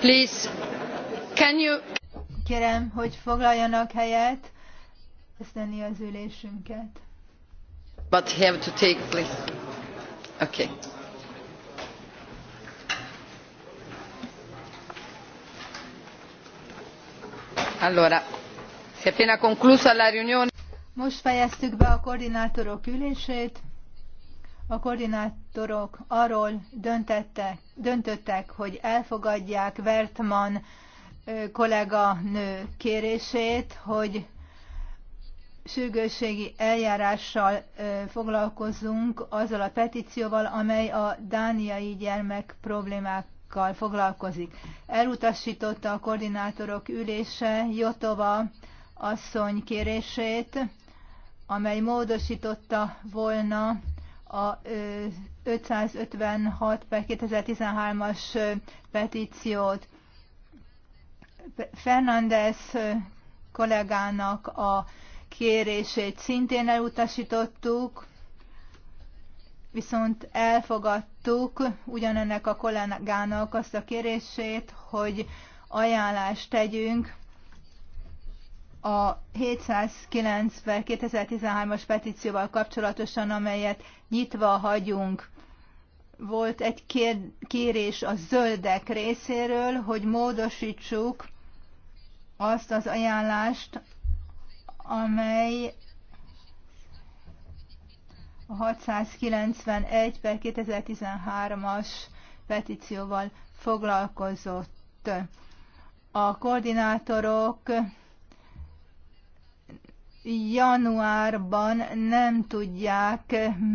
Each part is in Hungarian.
Please, can you... Kérem, hogy foglaljanak helyet, kezdeni az ülésünket. But have to take, please. Okay. Allora, si è appena conclusa la riunione. Most fejeztük be a koordinátorok ülését. A koordinátorok arról döntettek, döntöttek, hogy elfogadják Vertman kollega nő kérését, hogy sürgősségi eljárással foglalkozunk azzal a petícióval, amely a dániai gyermek problémákkal foglalkozik. Elutasította a koordinátorok ülése Jotova asszony kérését, amely módosította volna a 556 per 2013-as petíciót. Fernández kollégának a kérését szintén elutasítottuk, viszont elfogadtuk ugyanennek a kollégának azt a kérését, hogy ajánlást tegyünk a 709 2013-as petícióval kapcsolatosan, amelyet nyitva hagyunk, volt egy kér, kérés a zöldek részéről, hogy módosítsuk azt az ajánlást, amely a 691 per 2013-as petícióval foglalkozott. A koordinátorok januárban nem tudják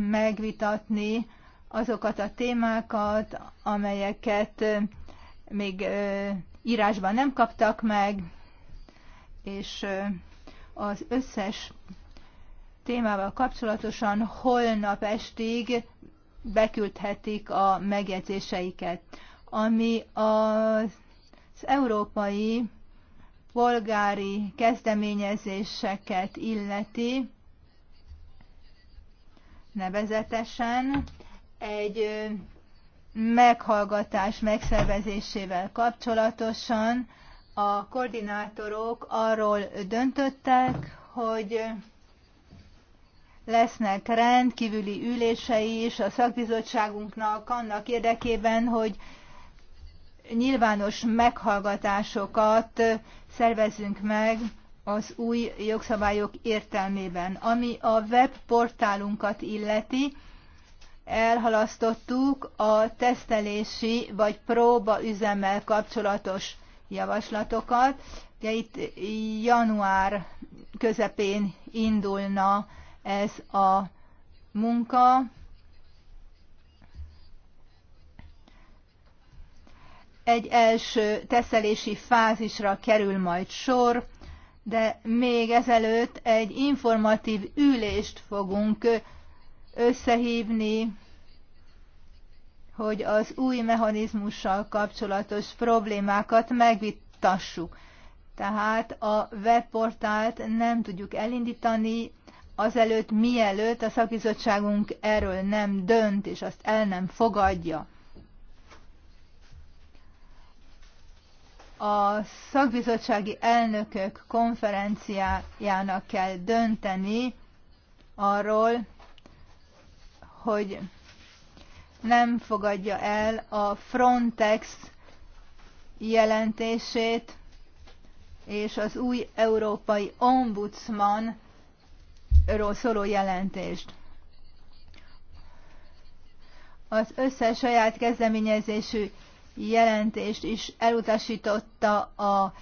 megvitatni azokat a témákat, amelyeket még írásban nem kaptak meg, és az összes témával kapcsolatosan holnap estig beküldhetik a megjegyzéseiket. Ami az európai polgári kezdeményezéseket illeti, nevezetesen egy meghallgatás megszervezésével kapcsolatosan a koordinátorok arról döntöttek, hogy lesznek rendkívüli ülései is a szakbizottságunknak annak érdekében, hogy nyilvános meghallgatásokat szervezzünk meg az új jogszabályok értelmében. Ami a webportálunkat illeti, elhalasztottuk a tesztelési vagy próba üzemmel kapcsolatos javaslatokat. Ugye itt január közepén indulna ez a munka, egy első teszelési fázisra kerül majd sor, de még ezelőtt egy informatív ülést fogunk összehívni, hogy az új mechanizmussal kapcsolatos problémákat megvitassuk. Tehát a webportált nem tudjuk elindítani, azelőtt, mielőtt a szakizottságunk erről nem dönt, és azt el nem fogadja. a szakbizottsági elnökök konferenciájának kell dönteni arról, hogy nem fogadja el a Frontex jelentését, és az új európai ombudsmanról szóló jelentést. Az összes saját kezdeményezésű jelentést is elutasította a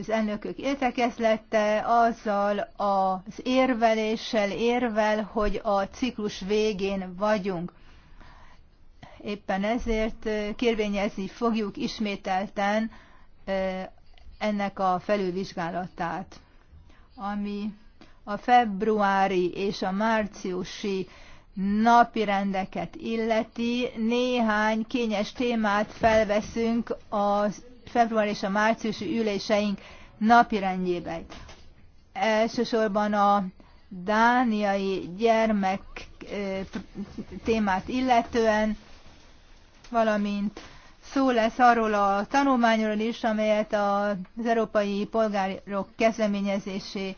az elnökök értekezlete azzal az érveléssel érvel, hogy a ciklus végén vagyunk. Éppen ezért kérvényezni fogjuk ismételten ennek a felülvizsgálatát, ami a februári és a márciusi napi rendeket illeti, néhány kényes témát felveszünk a február és a márciusi üléseink napi rendjébe. Elsősorban a dániai gyermek eh, témát illetően, valamint szó lesz arról a tanulmányról is, amelyet az európai polgárok kezdeményezésé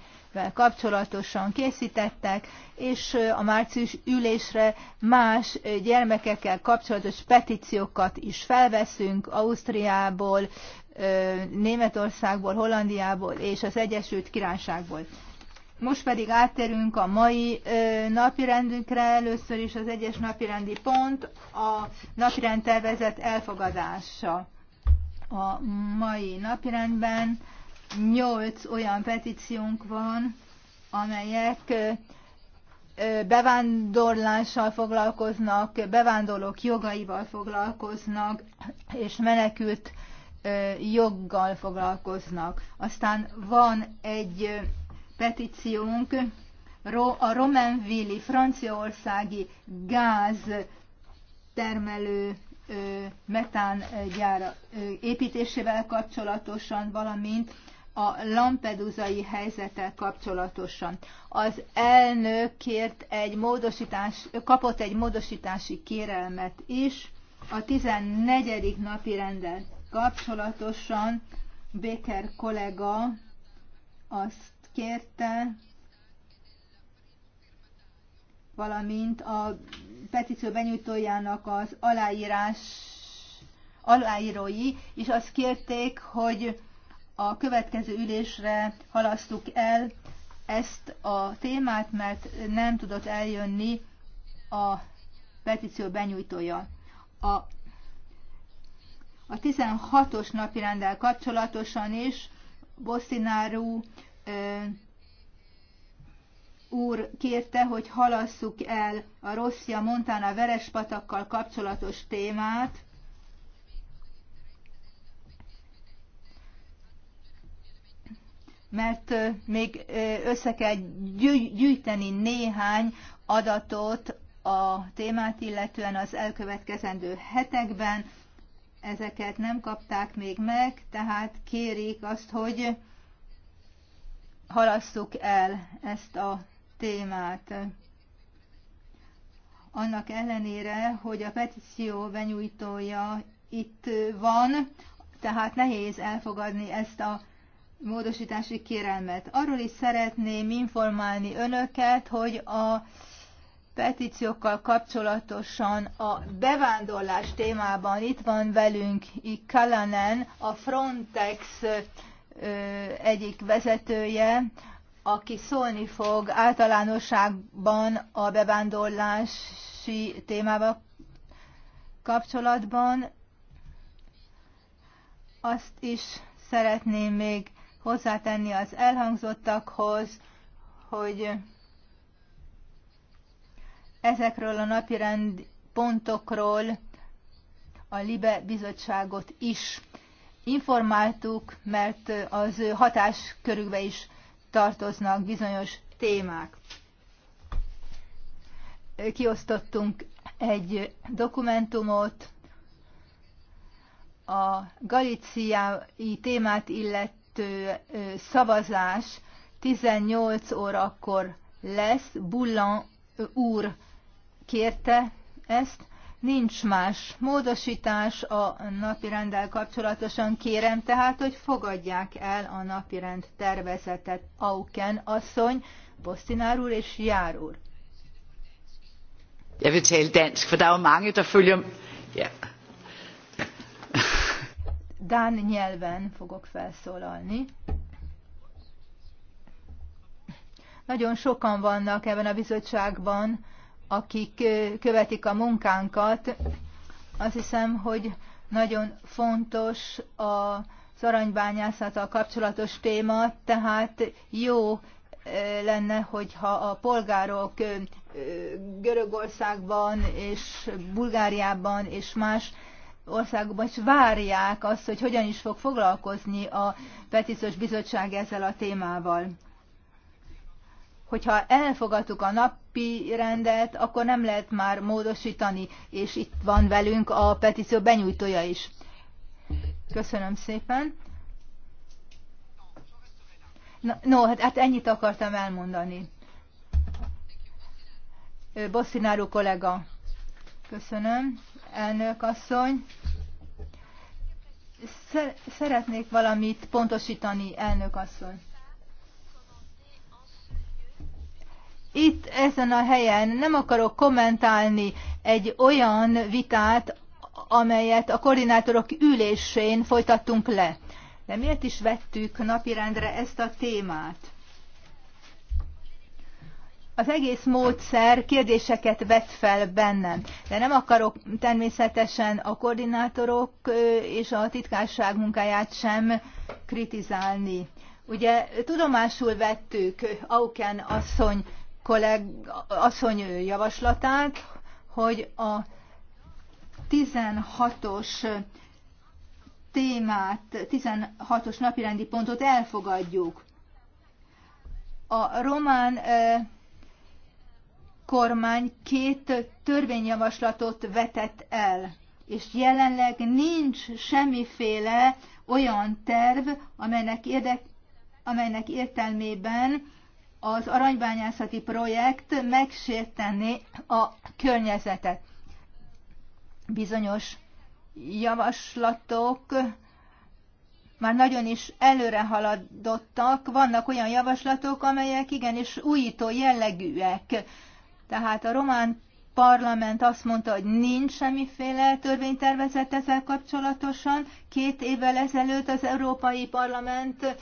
kapcsolatosan készítettek, és a március ülésre más gyermekekkel kapcsolatos petíciókat is felveszünk Ausztriából, Németországból, Hollandiából és az Egyesült Királyságból. Most pedig áttérünk a mai napirendünkre, először is az egyes napirendi pont, a napirend tervezet elfogadása. A mai napirendben nyolc olyan petíciónk van, amelyek bevándorlással foglalkoznak, bevándorlók jogaival foglalkoznak, és menekült joggal foglalkoznak. Aztán van egy petíciónk a Romanvili franciaországi gáz termelő metángyár építésével kapcsolatosan, valamint a lampedúzai helyzettel kapcsolatosan. Az elnök kért egy módosítás, kapott egy módosítási kérelmet is, a 14. napi rendel kapcsolatosan Béker kollega azt kérte, valamint a petíció benyújtójának az aláírás aláírói, és azt kérték, hogy a következő ülésre halasztuk el ezt a témát, mert nem tudott eljönni a petíció benyújtója. A, a 16-os napirendel kapcsolatosan is Bosszináru úr kérte, hogy halasszuk el a Rosszia Montana Verespatakkal kapcsolatos témát, mert még össze kell gyűjteni néhány adatot a témát illetően az elkövetkezendő hetekben. Ezeket nem kapták még meg, tehát kérik azt, hogy halasszuk el ezt a témát. Annak ellenére, hogy a petíció benyújtója itt van, tehát nehéz elfogadni ezt a módosítási kérelmet. Arról is szeretném informálni önöket, hogy a petíciókkal kapcsolatosan a bevándorlás témában itt van velünk Ikalanen, a Frontex egyik vezetője, aki szólni fog általánosságban a bevándorlási témával kapcsolatban. Azt is szeretném még hozzátenni az elhangzottakhoz, hogy ezekről a napirend pontokról a LIBE bizottságot is informáltuk, mert az ő hatáskörükbe is tartoznak bizonyos témák. Kiosztottunk egy dokumentumot a galiciai témát illet, szavazás 18 órakor lesz. Bullan úr kérte ezt. Nincs más módosítás a napirenddel kapcsolatosan. Kérem tehát, hogy fogadják el a napirend tervezetet Auken asszony, Bosztinár úr és Jár úr. Jeg vil tale dansk, for der er jo mange, der følger... Ja. Dán nyelven fogok felszólalni. Nagyon sokan vannak ebben a bizottságban, akik követik a munkánkat. Azt hiszem, hogy nagyon fontos az aranybányászattal kapcsolatos téma, tehát jó lenne, hogyha a polgárok Görögországban és Bulgáriában és más országokban is várják azt, hogy hogyan is fog foglalkozni a petíciós bizottság ezzel a témával. Hogyha elfogadtuk a napi rendet, akkor nem lehet már módosítani, és itt van velünk a petíció benyújtója is. Köszönöm szépen. Na, no, hát, hát ennyit akartam elmondani. Bosszináró kollega. Köszönöm elnök asszony. Szeretnék valamit pontosítani, elnök asszony. Itt ezen a helyen nem akarok kommentálni egy olyan vitát, amelyet a koordinátorok ülésén folytattunk le. De miért is vettük napirendre ezt a témát? az egész módszer kérdéseket vet fel bennem, de nem akarok természetesen a koordinátorok és a titkárság munkáját sem kritizálni. Ugye tudomásul vettük Auken asszony, kolleg, asszony javaslatát, hogy a 16-os témát, 16-os napirendi pontot elfogadjuk. A román kormány két törvényjavaslatot vetett el, és jelenleg nincs semmiféle olyan terv, amelynek, érdek, amelynek értelmében az aranybányászati projekt megsértené a környezetet. Bizonyos javaslatok már nagyon is előre haladottak, vannak olyan javaslatok, amelyek igenis újító jellegűek, tehát a román parlament azt mondta, hogy nincs semmiféle törvénytervezet ezzel kapcsolatosan. Két évvel ezelőtt az Európai Parlament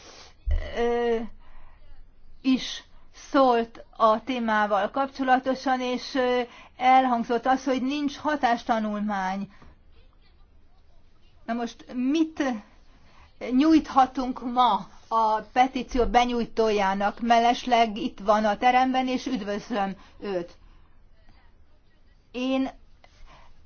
ö, is szólt a témával kapcsolatosan, és elhangzott az, hogy nincs hatástanulmány. Na most mit nyújthatunk ma a petíció benyújtójának. Mellesleg itt van a teremben, és üdvözlöm őt. Én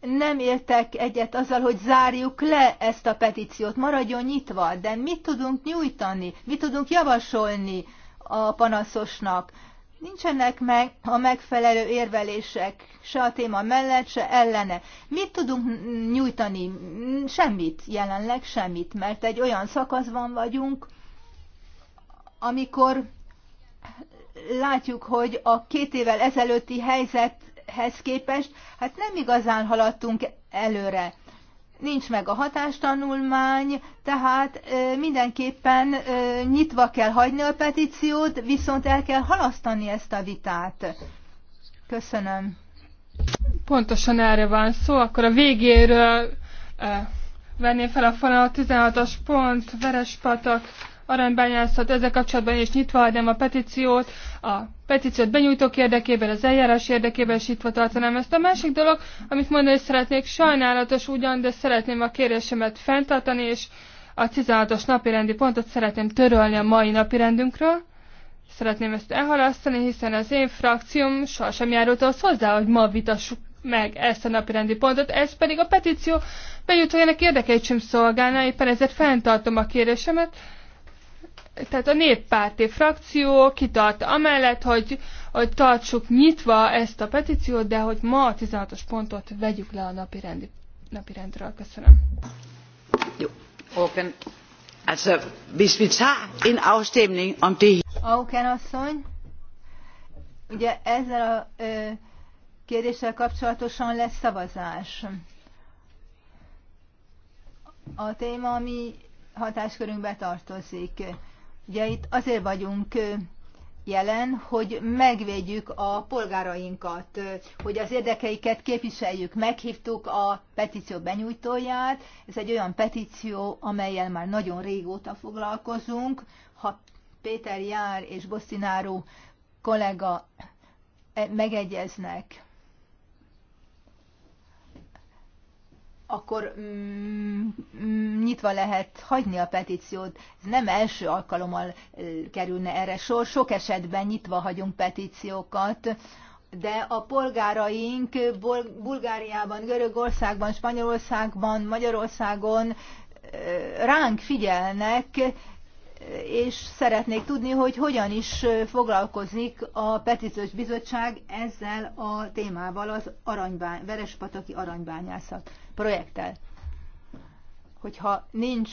nem értek egyet azzal, hogy zárjuk le ezt a petíciót, maradjon nyitva, de mit tudunk nyújtani, mit tudunk javasolni a panaszosnak. Nincsenek meg a megfelelő érvelések, se a téma mellett, se ellene. Mit tudunk nyújtani? Semmit, jelenleg semmit, mert egy olyan szakaszban vagyunk, amikor látjuk, hogy a két évvel ezelőtti helyzethez képest, hát nem igazán haladtunk előre. Nincs meg a hatástanulmány, tehát mindenképpen nyitva kell hagyni a petíciót, viszont el kell halasztani ezt a vitát. Köszönöm. Pontosan erre van szó, akkor a végéről venném fel a fonalat 16-as pont, Verespatak aranybányászat, ezzel kapcsolatban is nyitva hagynám a petíciót, a petíciót benyújtók érdekében, az eljárás érdekében is nyitva tartanám ezt. A másik dolog, amit mondani szeretnék, sajnálatos ugyan, de szeretném a kérésemet fenntartani, és a 16-os napirendi pontot szeretném törölni a mai napirendünkről. Szeretném ezt elhalasztani, hiszen az én frakcióm sohasem járult ahhoz hozzá, hogy ma vitassuk meg ezt a napirendi pontot, ez pedig a petíció bejutójának érdekeit sem szolgálná, éppen ezért fenntartom a kérésemet, tehát a néppárti frakció kitart amellett, hogy, hogy tartsuk nyitva ezt a petíciót, de hogy ma a 16-os pontot vegyük le a napi, rendi, napi rendről. Köszönöm. Jó, Oken. Also, bis mit tager en afstemning om det Auken asszony, ugye ezzel a ö, kérdéssel kapcsolatosan lesz szavazás. A téma, ami hatáskörünkbe tartozik. Ugye itt azért vagyunk jelen, hogy megvédjük a polgárainkat, hogy az érdekeiket képviseljük. Meghívtuk a petíció benyújtóját, ez egy olyan petíció, amelyel már nagyon régóta foglalkozunk. Ha Péter Jár és Bosszináró kollega eh, megegyeznek akkor mm, mm, nyitva lehet hagyni a petíciót. Ez nem első alkalommal kerülne erre sor. Sok esetben nyitva hagyunk petíciókat, de a polgáraink Bulgáriában, Görögországban, Spanyolországban, Magyarországon ránk figyelnek, és szeretnék tudni, hogy hogyan is foglalkozik a petíciós bizottság ezzel a témával, az aranybány, Verespataki aranybányászat projekttel. Hogyha nincs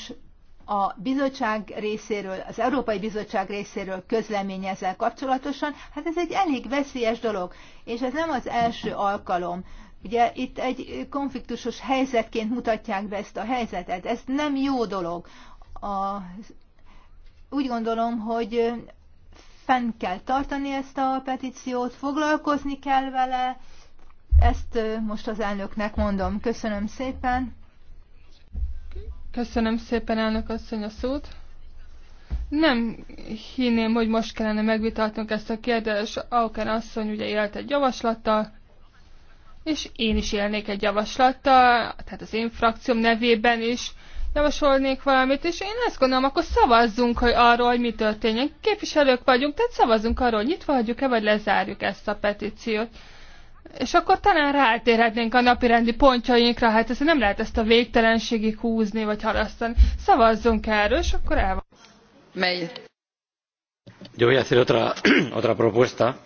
a bizottság részéről, az Európai Bizottság részéről közlemény ezzel kapcsolatosan, hát ez egy elég veszélyes dolog, és ez nem az első alkalom. Ugye itt egy konfliktusos helyzetként mutatják be ezt a helyzetet. Ez nem jó dolog. A, úgy gondolom, hogy fenn kell tartani ezt a petíciót, foglalkozni kell vele, ezt most az elnöknek mondom. Köszönöm szépen. Köszönöm szépen, elnök asszony, a szót. Nem hinném, hogy most kellene megvitatnunk ezt a kérdést. Auken asszony ugye élt egy javaslattal, és én is élnék egy javaslattal, tehát az én frakcióm nevében is javasolnék valamit, és én azt gondolom, akkor szavazzunk hogy arról, hogy mi történjen. Képviselők vagyunk, tehát szavazzunk arról, hogy nyitva hagyjuk-e, vagy lezárjuk ezt a petíciót. És akkor talán rátérhetnénk a napirendi pontjainkra, hát ezt nem lehet ezt a végtelenségig húzni vagy halasztani. Szavazzunk erről, és akkor el van. Mely? Yo voy a hacer otra, otra propuesta.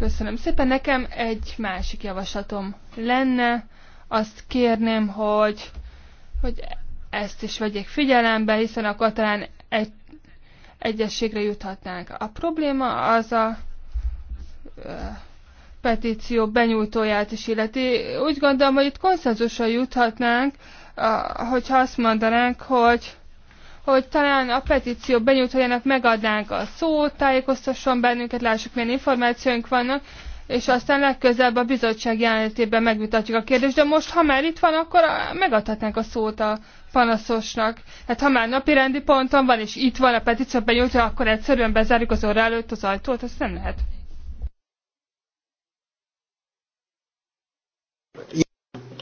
Köszönöm szépen. Nekem egy másik javaslatom lenne. Azt kérném, hogy, hogy ezt is vegyék figyelembe, hiszen akkor talán egy, egyességre juthatnánk. A probléma az a... Ö, petíció benyújtóját is illeti. Úgy gondolom, hogy itt konszenzusra juthatnánk, hogyha azt mondanánk, hogy hogy talán a petíció benyújtójának megadnánk a szót, tájékoztasson bennünket, lássuk milyen információink vannak, és aztán legközelebb a bizottság jelenlétében megvitatjuk a kérdést, de most, ha már itt van, akkor megadhatnánk a szót a panaszosnak. Hát ha már napi rendi ponton van, és itt van a petíció benyújtója, akkor egyszerűen bezárjuk az orra előtt az ajtót, azt nem lehet.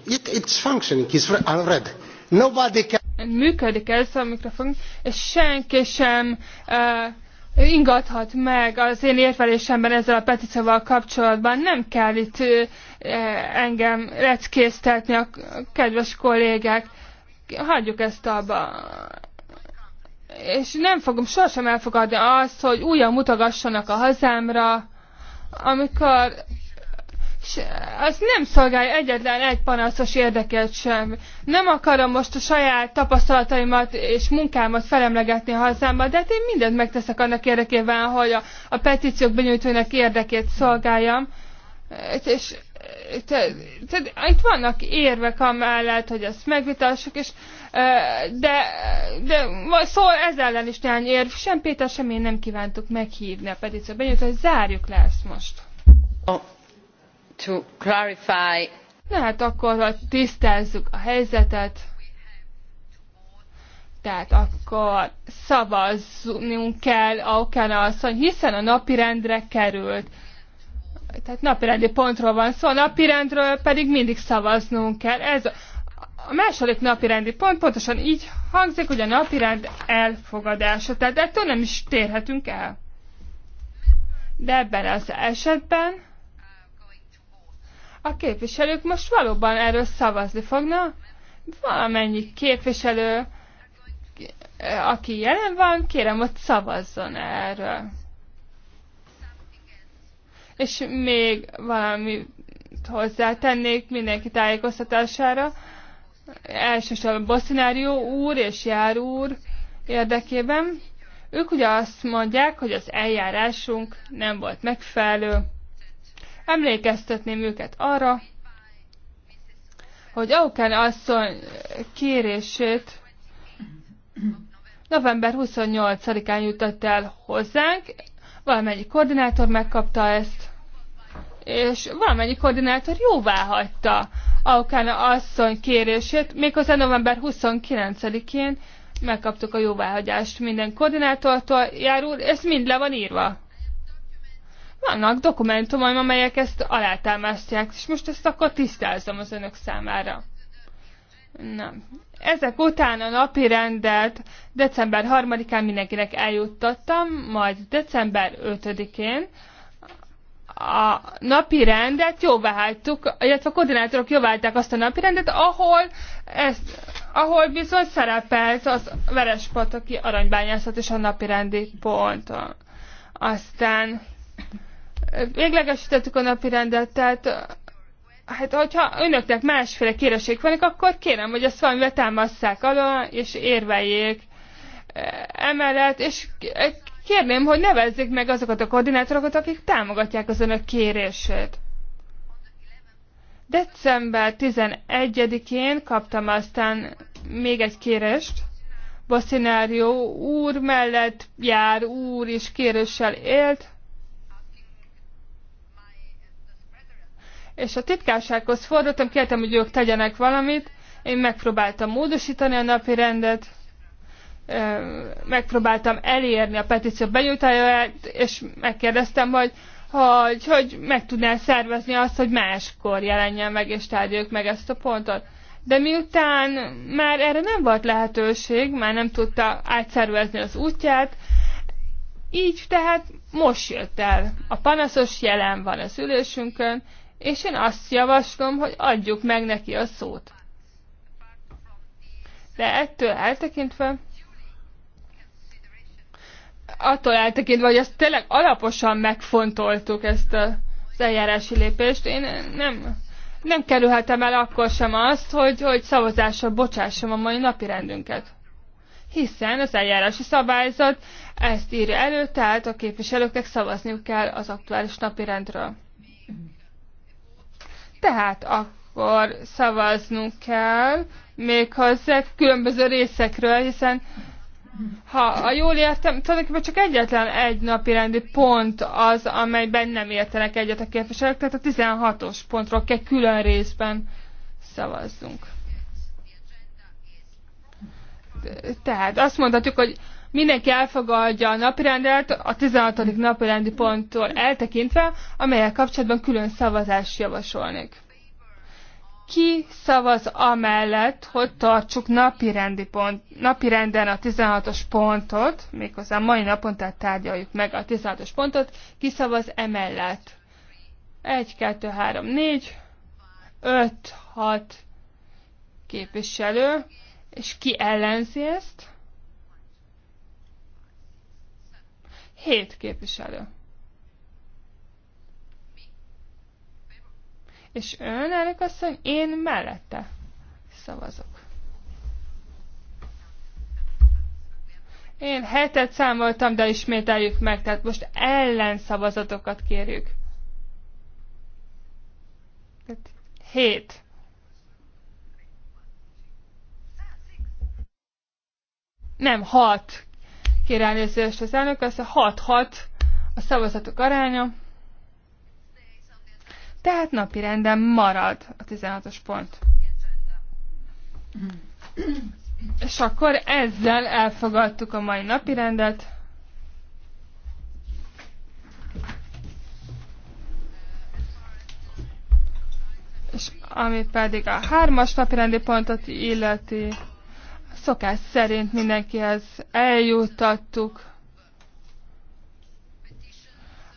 it's functioning, it's Nobody can... Működik ez a mikrofon, és senki sem uh, ingathat meg az én érvelésemben ezzel a petícióval kapcsolatban. Nem kell itt uh, engem leckésztetni a kedves kollégák. Hagyjuk ezt abba és nem fogom sosem elfogadni azt, hogy újra mutogassanak a hazámra, amikor és az nem szolgálja egyetlen egy panaszos érdeket sem. Nem akarom most a saját tapasztalataimat és munkámat felemlegetni a hazámba, de hát én mindent megteszek annak érdekében, hogy a, a petíciók benyújtóinak érdekét szolgáljam. És te, te, itt vannak érvek amellett, hogy ezt megvitassuk, és, de, de szóval ez ellen is néhány érv. Sem Péter, sem én nem kívántuk meghívni a petíciót. benyújtó, hogy zárjuk le ezt most. A to akkor, hogy tisztázzuk a helyzetet, tehát akkor szavazzunk kell Aukana asszony, hiszen a napirendre került. Tehát napirendi pontról van szó, a napirendről pedig mindig szavaznunk kell. Ez a második napirendi pont pontosan így hangzik, hogy a napirend elfogadása. Tehát ettől nem is térhetünk el. De ebben az esetben a képviselők most valóban erről szavazni fognak. Valamennyi képviselő, aki jelen van, kérem, hogy szavazzon erről. És még valami hozzátennék mindenki tájékoztatására. Elsősorban Bosszinárió úr és Jár úr érdekében. Ők ugye azt mondják, hogy az eljárásunk nem volt megfelelő. Emlékeztetném őket arra, hogy Auken asszony kérését november 28-án jutott el hozzánk, valamennyi koordinátor megkapta ezt, és valamennyi koordinátor jóvá hagyta Aukán asszony kérését, méghozzá november 29-én megkaptuk a jóváhagyást minden koordinátortól járul, ez mind le van írva. Vannak dokumentumaim, amelyek ezt alátámasztják, és most ezt akkor tisztázom az önök számára. Nem. Ezek után a napi rendet december 3-án mindenkinek eljuttattam, majd december 5-én a napi rendet jóváhagytuk, illetve a koordinátorok jóváhagyták azt a napi rendet, ahol, ezt, ahol viszont szerepelt az Verespataki aranybányászat és a napi rendi pont. Aztán véglegesítettük a napi rendet, tehát hát hogyha önöknek másféle kéreség vannak, akkor kérem, hogy ezt valamivel támasszák alá, és érveljék emellett, és kérném, hogy nevezzék meg azokat a koordinátorokat, akik támogatják az önök kérését. December 11-én kaptam aztán még egy kérést. Bosszinárió úr mellett jár úr is kéréssel élt, és a titkársághoz fordultam, kértem, hogy ők tegyenek valamit, én megpróbáltam módosítani a napi rendet, megpróbáltam elérni a petíció benyújtáját, és megkérdeztem, hogy, hogy, hogy meg tudnál szervezni azt, hogy máskor jelenjen meg, és tárgyaljuk meg ezt a pontot. De miután már erre nem volt lehetőség, már nem tudta átszervezni az útját, így tehát most jött el. A panaszos jelen van az ülésünkön, és én azt javaslom, hogy adjuk meg neki a szót. De ettől eltekintve, attól eltekintve, hogy ezt tényleg alaposan megfontoltuk ezt a, az eljárási lépést, én nem, nem kerülhetem el akkor sem azt, hogy, hogy szavazásra bocsássam a mai napi rendünket. Hiszen az eljárási szabályzat ezt írja elő, tehát a képviselőknek szavazniuk kell az aktuális napi rendről. Tehát akkor szavaznunk kell, méghozzá különböző részekről, hiszen ha a jól értem, tulajdonképpen csak egyetlen egy napi rendi pont az, amelyben nem értenek egyet a képviselők, tehát a 16-os pontról kell külön részben szavazzunk. Tehát azt mondhatjuk, hogy mindenki elfogadja a napirendet a 16. napirendi ponttól eltekintve, amelyek kapcsolatban külön szavazást javasolnék. Ki szavaz amellett, hogy tartsuk napirendi pont, napirenden a 16-os pontot, méghozzá mai napon, tehát tárgyaljuk meg a 16-os pontot, ki szavaz emellett? 1, 2, 3, 4, 5, 6 képviselő, és ki ellenzi ezt? Hét képviselő. És ön, elnök asszony, én mellette szavazok. Én hetet számoltam, de ismételjük meg, tehát most ellenszavazatokat kérjük. Tehát hét. Nem, hat Kér elnézést az elnök, a 6-6 a szavazatok aránya. Tehát napi renden marad a 16-os pont. És akkor ezzel elfogadtuk a mai napi rendet. És ami pedig a hármas napi rendi pontot illeti, Szokás szerint mindenkihez eljutattuk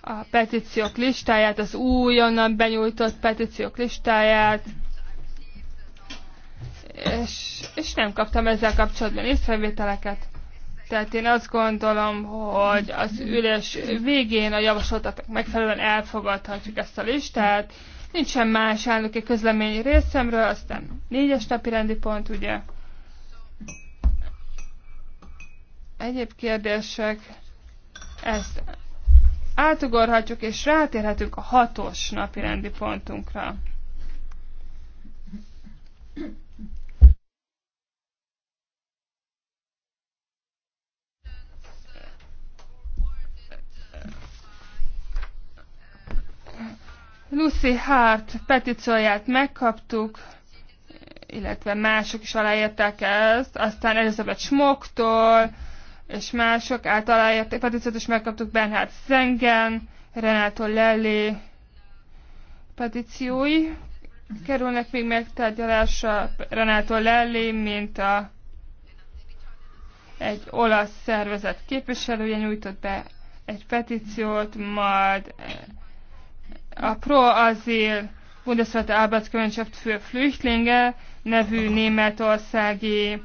a petíciók listáját, az újonnan benyújtott petíciók listáját, és, és nem kaptam ezzel kapcsolatban észrevételeket. Tehát én azt gondolom, hogy az ülés végén a javasoltatok megfelelően elfogadhatjuk ezt a listát. Nincsen más elnöki közlemény részemről, aztán négyes napi rendi pont, ugye? egyéb kérdések, ezt átugorhatjuk, és rátérhetünk a hatos napi rendi pontunkra. Lucy Hart petícióját megkaptuk, illetve mások is aláírták ezt, aztán Elizabeth Smoktól, és mások által aláírták petíciót, és megkaptuk Bernhard Szengen, Renato Lelli petíciói. Kerülnek még megtárgyalásra Renato Lelli, mint a egy olasz szervezet képviselője nyújtott be egy petíciót, majd a Pro Azil Bundeswehr Arbeitsgemeinschaft für Flüchtlinge nevű németországi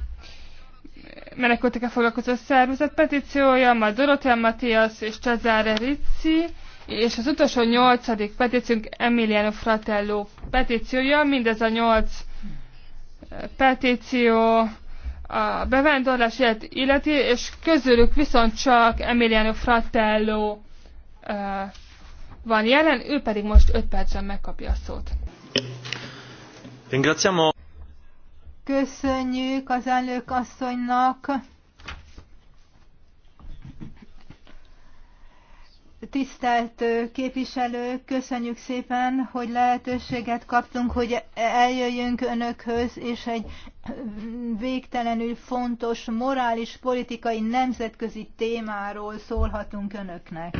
menekültekkel foglalkozó szervezet petíciója, majd Dorothea Matthias és Cesare Ricci, és az utolsó nyolcadik petíciónk Emiliano Fratello petíciója, mindez a nyolc eh, petíció a bevándorlás illeti, és közülük viszont csak Emiliano Fratello eh, van jelen, ő pedig most 5 percen megkapja a szót. Ringraziamo. Köszönjük az elnök asszonynak. Tisztelt képviselők, köszönjük szépen, hogy lehetőséget kaptunk, hogy eljöjjünk önökhöz, és egy végtelenül fontos morális, politikai, nemzetközi témáról szólhatunk önöknek.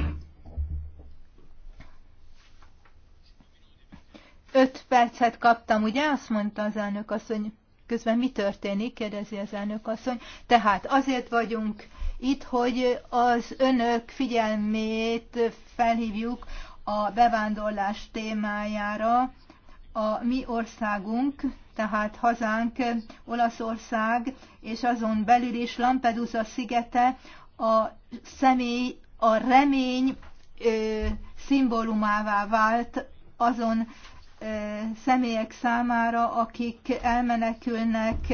Öt percet kaptam, ugye? Azt mondta az elnök asszony közben mi történik, kérdezi az elnök asszony. Tehát azért vagyunk itt, hogy az önök figyelmét felhívjuk a bevándorlás témájára. A mi országunk, tehát hazánk Olaszország, és azon belül is Lampedusa szigete a személy, a remény ö, szimbólumává vált azon személyek számára, akik elmenekülnek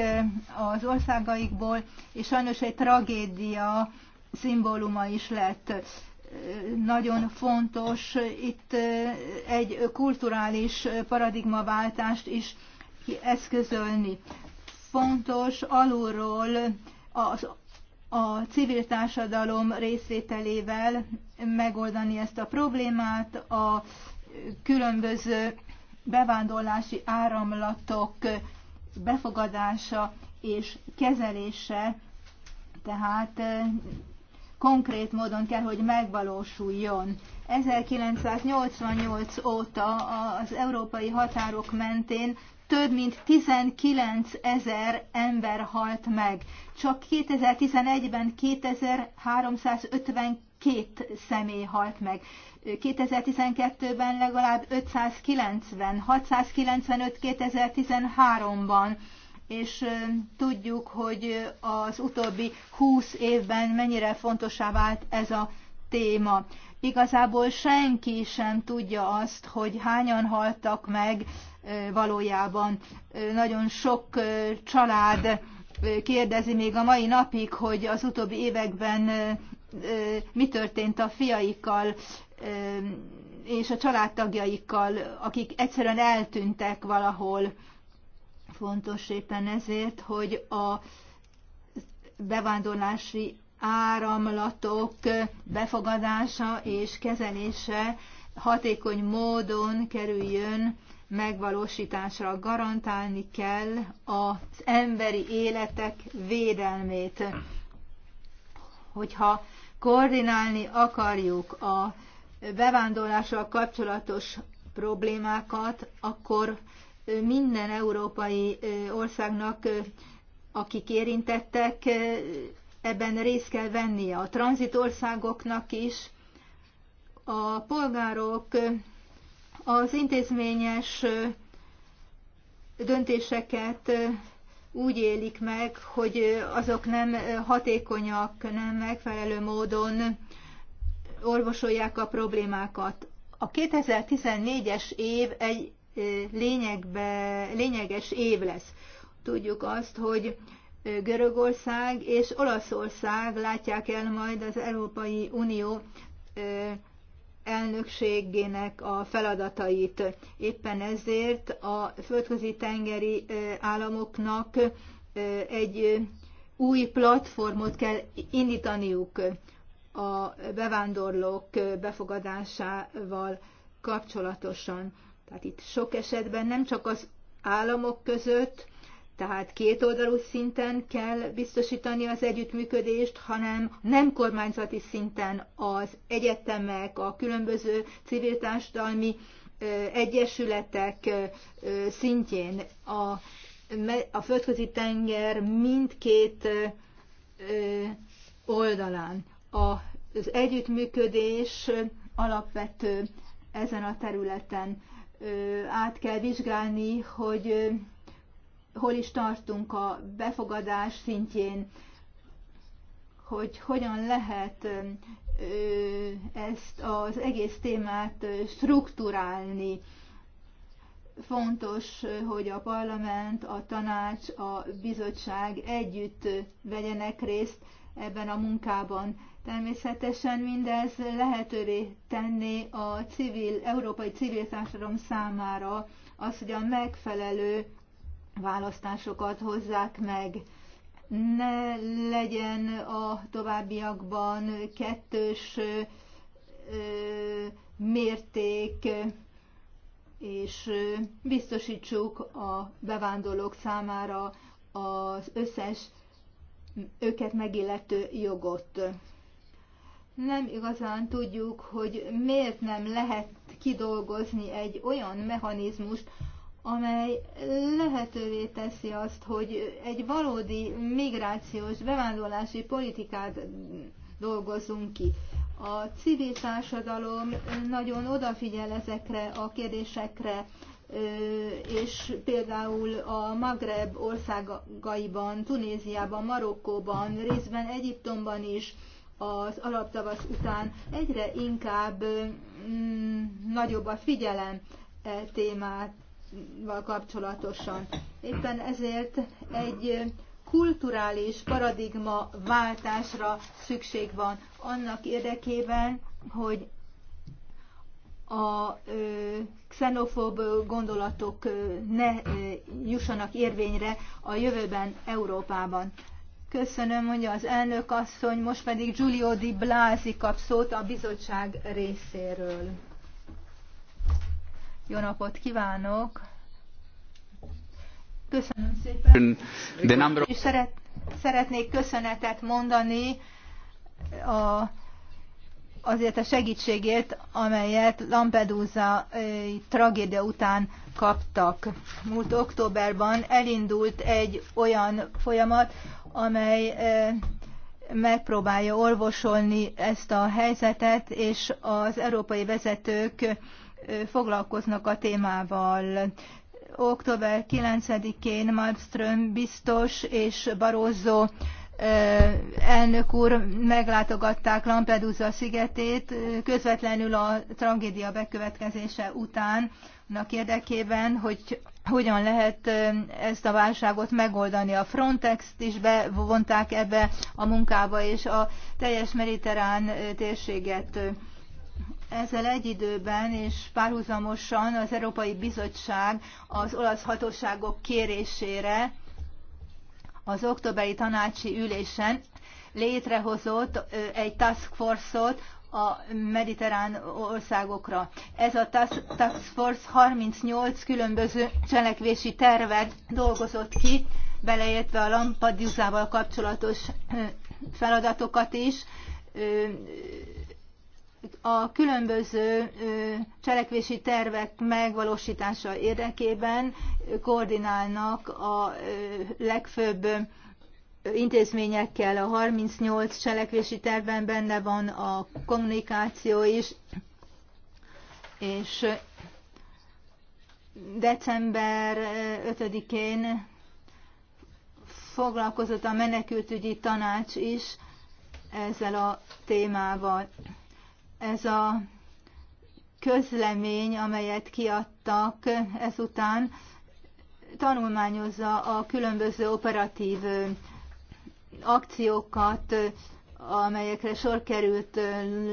az országaikból, és sajnos egy tragédia szimbóluma is lett. Nagyon fontos itt egy kulturális paradigmaváltást is eszközölni. Fontos alulról az a civil társadalom részvételével megoldani ezt a problémát, a különböző bevándorlási áramlatok befogadása és kezelése, tehát konkrét módon kell, hogy megvalósuljon. 1988 óta az európai határok mentén több mint 19 ezer ember halt meg. Csak 2011-ben 2352 két személy halt meg. 2012-ben legalább 590, 695 2013-ban, és tudjuk, hogy az utóbbi 20 évben mennyire fontosá vált ez a téma. Igazából senki sem tudja azt, hogy hányan haltak meg valójában. Nagyon sok család kérdezi még a mai napig, hogy az utóbbi években mi történt a fiaikkal és a családtagjaikkal, akik egyszerűen eltűntek valahol. Fontos éppen ezért, hogy a bevándorlási áramlatok befogadása és kezelése hatékony módon kerüljön megvalósításra. Garantálni kell az emberi életek védelmét. Hogyha koordinálni akarjuk a bevándorlással kapcsolatos problémákat, akkor minden európai országnak, akik érintettek, ebben részt kell vennie. A tranzitországoknak is a polgárok az intézményes döntéseket úgy élik meg, hogy azok nem hatékonyak, nem megfelelő módon orvosolják a problémákat. A 2014-es év egy lényegbe, lényeges év lesz. Tudjuk azt, hogy Görögország és Olaszország látják el majd az Európai Unió elnökségének a feladatait. Éppen ezért a földközi tengeri államoknak egy új platformot kell indítaniuk a bevándorlók befogadásával kapcsolatosan. Tehát itt sok esetben nem csak az államok között, tehát két oldalú szinten kell biztosítani az együttműködést, hanem nem kormányzati szinten az egyetemek, a különböző civil társadalmi egyesületek szintjén a, a földközi tenger mindkét oldalán. Az együttműködés alapvető ezen a területen. Át kell vizsgálni, hogy hol is tartunk a befogadás szintjén, hogy hogyan lehet ezt az egész témát strukturálni. Fontos, hogy a parlament, a tanács, a bizottság együtt vegyenek részt ebben a munkában. Természetesen mindez lehetővé tenni a civil, európai civil társadalom számára az, hogy a megfelelő választásokat hozzák meg. Ne legyen a továbbiakban kettős mérték, és biztosítsuk a bevándorlók számára az összes őket megillető jogot. Nem igazán tudjuk, hogy miért nem lehet kidolgozni egy olyan mechanizmust, amely lehetővé teszi azt, hogy egy valódi migrációs bevándorlási politikát dolgozunk ki. A civil társadalom nagyon odafigyel ezekre a kérdésekre, és például a Magreb országaiban, Tunéziában, Marokkóban, részben Egyiptomban is az alaptavasz után egyre inkább mm, nagyobb a figyelem e témát kapcsolatosan. Éppen ezért egy kulturális paradigma váltásra szükség van annak érdekében, hogy a ö, xenofób gondolatok ö, ne ö, jussanak érvényre a jövőben Európában. Köszönöm, mondja az elnök asszony, most pedig Giulio Di Blasi kap szót a bizottság részéről. Jó napot kívánok! Köszönöm szépen! De nem... És szeret, szeretnék köszönetet mondani a, azért a segítségét, amelyet Lampedusa tragédia után kaptak. Múlt októberban elindult egy olyan folyamat, amely megpróbálja orvosolni ezt a helyzetet, és az európai vezetők foglalkoznak a témával. Október 9-én Malmström biztos és Barózó elnök úr meglátogatták Lampedusa szigetét közvetlenül a tragédia bekövetkezése után, annak érdekében, hogy hogyan lehet ezt a válságot megoldani. A frontex is bevonták ebbe a munkába, és a teljes mediterrán térséget ezzel egy időben és párhuzamosan az Európai Bizottság az olasz hatóságok kérésére az októberi tanácsi ülésen létrehozott egy task force-ot a mediterrán országokra. Ez a Task Force 38 különböző cselekvési tervet dolgozott ki, beleértve a Lampadusával kapcsolatos feladatokat is a különböző cselekvési tervek megvalósítása érdekében koordinálnak a legfőbb intézményekkel. A 38 cselekvési tervben benne van a kommunikáció is, és december 5-én foglalkozott a menekültügyi tanács is ezzel a témával ez a közlemény, amelyet kiadtak ezután, tanulmányozza a különböző operatív akciókat, amelyekre sor került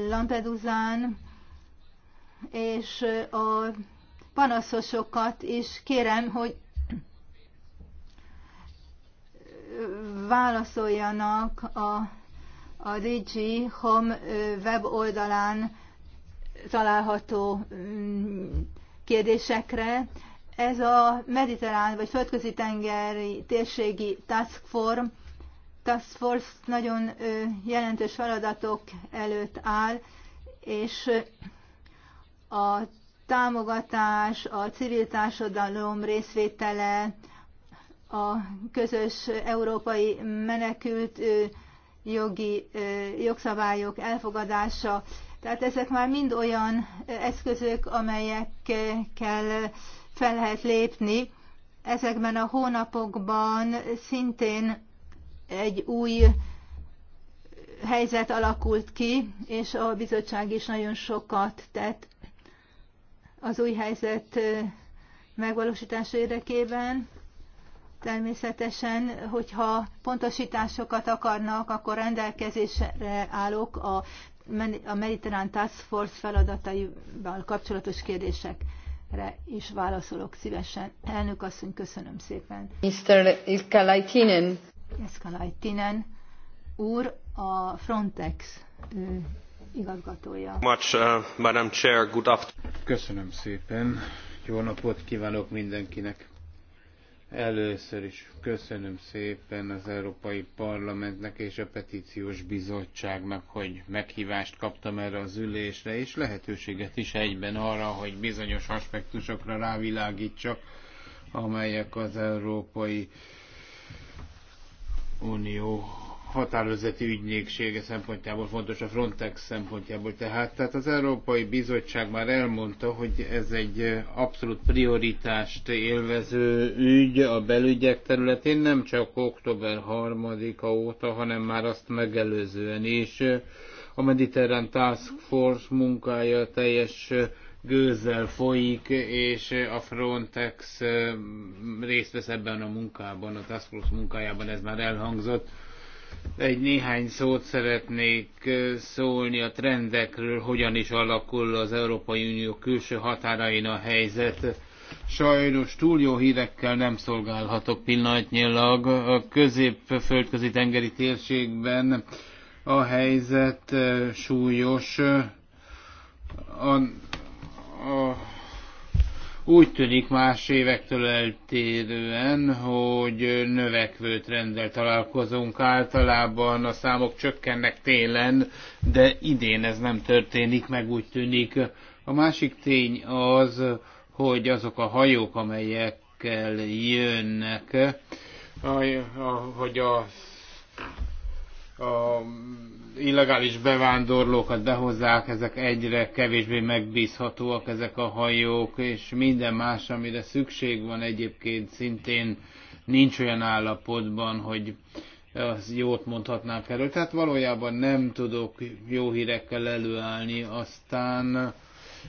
Lampedusán, és a panaszosokat is kérem, hogy válaszoljanak a a DG Home weboldalán található mm, kérdésekre. Ez a mediterrán vagy földközi tengeri térségi task force, task force nagyon jelentős feladatok előtt áll, és a támogatás, a civil társadalom részvétele, a közös európai menekült jogi jogszabályok elfogadása. Tehát ezek már mind olyan eszközök, amelyekkel fel lehet lépni. Ezekben a hónapokban szintén egy új helyzet alakult ki, és a bizottság is nagyon sokat tett az új helyzet megvalósítása érdekében. Természetesen, hogyha pontosításokat akarnak, akkor rendelkezésre állok a, a Mediterrán Task Force feladataival kapcsolatos kérdésekre is válaszolok szívesen. Elnök asszony, köszönöm szépen. Mr. Ilkalaitinen. Ilkalaitinen úr, a Frontex igazgatója. Much, uh, Madam Chair, good afternoon. Köszönöm szépen. Jó napot kívánok mindenkinek. Először is köszönöm szépen az Európai Parlamentnek és a Petíciós Bizottságnak, hogy meghívást kaptam erre az ülésre, és lehetőséget is egyben arra, hogy bizonyos aspektusokra rávilágítsak, amelyek az Európai Unió határozati ügynéksége szempontjából fontos, a Frontex szempontjából. Tehát, tehát az Európai Bizottság már elmondta, hogy ez egy abszolút prioritást élvező ügy a belügyek területén, nem csak október 3-a óta, hanem már azt megelőzően is. A Mediterrán Task Force munkája teljes gőzzel folyik, és a Frontex részt vesz ebben a munkában, a Task Force munkájában ez már elhangzott. Egy néhány szót szeretnék szólni a trendekről, hogyan is alakul az Európai Unió külső határain a helyzet. Sajnos túl jó hírekkel nem szolgálhatok pillanatnyilag. A közép-földközi tengeri térségben a helyzet súlyos. A, a úgy tűnik más évektől eltérően, hogy növekvő trenddel találkozunk. Általában a számok csökkennek télen, de idén ez nem történik meg, úgy tűnik. A másik tény az, hogy azok a hajók, amelyekkel jönnek, hogy a, a illegális bevándorlókat behozzák, ezek egyre kevésbé megbízhatóak ezek a hajók, és minden más, amire szükség van egyébként szintén nincs olyan állapotban, hogy az jót mondhatnánk erről. Tehát valójában nem tudok jó hírekkel előállni, aztán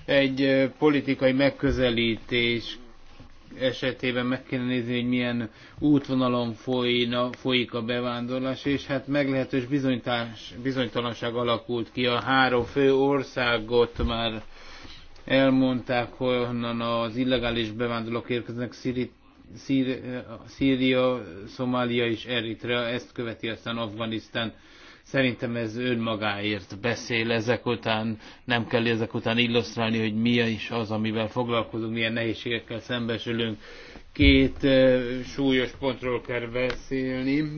egy politikai megközelítés esetében meg kéne nézni, hogy milyen útvonalon folyna, folyik a bevándorlás, és hát meglehetős bizonytalanság alakult ki a három fő országot már elmondták, honnan az illegális bevándorlók érkeznek Szíri, Szíri, Szíria, Szomália és Eritrea, ezt követi aztán Afganisztán. Szerintem ez önmagáért beszél ezek után, nem kell ezek után illusztrálni, hogy mi is az, amivel foglalkozunk, milyen nehézségekkel szembesülünk. Két súlyos pontról kell beszélni.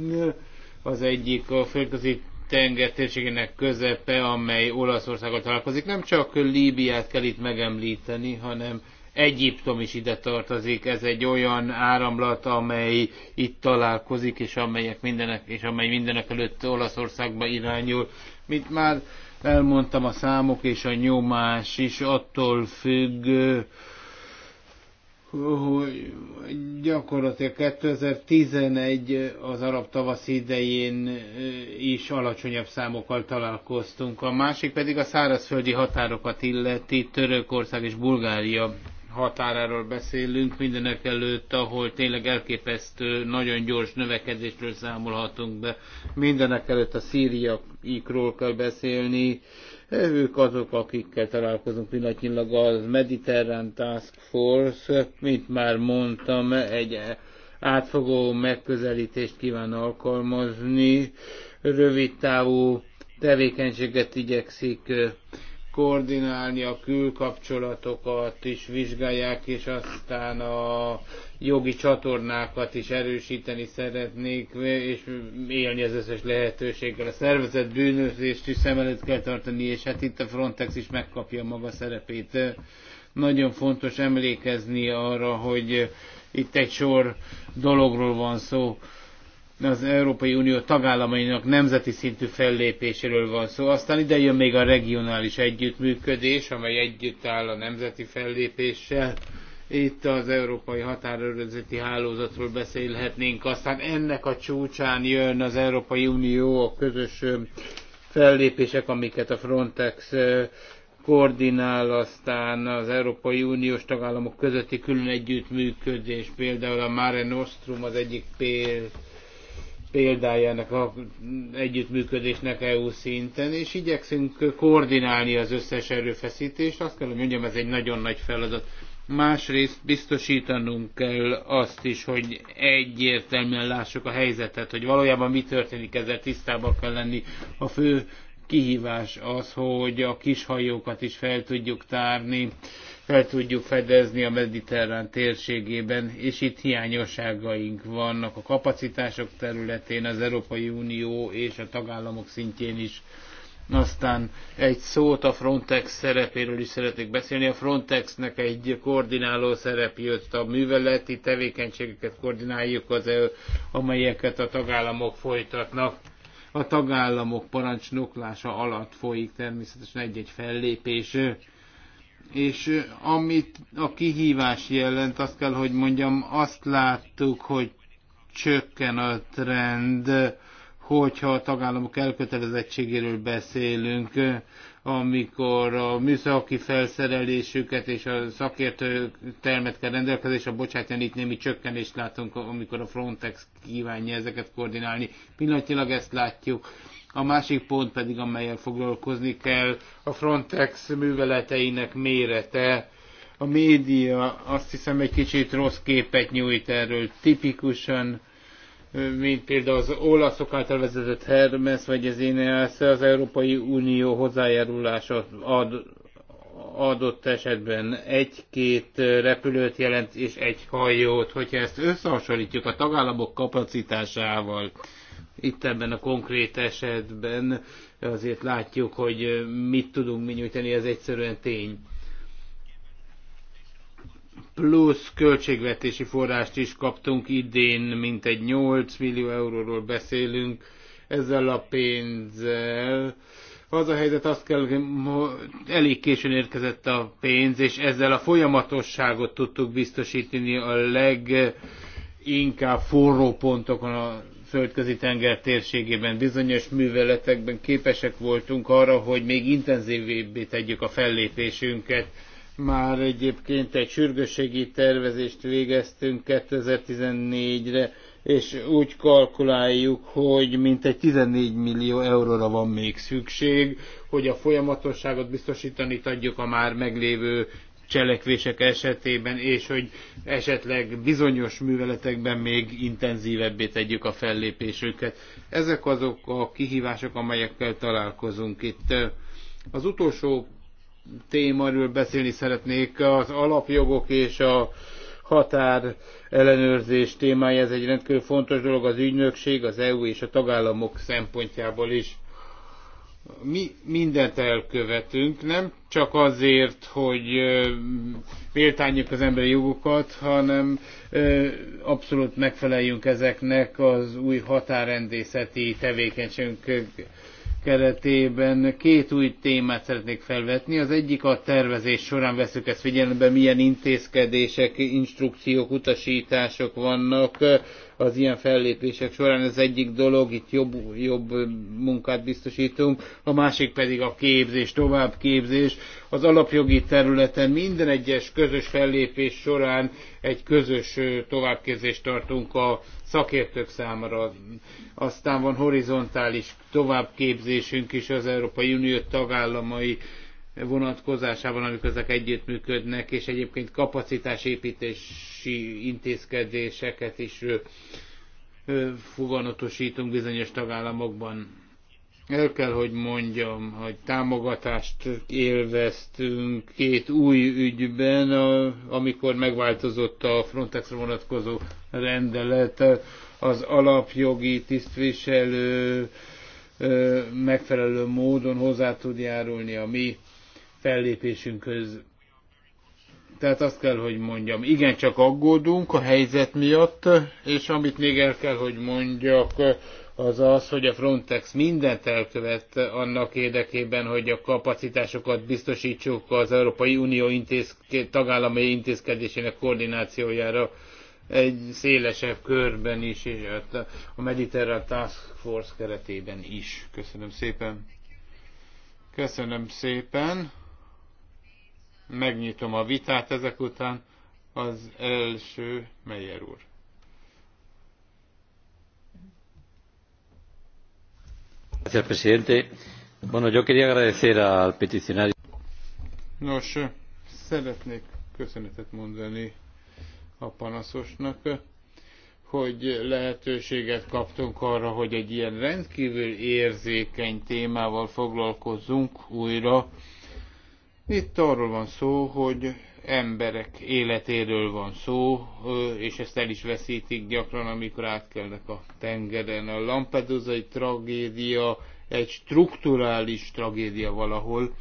Az egyik a földközi tenger térségének közepe, amely Olaszországot találkozik. Nem csak Líbiát kell itt megemlíteni, hanem Egyiptom is ide tartozik, ez egy olyan áramlat, amely itt találkozik, és, amelyek mindenek, és amely mindenek előtt Olaszországba irányul. Mint már elmondtam, a számok és a nyomás is attól függ, hogy gyakorlatilag 2011 az arab tavasz idején is alacsonyabb számokkal találkoztunk. A másik pedig a szárazföldi határokat illeti Törökország és Bulgária határáról beszélünk, mindenek előtt, ahol tényleg elképesztő, nagyon gyors növekedésről számolhatunk be. Mindenek előtt a szíriaikról kell beszélni. Ők azok, akikkel találkozunk pillanatnyilag a Mediterrán Task Force, mint már mondtam, egy átfogó megközelítést kíván alkalmazni, rövid távú tevékenységet igyekszik koordinálni, a külkapcsolatokat is vizsgálják, és aztán a jogi csatornákat is erősíteni szeretnék, és élni az összes lehetőséggel. A szervezet bűnözést is szem előtt kell tartani, és hát itt a Frontex is megkapja maga szerepét. Nagyon fontos emlékezni arra, hogy itt egy sor dologról van szó az Európai Unió tagállamainak nemzeti szintű fellépéséről van szó. Aztán ide jön még a regionális együttműködés, amely együtt áll a nemzeti fellépéssel. Itt az Európai Határőrzeti Hálózatról beszélhetnénk. Aztán ennek a csúcsán jön az Európai Unió a közös fellépések, amiket a Frontex koordinál, aztán az Európai Uniós tagállamok közötti külön együttműködés, például a Mare Nostrum az egyik például, példája ennek a együttműködésnek EU szinten, és igyekszünk koordinálni az összes erőfeszítést. Azt kell, hogy mondjam, ez egy nagyon nagy feladat. Másrészt biztosítanunk kell azt is, hogy egyértelműen lássuk a helyzetet, hogy valójában mi történik, ezzel tisztában kell lenni. A fő kihívás az, hogy a kishajókat is fel tudjuk tárni fel tudjuk fedezni a mediterrán térségében, és itt hiányosságaink vannak a kapacitások területén, az Európai Unió és a tagállamok szintjén is. Aztán egy szót a Frontex szerepéről is szeretnék beszélni. A Frontexnek egy koordináló szerep jött a műveleti tevékenységeket koordináljuk, az, amelyeket a tagállamok folytatnak. A tagállamok parancsnoklása alatt folyik természetesen egy-egy fellépés és amit a kihívás jelent, azt kell, hogy mondjam, azt láttuk, hogy csökken a trend, hogyha a tagállamok elkötelezettségéről beszélünk, amikor a műszaki felszerelésüket és a szakértő termet kell rendelkezésre bocsátani, itt némi csökkenést látunk, amikor a Frontex kívánja ezeket koordinálni. Pillanatilag ezt látjuk. A másik pont pedig, amelyen foglalkozni kell, a Frontex műveleteinek mérete. A média azt hiszem egy kicsit rossz képet nyújt erről. Tipikusan mint például az olaszok által vezetett Hermes, vagy az ENEAS, az Európai Unió hozzájárulása ad, adott esetben egy-két repülőt jelent, és egy hajót. Hogyha ezt összehasonlítjuk a tagállamok kapacitásával, itt ebben a konkrét esetben azért látjuk, hogy mit tudunk mi nyújtani, ez egyszerűen tény. Plusz költségvetési forrást is kaptunk idén, mint egy 8 millió euróról beszélünk ezzel a pénzzel. Az a helyzet, azt kell, hogy elég későn érkezett a pénz, és ezzel a folyamatosságot tudtuk biztosítani a leginkább forró pontokon a földközi tenger térségében bizonyos műveletekben képesek voltunk arra, hogy még intenzívébbé tegyük a fellépésünket. Már egyébként egy sürgősségi tervezést végeztünk 2014-re, és úgy kalkuláljuk, hogy mintegy 14 millió euróra van még szükség, hogy a folyamatosságot biztosítani tudjuk a már meglévő cselekvések esetében, és hogy esetleg bizonyos műveletekben még intenzívebbé tegyük a fellépésüket. Ezek azok a kihívások, amelyekkel találkozunk itt. Az utolsó témáról beszélni szeretnék, az alapjogok és a határ ellenőrzés témája, ez egy rendkívül fontos dolog az ügynökség, az EU és a tagállamok szempontjából is mi mindent elkövetünk, nem csak azért, hogy méltányjuk az emberi jogokat, hanem abszolút megfeleljünk ezeknek az új határrendészeti tevékenységünk keretében. Két új témát szeretnék felvetni. Az egyik a tervezés során veszük ezt figyelembe, milyen intézkedések, instrukciók, utasítások vannak az ilyen fellépések során. Ez egyik dolog, itt jobb, jobb munkát biztosítunk, a másik pedig a képzés, továbbképzés. Az alapjogi területen minden egyes közös fellépés során egy közös továbbképzést tartunk a szakértők számára. Aztán van horizontális továbbképzésünk is az Európai Unió tagállamai vonatkozásában, amikor ezek együttműködnek, és egyébként kapacitásépítési intézkedéseket is foganatosítunk bizonyos tagállamokban. El kell, hogy mondjam, hogy támogatást élveztünk két új ügyben, amikor megváltozott a Frontexre vonatkozó rendelet, az alapjogi tisztviselő megfelelő módon hozzá tud járulni a mi fellépésünkhöz. Tehát azt kell, hogy mondjam, igen, csak aggódunk a helyzet miatt, és amit még el kell, hogy mondjak, az az, hogy a Frontex mindent elkövet annak érdekében, hogy a kapacitásokat biztosítsuk az Európai Unió intézke, tagállamai intézkedésének koordinációjára egy szélesebb körben is, és hát a Mediterrán Task Force keretében is. Köszönöm szépen. Köszönöm szépen. Megnyitom a vitát ezek után. Az első Meyer úr. Señor presidente, bueno, yo quería agradecer al peticionario. Nos, szeretnék köszönetet mondani a panaszosnak, hogy lehetőséget kaptunk arra, hogy egy ilyen rendkívül érzékeny témával foglalkozzunk újra. Itt arról van szó, hogy emberek életéről van szó, és ezt el is veszítik gyakran, amikor átkelnek a tengeren. A Lampedusai tragédia egy strukturális tragédia valahol,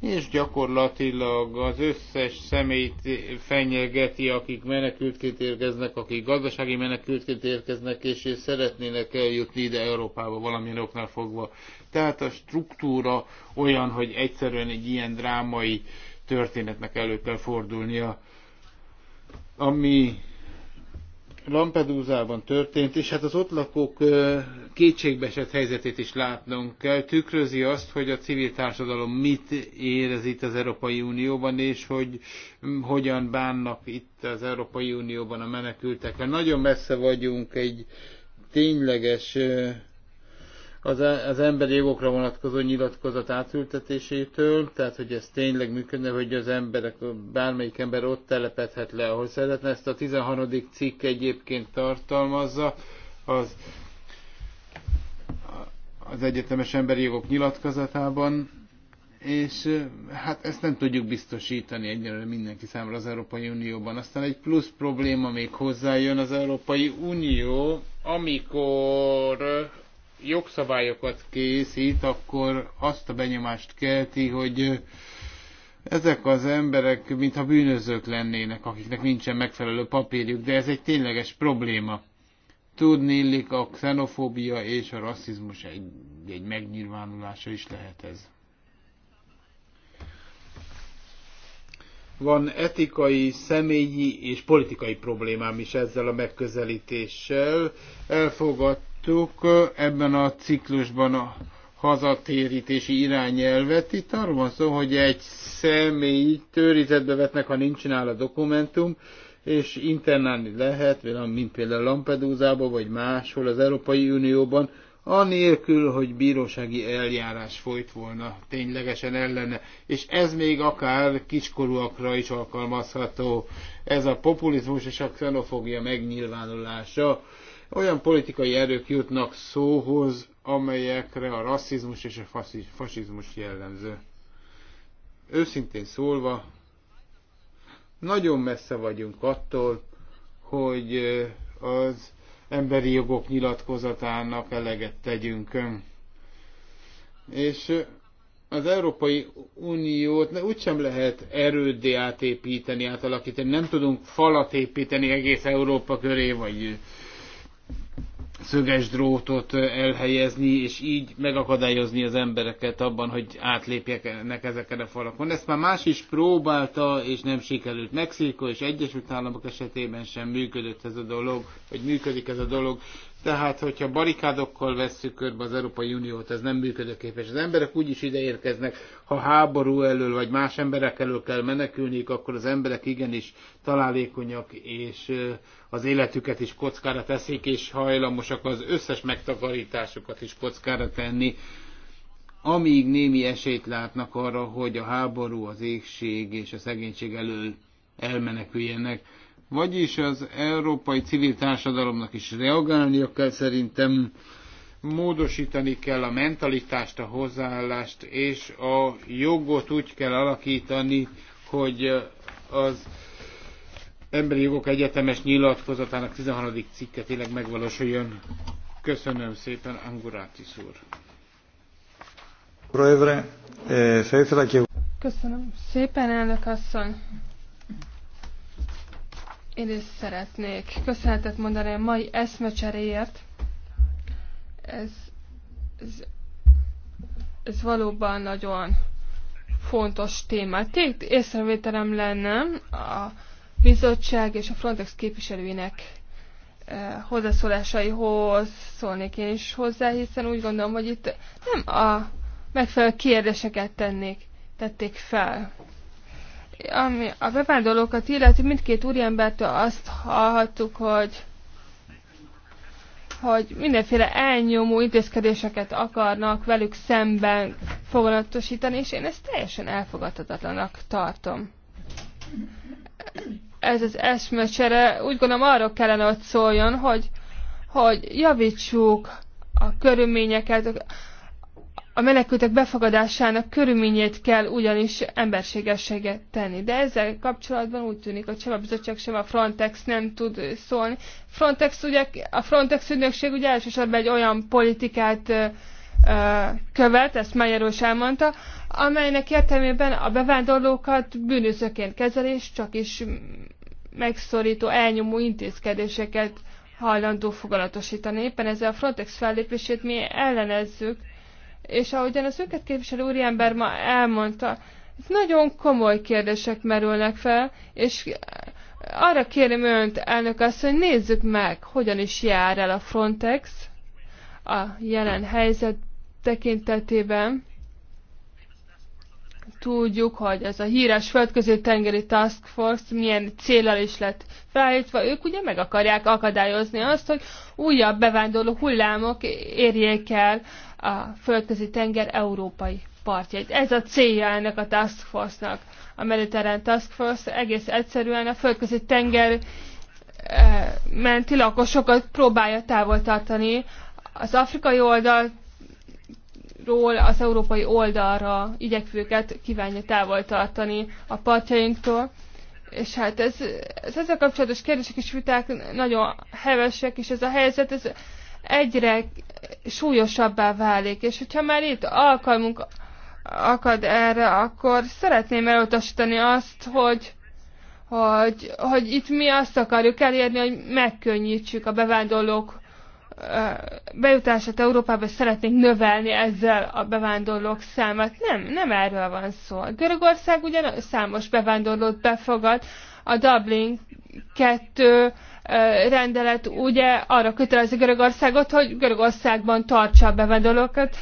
és gyakorlatilag az összes személyt fenyegeti, akik menekültként érkeznek, akik gazdasági menekültként érkeznek, és szeretnének eljutni ide Európába valamilyen oknál fogva. Tehát a struktúra olyan, hogy egyszerűen egy ilyen drámai történetnek elő kell fordulnia. Ami Lampedusában történt, és hát az ott lakók kétségbeesett helyzetét is látnunk kell. Tükrözi azt, hogy a civil társadalom mit érez itt az Európai Unióban, és hogy hogyan bánnak itt az Európai Unióban a menekültekkel. Nagyon messze vagyunk egy tényleges az, e- az emberi jogokra vonatkozó nyilatkozat átültetésétől, tehát hogy ez tényleg működne, hogy az emberek, bármelyik ember ott telepedhet le, ahol szeretne. Ezt a 13. cikk egyébként tartalmazza, az az egyetemes emberi jogok nyilatkozatában, és hát ezt nem tudjuk biztosítani egyelőre mindenki számára az Európai Unióban. Aztán egy plusz probléma még hozzájön az Európai Unió, amikor jogszabályokat készít, akkor azt a benyomást kelti, hogy ezek az emberek, mintha bűnözők lennének, akiknek nincsen megfelelő papírjuk, de ez egy tényleges probléma. Tudni illik a xenofóbia és a rasszizmus egy, egy megnyilvánulása is lehet ez. Van etikai, személyi és politikai problémám is ezzel a megközelítéssel. Elfogadt megvitattuk ebben a ciklusban a hazatérítési irányelvet. Itt arról van szó, hogy egy személy őrizetbe vetnek, ha nincs nála dokumentum, és internálni lehet, mint például Lampedusába, vagy máshol az Európai Unióban, anélkül, hogy bírósági eljárás folyt volna ténylegesen ellene. És ez még akár kiskorúakra is alkalmazható. Ez a populizmus és a xenofógia megnyilvánulása olyan politikai erők jutnak szóhoz, amelyekre a rasszizmus és a fasizmus jellemző. Őszintén szólva, nagyon messze vagyunk attól, hogy az emberi jogok nyilatkozatának eleget tegyünk. És az Európai Uniót úgysem lehet erőddé átépíteni, átalakítani. Nem tudunk falat építeni egész Európa köré, vagy szöges drótot elhelyezni, és így megakadályozni az embereket abban, hogy átlépjenek ezeken a falakon. Ezt már más is próbálta, és nem sikerült. Mexikó és Egyesült Államok esetében sem működött ez a dolog, vagy működik ez a dolog. Tehát, hogyha barikádokkal vesszük körbe az Európai Uniót, ez nem működőképes. Az emberek úgyis ide érkeznek, ha háború elől, vagy más emberek elől kell menekülniük, akkor az emberek igenis találékonyak, és az életüket is kockára teszik, és hajlamosak az összes megtakarításukat is kockára tenni. Amíg némi esélyt látnak arra, hogy a háború, az égség és a szegénység elől elmeneküljenek, vagyis az európai civil társadalomnak is reagálnia kell szerintem, módosítani kell a mentalitást, a hozzáállást, és a jogot úgy kell alakítani, hogy az Emberi Jogok Egyetemes nyilatkozatának 13. cikke tényleg megvalósuljon. Köszönöm szépen, Angurátis úr. Eh, Köszönöm szépen, elnök asszony. Én is szeretnék köszönetet mondani a mai eszmecseréért. Ez, ez, ez valóban nagyon fontos témát. Tényleg észrevételem lenne a bizottság és a Frontex képviselőinek eh, hozzászólásaihoz szólnék én is hozzá, hiszen úgy gondolom, hogy itt nem a megfelelő kérdéseket tennék, tették fel. Ami a bevándorlókat illeti, mindkét úriembertől azt hallhattuk, hogy hogy mindenféle elnyomó intézkedéseket akarnak velük szemben foganatosítani, és én ezt teljesen elfogadhatatlanak tartom. Ez az eszmecsere úgy gondolom arra kellene, hogy szóljon, hogy, hogy javítsuk a körülményeket, a menekültek befogadásának körülményét kell ugyanis emberségességet tenni. De ezzel kapcsolatban úgy tűnik, hogy sem a bizottság, sem a Frontex nem tud szólni. Frontex ugye, a Frontex ügynökség ugye elsősorban egy olyan politikát ö, követ, ezt Meyer is elmondta, amelynek értelmében a bevándorlókat bűnözőként kezelés, csak is megszorító, elnyomó intézkedéseket hajlandó fogalatosítani. Éppen ezzel a Frontex fellépését mi ellenezzük, és ahogyan az őket képviselő úriember ma elmondta, ez nagyon komoly kérdések merülnek fel, és arra kérem önt, elnök azt, hogy nézzük meg, hogyan is jár el a Frontex a jelen helyzet tekintetében tudjuk, hogy ez a híres földközi tengeri task force milyen célral is lett felállítva. Ők ugye meg akarják akadályozni azt, hogy újabb bevándorló hullámok érjék el a földközi tenger európai partjait. Ez a célja ennek a task force-nak. A mediterrán task force egész egyszerűen a földközi tenger eh, menti lakosokat próbálja távol tartani az afrikai oldalt ról az európai oldalra igyekvőket kívánja távol tartani a partjainktól. És hát ez, ez ezzel kapcsolatos kérdések és viták nagyon hevesek, és ez a helyzet ez egyre súlyosabbá válik. És hogyha már itt alkalmunk akad erre, akkor szeretném elutasítani azt, hogy, hogy, hogy itt mi azt akarjuk elérni, hogy megkönnyítsük a bevándorlók bejutását Európába szeretnénk növelni ezzel a bevándorlók számát. Nem, nem erről van szó. Görögország ugyan számos bevándorlót befogad, a Dublin 2 rendelet ugye arra kötelezi Görögországot, hogy Görögországban tartsa a bevándorlókat,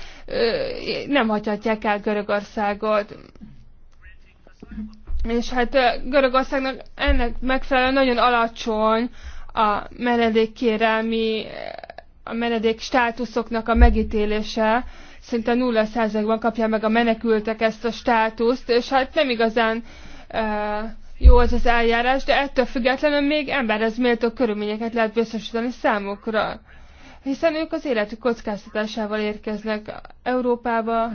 nem hagyhatják el Görögországot. És hát Görögországnak ennek megfelelően nagyon alacsony a menedékkérelmi a menedék státuszoknak a megítélése, szinte 0%-ban kapja meg a menekültek ezt a státuszt, és hát nem igazán e, jó az az eljárás, de ettől függetlenül még emberhez méltó körülményeket lehet biztosítani számukra. Hiszen ők az életük kockáztatásával érkeznek Európába,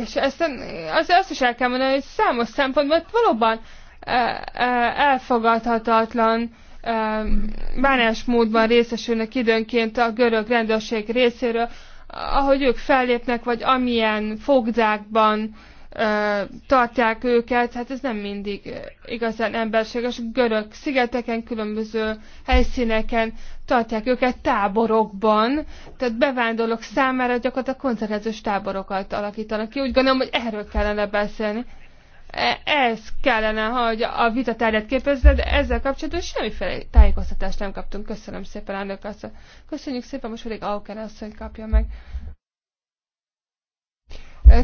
és ezt az azt is el kell mondani, hogy számos szempontból valóban e, e, elfogadhatatlan bánásmódban részesülnek időnként a görög rendőrség részéről, ahogy ők fellépnek, vagy amilyen fogdákban tartják őket, hát ez nem mindig igazán emberséges. Görög szigeteken, különböző helyszíneken tartják őket táborokban, tehát bevándorlók számára gyakorlatilag konzervációs táborokat alakítanak ki. Úgy gondolom, hogy erről kellene beszélni ez kellene, hogy a vita tárgyát képezze, de ezzel kapcsolatban semmiféle tájékoztatást nem kaptunk. Köszönöm szépen, elnök asszony. Köszönjük szépen, most pedig Auken asszony kapja meg.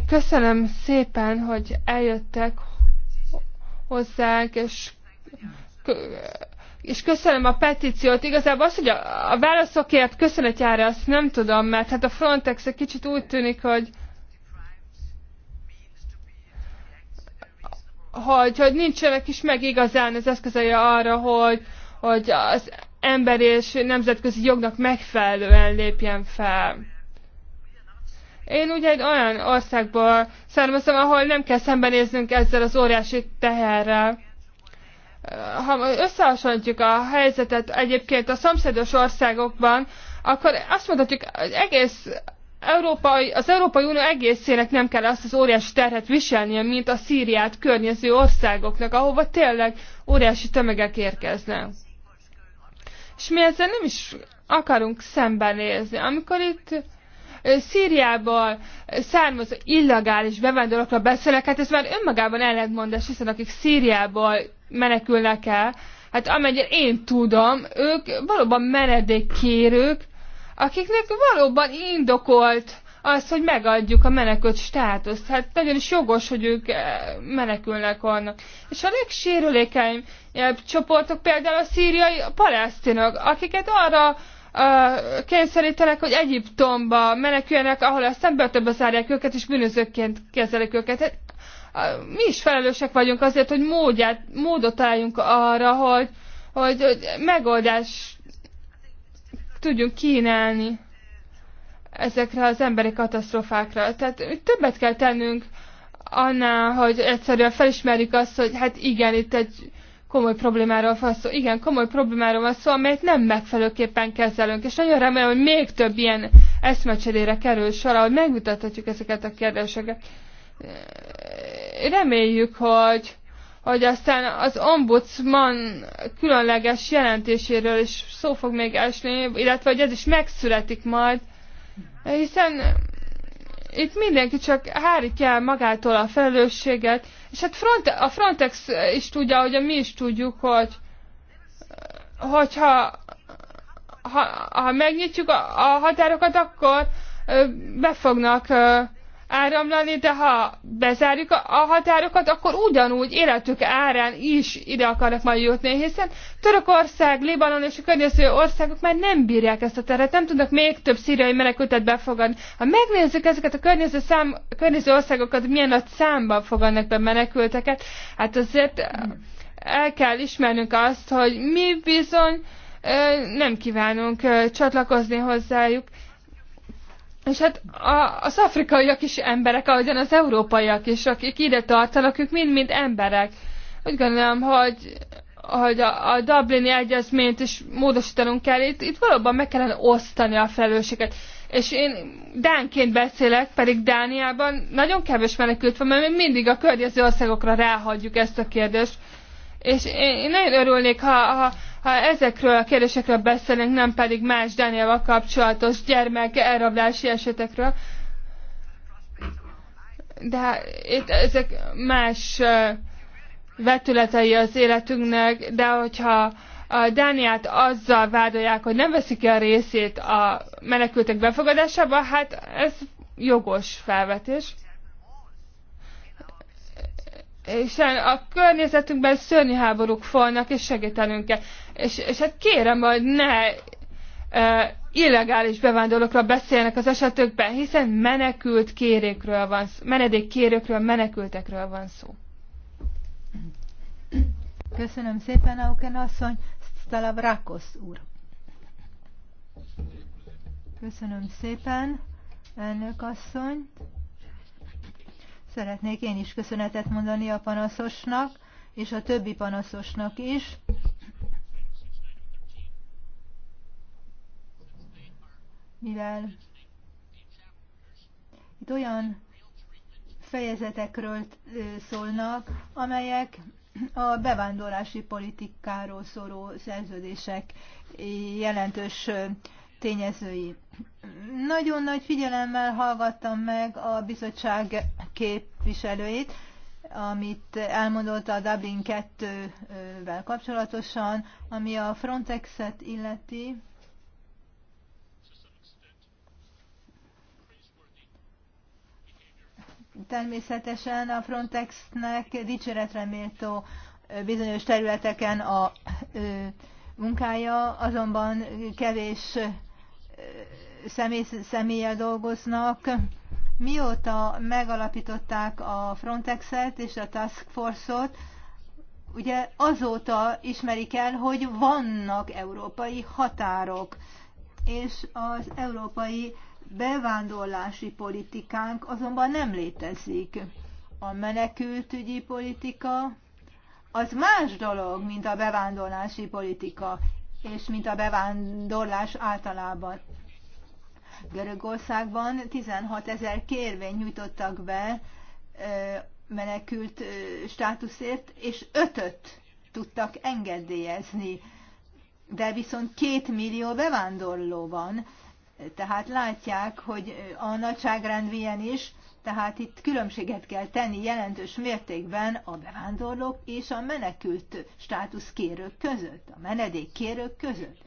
Köszönöm szépen, hogy eljöttek hozzánk, és, és köszönöm a petíciót. Igazából az, hogy a, a válaszokért köszönet jár, azt nem tudom, mert hát a Frontex egy kicsit úgy tűnik, hogy hogy, hogy nincsenek is meg igazán az eszközei arra, hogy, hogy az ember és nemzetközi jognak megfelelően lépjen fel. Én ugye egy olyan országból származom, ahol nem kell szembenéznünk ezzel az óriási teherrel. Ha összehasonlítjuk a helyzetet egyébként a szomszédos országokban, akkor azt mondhatjuk, hogy egész Európai, az Európai Unió egészének nem kell azt az óriási terhet viselnie, mint a Szíriát környező országoknak, ahova tényleg óriási tömegek érkeznek. És mi ezzel nem is akarunk szembenézni. Amikor itt Szíriából származó illegális bevándorlókra beszélek, hát ez már önmagában ellentmondás, hiszen akik Szíriából menekülnek el, hát amennyire én tudom, ők valóban menedékkérők, akiknek valóban indokolt az, hogy megadjuk a menekült státuszt. Hát nagyon is jogos, hogy ők eh, menekülnek annak. És a legsérülékenyebb csoportok például a szíriai a palesztinok, akiket arra uh, kényszerítenek, hogy Egyiptomba meneküljenek, ahol aztán börtönbe zárják őket, és bűnözőként kezelik őket. Hát, uh, mi is felelősek vagyunk azért, hogy módját, módot álljunk arra, hogy, hogy, hogy megoldást tudjunk kínálni ezekre az emberi katasztrofákra. Tehát többet kell tennünk annál, hogy egyszerűen felismerjük azt, hogy hát igen, itt egy komoly problémáról van szó. Igen, komoly problémáról van szó, amelyet nem megfelelőképpen kezelünk. És nagyon remélem, hogy még több ilyen eszmecserére kerül sor, ahogy megmutathatjuk ezeket a kérdéseket. Reméljük, hogy hogy aztán az ombudsman különleges jelentéséről is szó fog még esni, illetve hogy ez is megszületik majd, hiszen itt mindenki csak hárítja el magától a felelősséget, és hát Fronte a Frontex is tudja, hogy mi is tudjuk, hogy hogyha ha, ha megnyitjuk a, a határokat, akkor ö, be fognak ö, áramlani, de ha bezárjuk a határokat, akkor ugyanúgy életük árán is ide akarnak majd jutni, hiszen Törökország, Libanon és a környező országok már nem bírják ezt a teret, nem tudnak még több szíriai menekültet befogadni. Ha megnézzük ezeket a környező, szám, környező országokat, milyen nagy számban fogadnak be menekülteket, hát azért eh, el kell ismernünk azt, hogy mi bizony eh, nem kívánunk eh, csatlakozni hozzájuk, és hát a, az afrikaiak is emberek, ahogyan az európaiak is, akik ide tartanak, ők mind-mind emberek. Úgy gondolom, hogy, hogy a, a Dublini egyezményt is módosítanunk kell, itt, itt valóban meg kellene osztani a felelősséget. És én Dánként beszélek, pedig Dániában nagyon kevés menekült van, mert mi mindig a környező országokra ráhagyjuk ezt a kérdést. És én, én nagyon örülnék, ha, ha, ha ezekről a kérdésekről beszélünk, nem pedig más Dánielval kapcsolatos gyermek elrablási esetekről, de hát itt ezek más vetületei az életünknek, de hogyha a Dániát azzal vádolják, hogy nem veszik ki a részét a menekültek befogadásába, hát ez jogos felvetés és a környezetünkben szörnyű háborúk folynak, és segítenünk kell. És, és hát kérem, hogy ne e, illegális bevándorlókra beszélnek az esetükben, hiszen menekült kérékről van szó, menedék kérőkről, menekültekről van szó. Köszönöm szépen, Auken asszony, Stalavrakosz úr. Köszönöm szépen, elnök asszony. Szeretnék én is köszönetet mondani a panaszosnak, és a többi panaszosnak is. Mivel itt olyan fejezetekről szólnak, amelyek a bevándorlási politikáról szóló szerződések jelentős tényezői. Nagyon nagy figyelemmel hallgattam meg a bizottság képviselőit, amit elmondott a Dublin 2-vel kapcsolatosan, ami a Frontexet illeti. Természetesen a Frontexnek dicséretre méltó bizonyos területeken a munkája, azonban kevés személy, személlyel dolgoznak, Mióta megalapították a Frontexet és a Task Force-ot, ugye azóta ismerik el, hogy vannak európai határok, és az európai bevándorlási politikánk azonban nem létezik. A menekültügyi politika az más dolog, mint a bevándorlási politika, és mint a bevándorlás általában. Görögországban 16 ezer kérvény nyújtottak be menekült státuszért, és ötöt tudtak engedélyezni. De viszont két millió bevándorló van, tehát látják, hogy a nagyságrend ilyen is, tehát itt különbséget kell tenni jelentős mértékben a bevándorlók és a menekült státuszkérők között, a menedékkérők között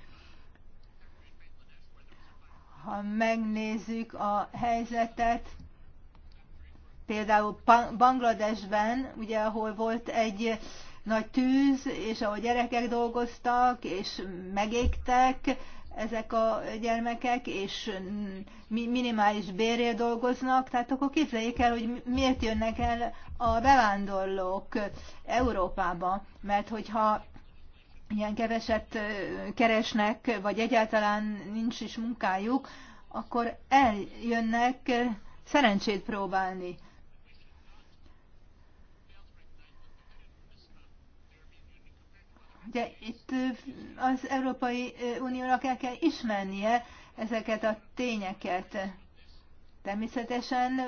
ha megnézzük a helyzetet, például Bangladesben, ugye, ahol volt egy nagy tűz, és ahol gyerekek dolgoztak, és megégtek ezek a gyermekek, és minimális bérért dolgoznak, tehát akkor képzeljék el, hogy miért jönnek el a bevándorlók Európába, mert hogyha ilyen keveset keresnek, vagy egyáltalán nincs is munkájuk, akkor eljönnek szerencsét próbálni. Ugye itt az Európai Uniónak el kell ismernie ezeket a tényeket. Természetesen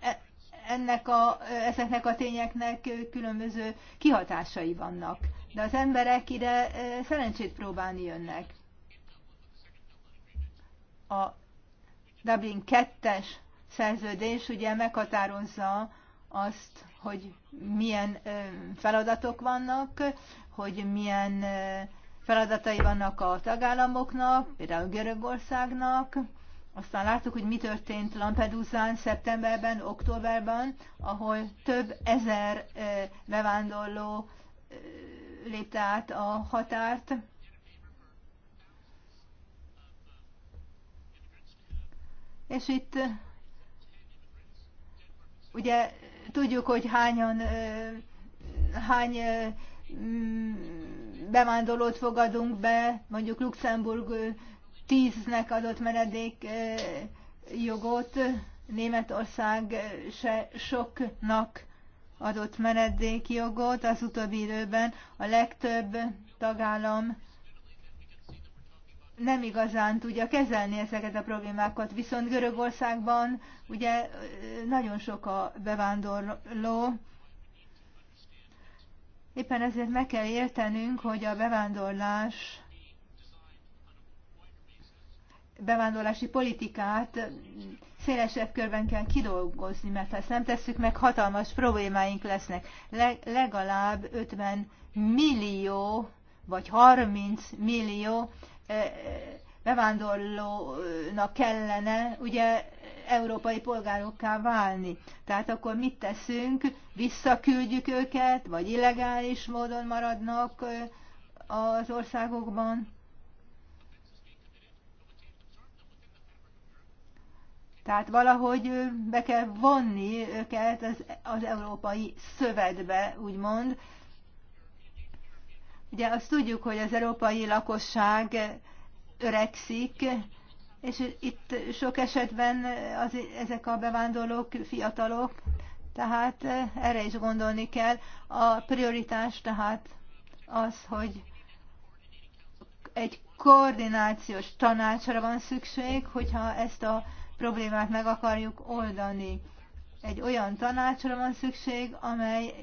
e, ennek a, ezeknek a tényeknek különböző kihatásai vannak. De az emberek ide szerencsét próbálni jönnek. A Dublin 2-es szerződés ugye meghatározza azt, hogy milyen feladatok vannak, hogy milyen feladatai vannak a tagállamoknak, például Görögországnak, aztán láttuk, hogy mi történt Lampedusán szeptemberben, októberben, ahol több ezer bevándorló lépte át a határt. És itt ugye tudjuk, hogy hányan, hány bevándorlót fogadunk be, mondjuk Luxemburg tíznek adott menedék jogot, Németország se soknak adott menedék jogot az utóbbi időben. A legtöbb tagállam nem igazán tudja kezelni ezeket a problémákat, viszont Görögországban ugye nagyon sok a bevándorló, Éppen ezért meg kell értenünk, hogy a bevándorlás bevándorlási politikát szélesebb körben kell kidolgozni, mert ha ezt nem tesszük meg, hatalmas problémáink lesznek. Le, legalább 50 millió vagy 30 millió eh, eh, bevándorlónak kellene ugye európai polgárokká válni. Tehát akkor mit teszünk? Visszaküldjük őket, vagy illegális módon maradnak eh, az országokban? Tehát valahogy be kell vonni őket az, az európai szövetbe, úgymond. Ugye azt tudjuk, hogy az európai lakosság öregszik, és itt sok esetben az, ezek a bevándorlók fiatalok, tehát erre is gondolni kell. A prioritás tehát az, hogy egy koordinációs tanácsra van szükség, hogyha ezt a problémát meg akarjuk oldani. Egy olyan tanácsra van szükség, amely eh,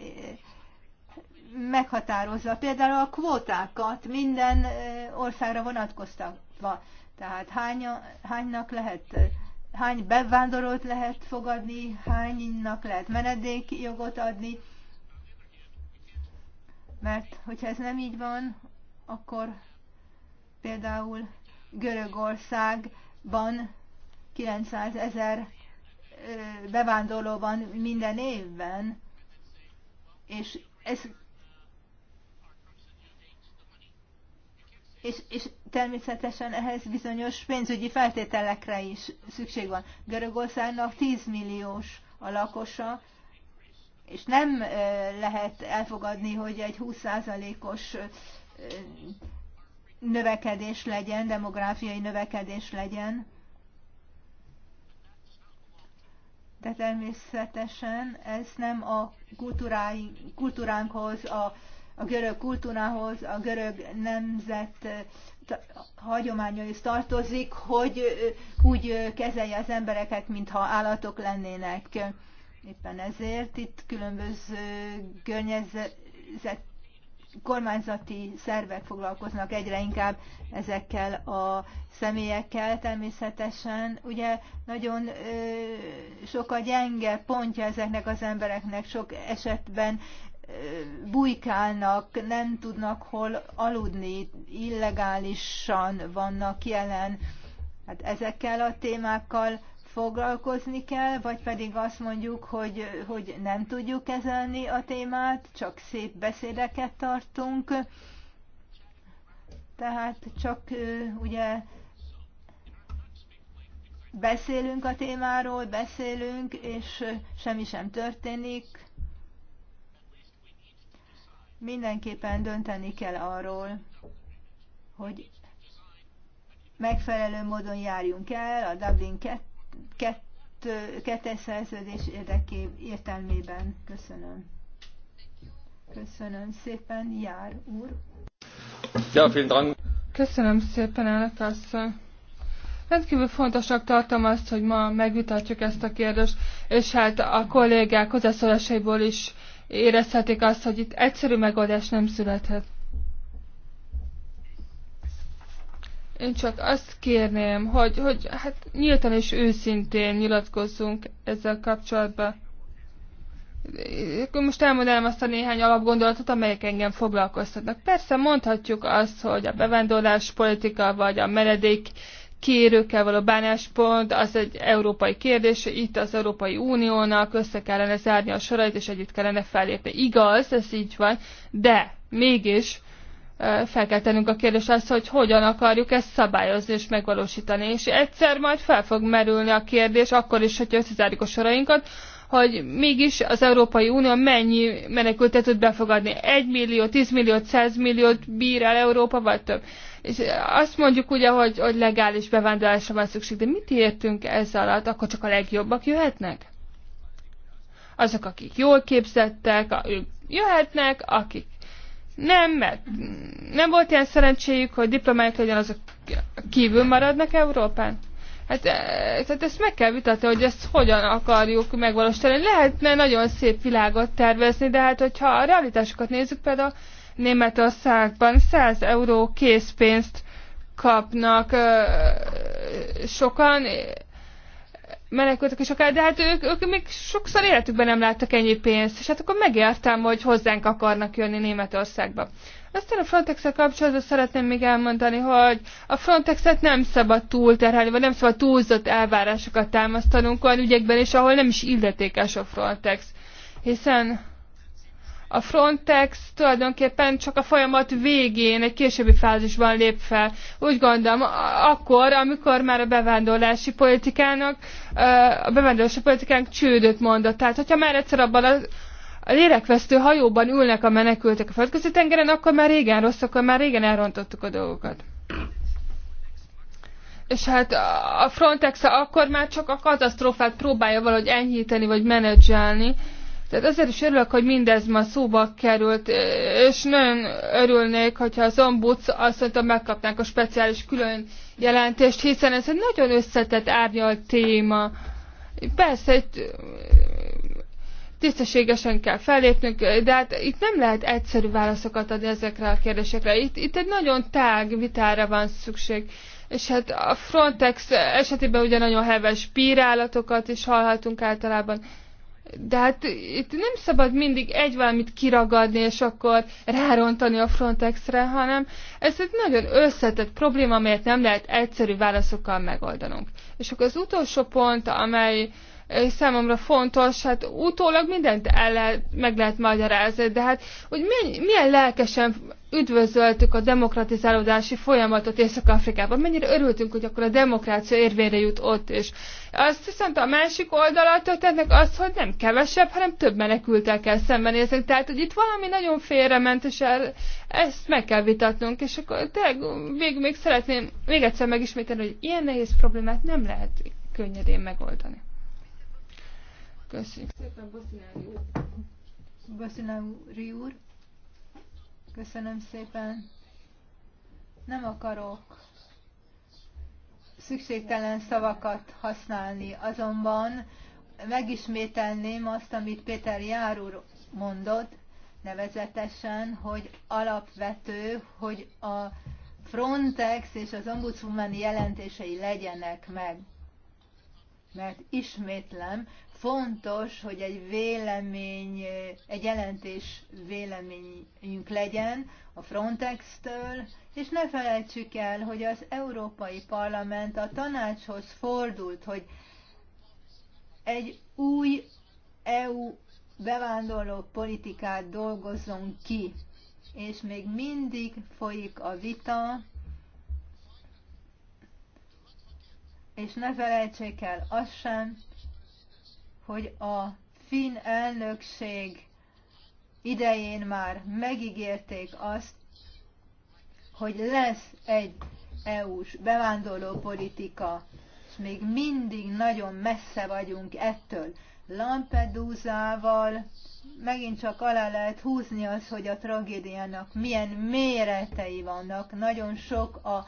meghatározza például a kvótákat minden eh, országra vonatkoztatva. Tehát hány, hánynak lehet, hány bevándorolt lehet fogadni, hánynak lehet menedékjogot adni, mert hogyha ez nem így van, akkor például Görögországban 900 ezer bevándorló van minden évben, és ez És, és természetesen ehhez bizonyos pénzügyi feltételekre is szükség van. Görögországnak 10 milliós a lakosa, és nem lehet elfogadni, hogy egy 20%-os növekedés legyen, demográfiai növekedés legyen. de természetesen ez nem a kultúránkhoz, a, a görög kultúrához, a görög nemzet eh, hagyományaihoz tartozik, hogy eh, úgy eh, kezelje az embereket, mintha állatok lennének. Éppen ezért itt különböző környezet kormányzati szervek foglalkoznak egyre inkább ezekkel a személyekkel természetesen. Ugye nagyon ö, sok a gyenge pontja ezeknek az embereknek, sok esetben ö, bujkálnak, nem tudnak hol aludni, illegálisan vannak jelen. Hát ezekkel a témákkal foglalkozni kell, vagy pedig azt mondjuk, hogy, hogy nem tudjuk kezelni a témát, csak szép beszédeket tartunk. Tehát csak ugye beszélünk a témáról, beszélünk, és semmi sem történik. Mindenképpen dönteni kell arról, hogy megfelelő módon járjunk el a Dublin kettes szerződés érdeké, értelmében. Köszönöm. Köszönöm szépen, Jár úr. Ja, Dank. Köszönöm szépen, elnök asszony. Rendkívül fontosnak tartom azt, hogy ma megvitatjuk ezt a kérdést, és hát a kollégák hozzászólásaiból is érezhetik azt, hogy itt egyszerű megoldás nem születhet. Én csak azt kérném, hogy, hogy hát nyíltan és őszintén nyilatkozzunk ezzel kapcsolatban. Akkor most elmondanám azt a néhány alapgondolatot, amelyek engem foglalkoztatnak. Persze mondhatjuk azt, hogy a bevándorlás politika vagy a meredék kérőkkel való bánáspont, az egy európai kérdés, itt az Európai Uniónak össze kellene zárni a sorait, és együtt kellene felépni. Igaz, ez így van, de mégis fel kell tennünk a kérdést azt, hogy hogyan akarjuk ezt szabályozni és megvalósítani. És egyszer majd fel fog merülni a kérdés, akkor is, hogyha összezárjuk a sorainkat, hogy mégis az Európai Unió mennyi menekültet tud befogadni. Egy millió, tíz millió, száz milliót bír el Európa, vagy több. És azt mondjuk ugye, hogy, hogy legális bevándorlásra van szükség, de mit értünk ez alatt? Akkor csak a legjobbak jöhetnek? Azok, akik jól képzettek, ők jöhetnek, akik nem, mert nem volt ilyen szerencséjük, hogy diplomáik legyen, azok kívül maradnak Európán? Hát e, tehát ezt meg kell vitatni, hogy ezt hogyan akarjuk megvalósítani. Lehetne nagyon szép világot tervezni, de hát hogyha a realitásokat nézzük, például Németországban 100 euró készpénzt kapnak sokan, menekültek is akár, de hát ők, ők még sokszor életükben nem láttak ennyi pénzt, és hát akkor megértem, hogy hozzánk akarnak jönni Németországba. Aztán a frontex kapcsolatban szeretném még elmondani, hogy a Frontexet nem szabad túlterhelni, vagy nem szabad túlzott elvárásokat támasztanunk olyan ügyekben, és ahol nem is illetékes a Frontex. Hiszen a Frontex tulajdonképpen csak a folyamat végén, egy későbbi fázisban lép fel. Úgy gondolom, akkor, amikor már a bevándorlási politikának, a bevándorlási politikánk csődöt mondott. Tehát, hogyha már egyszer abban a a lélekvesztő hajóban ülnek a menekültek a földközi tengeren, akkor már régen rossz, akkor már régen elrontottuk a dolgokat. És hát a frontex -a akkor már csak a katasztrófát próbálja valahogy enyhíteni, vagy menedzselni. Uh, tehát azért is örülök, hogy mindez ma szóba került, és nagyon örülnék, hogyha az ombuds azt mondta, megkapnánk a speciális külön jelentést, hiszen ez egy nagyon összetett árnyalt téma. Persze, egy eh, tisztességesen kell fellépnünk, de hát itt nem lehet egyszerű válaszokat adni ezekre a kérdésekre. Itt, itt egy nagyon tág vitára van szükség. És hát a Frontex esetében ugye nagyon heves bírálatokat is hallhatunk általában de hát itt nem szabad mindig egy valamit kiragadni, és akkor rárontani a Frontexre, hanem ez egy nagyon összetett probléma, amelyet nem lehet egyszerű válaszokkal megoldanunk. És akkor az utolsó pont, amely és számomra fontos, hát utólag mindent el lehet, meg lehet magyarázni, de hát hogy milyen, milyen lelkesen üdvözöltük a demokratizálódási folyamatot Észak-Afrikában, mennyire örültünk, hogy akkor a demokrácia érvényre jut ott is. Azt viszont a másik oldala történnek az, hogy nem kevesebb, hanem több menekültel kell szembenézni. Tehát, hogy itt valami nagyon félrement, és el, ezt meg kell vitatnunk, és akkor tényleg végül még szeretném még egyszer megismételni, hogy ilyen nehéz problémát nem lehet könnyedén megoldani. Köszönjük szépen, Bosszinári úr. Bosszinári úr, köszönöm szépen. Nem akarok szükségtelen szavakat használni, azonban megismételném azt, amit Péter Jár úr mondott, nevezetesen, hogy alapvető, hogy a Frontex és az ombudsman jelentései legyenek meg. Mert ismétlem, fontos, hogy egy vélemény, egy jelentés véleményünk legyen a Frontex-től, és ne felejtsük el, hogy az Európai Parlament a tanácshoz fordult, hogy egy új EU bevándorló politikát dolgozzon ki, és még mindig folyik a vita, és ne felejtsék el azt sem, hogy a finn elnökség idején már megígérték azt, hogy lesz egy EU-s politika, és még mindig nagyon messze vagyunk ettől. Lampedusával megint csak alá lehet húzni az, hogy a tragédiának milyen méretei vannak. Nagyon sok a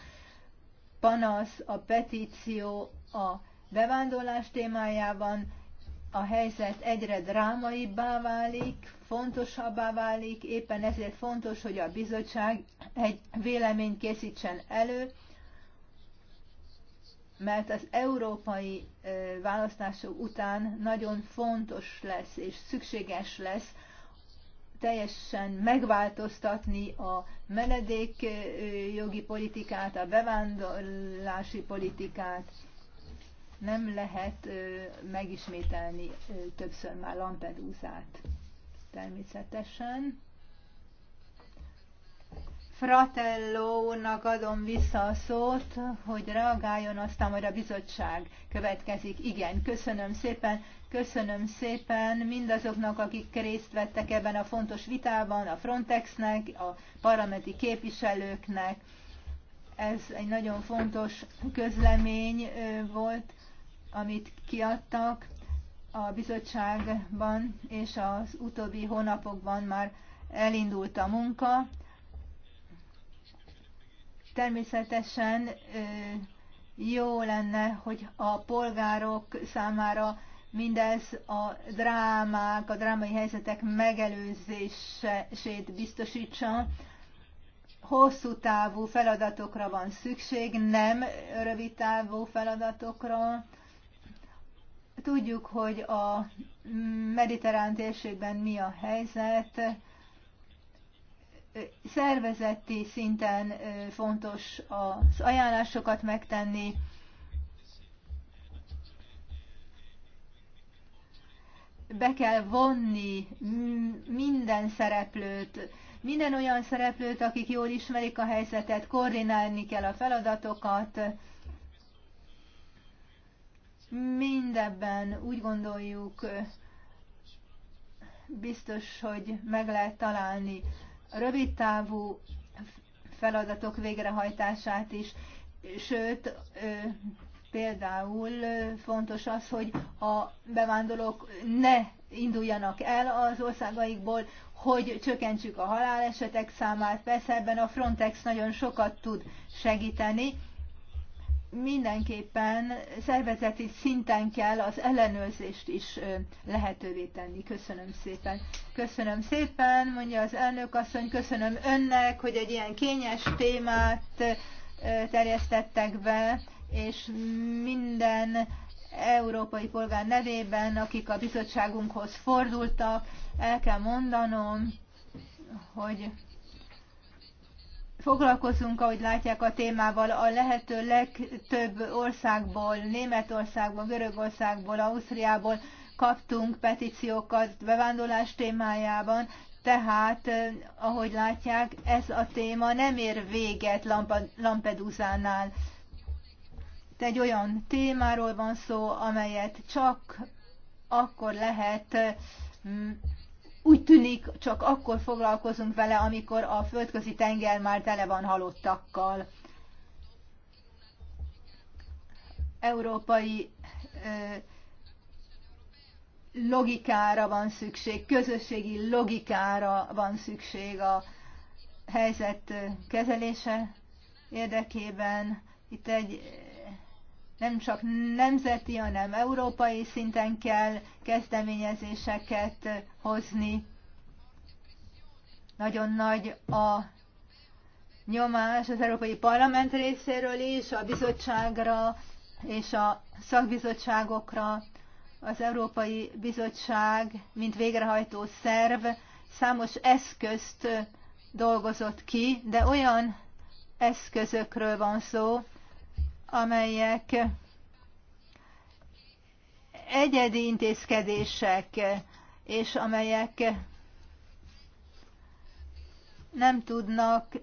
panasz, a petíció, a bevándorlás témájában, a helyzet egyre drámaibbá válik, fontosabbá válik, éppen ezért fontos, hogy a bizottság egy véleményt készítsen elő, mert az európai választások után nagyon fontos lesz és szükséges lesz teljesen megváltoztatni a menedékjogi politikát, a bevándorlási politikát, nem lehet megismételni többször már Lampedusát. Természetesen. Fratellónak adom vissza a szót, hogy reagáljon, aztán majd a bizottság következik. Igen, köszönöm szépen, köszönöm szépen mindazoknak, akik részt vettek ebben a fontos vitában, a Frontexnek, a parlamenti képviselőknek. Ez egy nagyon fontos közlemény volt, amit kiadtak a bizottságban, és az utóbbi hónapokban már elindult a munka. Természetesen jó lenne, hogy a polgárok számára mindez a drámák, a drámai helyzetek megelőzését biztosítsa. Hosszú távú feladatokra van szükség, nem rövid távú feladatokra. Tudjuk, hogy a mediterrán térségben mi a helyzet. Szervezeti szinten fontos az ajánlásokat megtenni. Be kell vonni minden szereplőt, minden olyan szereplőt, akik jól ismerik a helyzetet, koordinálni kell a feladatokat, mindebben úgy gondoljuk, biztos, hogy meg lehet találni a rövid távú feladatok végrehajtását is, sőt, például fontos az, hogy a bevándorlók ne induljanak el az országaikból, hogy csökkentsük a halálesetek számát. Persze ebben a Frontex nagyon sokat tud segíteni, mindenképpen szervezeti szinten kell az ellenőrzést is lehetővé tenni. Köszönöm szépen. Köszönöm szépen, mondja az elnök asszony, köszönöm önnek, hogy egy ilyen kényes témát terjesztettek be, és minden európai polgár nevében, akik a bizottságunkhoz fordultak, el kell mondanom, hogy foglalkozunk, ahogy látják a témával, a lehető legtöbb országból, Németországból, Görögországból, Ausztriából kaptunk petíciókat bevándorlás témájában, tehát, eh, ahogy látják, ez a téma nem ér véget Lampedusánál. De egy olyan témáról van szó, amelyet csak akkor lehet eh, úgy tűnik, csak akkor foglalkozunk vele, amikor a földközi tenger már tele van halottakkal. Európai logikára van szükség, közösségi logikára van szükség a helyzet kezelése érdekében. Itt egy nem csak nemzeti, hanem európai szinten kell kezdeményezéseket hozni. Nagyon nagy a nyomás az Európai Parlament részéről is, a bizottságra és a szakbizottságokra. Az Európai Bizottság, mint végrehajtó szerv, számos eszközt dolgozott ki, de olyan eszközökről van szó, amelyek egyedi intézkedések, és amelyek nem tudnak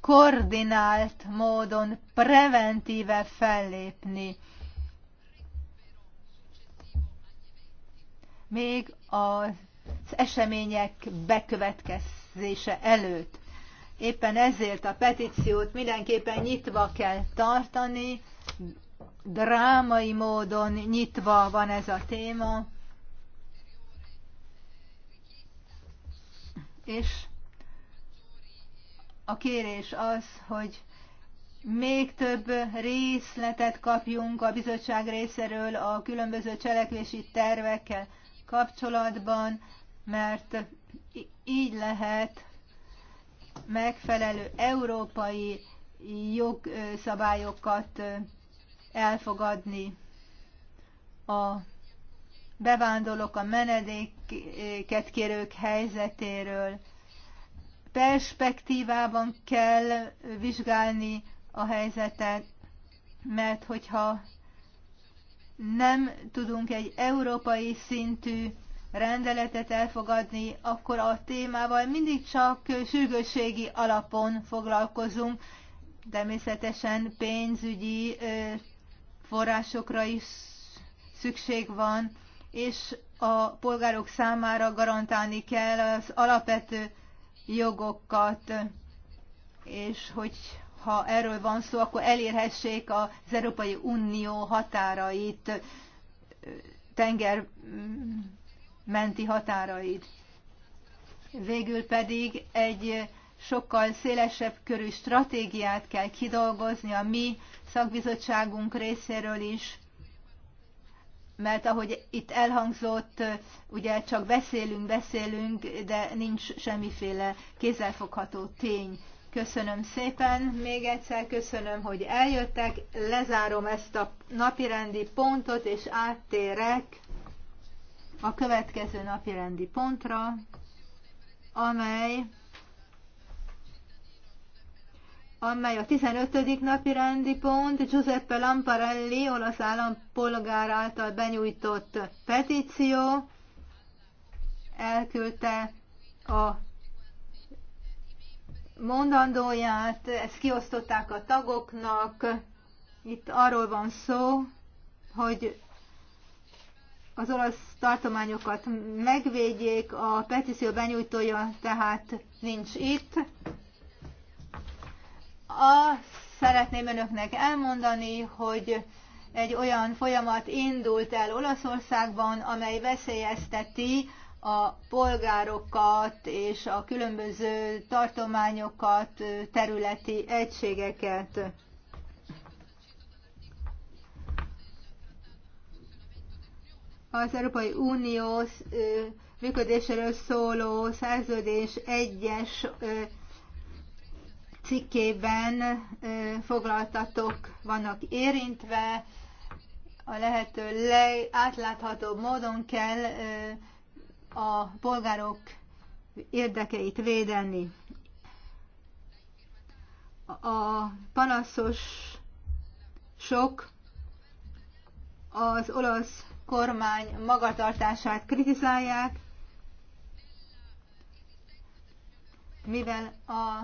koordinált módon preventíve fellépni. Még az események bekövetkezése előtt. Éppen ezért a petíciót mindenképpen nyitva kell tartani, drámai módon nyitva van ez a téma, és a kérés az, hogy még több részletet kapjunk a bizottság részéről a különböző cselekvési tervekkel kapcsolatban, mert így lehet megfelelő európai jogszabályokat elfogadni a bevándorlók, a menedéket kérők helyzetéről. Perspektívában kell vizsgálni a helyzetet, mert hogyha nem tudunk egy európai szintű rendeletet elfogadni, akkor a témával mindig csak sürgősségi alapon foglalkozunk, természetesen pénzügyi forrásokra is szükség van, és a polgárok számára garantálni kell az alapvető jogokat, és hogy ha erről van szó, akkor elérhessék az Európai Unió határait tenger menti határaid. Végül pedig egy sokkal szélesebb körű stratégiát kell kidolgozni a mi szakbizottságunk részéről is, mert ahogy itt elhangzott, ugye csak beszélünk, beszélünk, de nincs semmiféle kézzelfogható tény. Köszönöm szépen, még egyszer köszönöm, hogy eljöttek, lezárom ezt a napirendi pontot, és áttérek a következő napi rendi pontra, amely amely a 15. napi rendi pont Giuseppe Lamparelli, olasz állampolgár által benyújtott petíció elküldte a mondandóját, ezt kiosztották a tagoknak. Itt arról van szó, hogy az olasz tartományokat megvédjék, a petíció benyújtója tehát nincs itt. Azt szeretném önöknek elmondani, hogy egy olyan folyamat indult el Olaszországban, amely veszélyezteti a polgárokat és a különböző tartományokat, területi egységeket. az Európai Unió működéséről szóló szerződés egyes cikkében foglaltatok vannak érintve, a lehető átláthatóbb módon kell a polgárok érdekeit védeni. A panaszos sok az olasz kormány magatartását kritizálják, mivel a,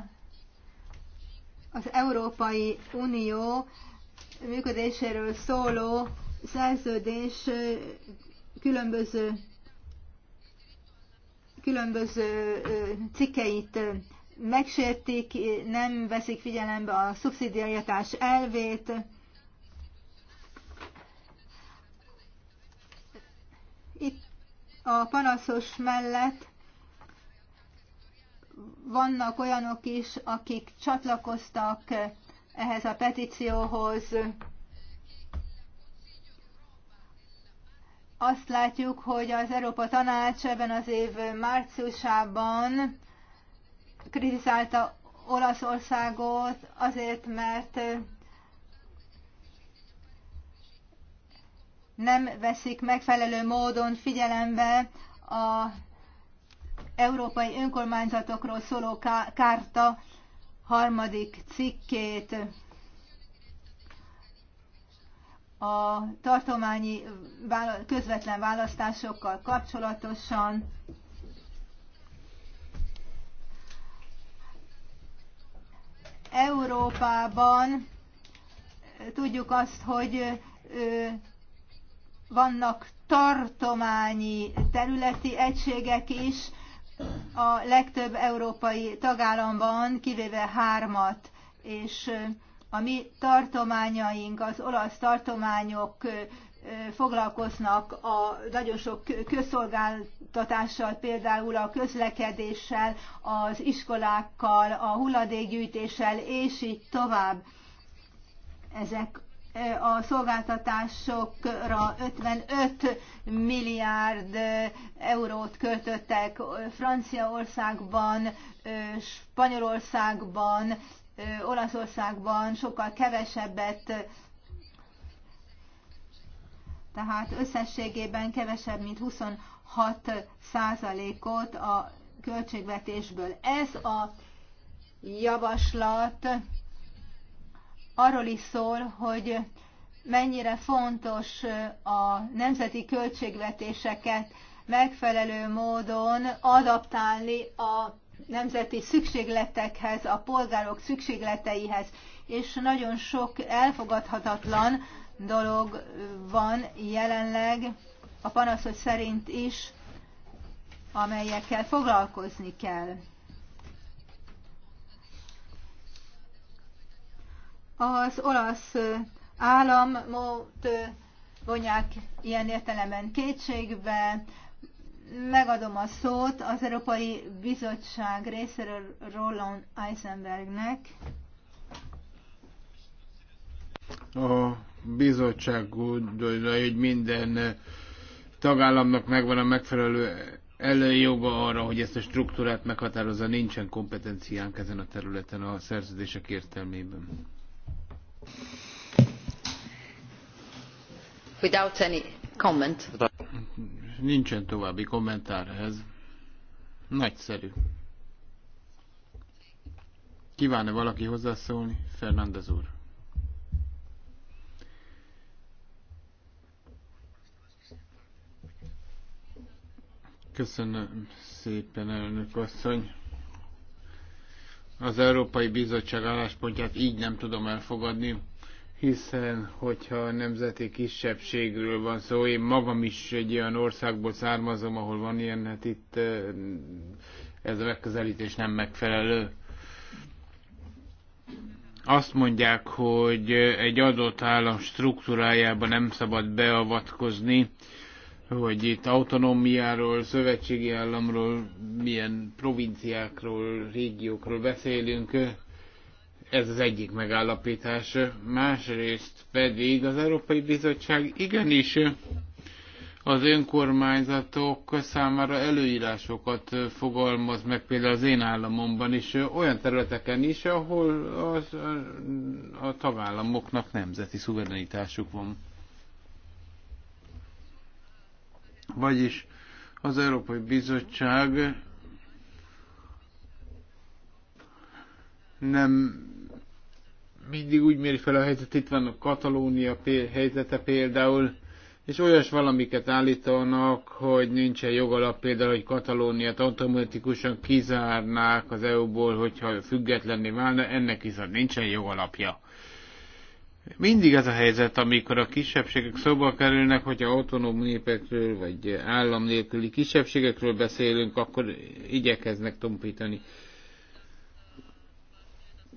az Európai Unió működéséről szóló szerződés különböző különböző cikkeit megsértik, nem veszik figyelembe a szubszidiaritás elvét, Itt a panaszos mellett vannak olyanok is, akik csatlakoztak ehhez a petícióhoz. Azt látjuk, hogy az Európa Tanács ebben az év márciusában kritizálta Olaszországot azért, mert nem veszik megfelelő módon figyelembe a európai önkormányzatokról szóló kárta harmadik cikkét. A tartományi közvetlen választásokkal kapcsolatosan Európában tudjuk azt, hogy vannak tartományi területi egységek is a legtöbb európai tagállamban, kivéve hármat, és a mi tartományaink, az olasz tartományok foglalkoznak a nagyon sok közszolgáltatással, például a közlekedéssel, az iskolákkal, a hulladékgyűjtéssel, és így tovább. Ezek a szolgáltatásokra 55 milliárd eurót költöttek Franciaországban, Spanyolországban, Olaszországban sokkal kevesebbet, tehát összességében kevesebb, mint 26 százalékot a költségvetésből. Ez a javaslat arról is szól, hogy mennyire fontos a nemzeti költségvetéseket megfelelő módon adaptálni a nemzeti szükségletekhez, a polgárok szükségleteihez, és nagyon sok elfogadhatatlan dolog van jelenleg a panaszok szerint is, amelyekkel foglalkozni kell. Az olasz államot vonják ilyen értelemben kétségbe. Megadom a szót az Európai Bizottság részéről Roland Eisenbergnek. A bizottság úgy gondolja, hogy minden tagállamnak megvan a megfelelő előjoga arra, hogy ezt a struktúrát meghatározza, nincsen kompetenciánk ezen a területen a szerződések értelmében. Without any comment. Nincsen további kommentár ehhez. Nagyszerű. Kívánne valaki hozzászólni? Fernández úr. Köszönöm szépen, elnök asszony. Az Európai Bizottság álláspontját így nem tudom elfogadni hiszen hogyha a nemzeti kisebbségről van szó, én magam is egy olyan országból származom, ahol van ilyen, hát itt ez a megközelítés nem megfelelő. Azt mondják, hogy egy adott állam struktúrájába nem szabad beavatkozni, hogy itt autonómiáról, szövetségi államról, milyen provinciákról, régiókról beszélünk ez az egyik megállapítás. Másrészt pedig az Európai Bizottság igenis az önkormányzatok számára előírásokat fogalmaz meg, például az én államomban is, olyan területeken is, ahol az, a, a tagállamoknak nemzeti szuverenitásuk van. Vagyis az Európai Bizottság nem mindig úgy méri fel a helyzet, itt van a Katalónia helyzete például, és olyas valamiket állítanak, hogy nincsen jogalap például, hogy Katalóniát automatikusan kizárnák az EU-ból, hogyha függetlenné válna, ennek is nincsen jogalapja. Mindig ez a helyzet, amikor a kisebbségek szóba kerülnek, hogyha autonóm népekről vagy állam nélküli kisebbségekről beszélünk, akkor igyekeznek tompítani.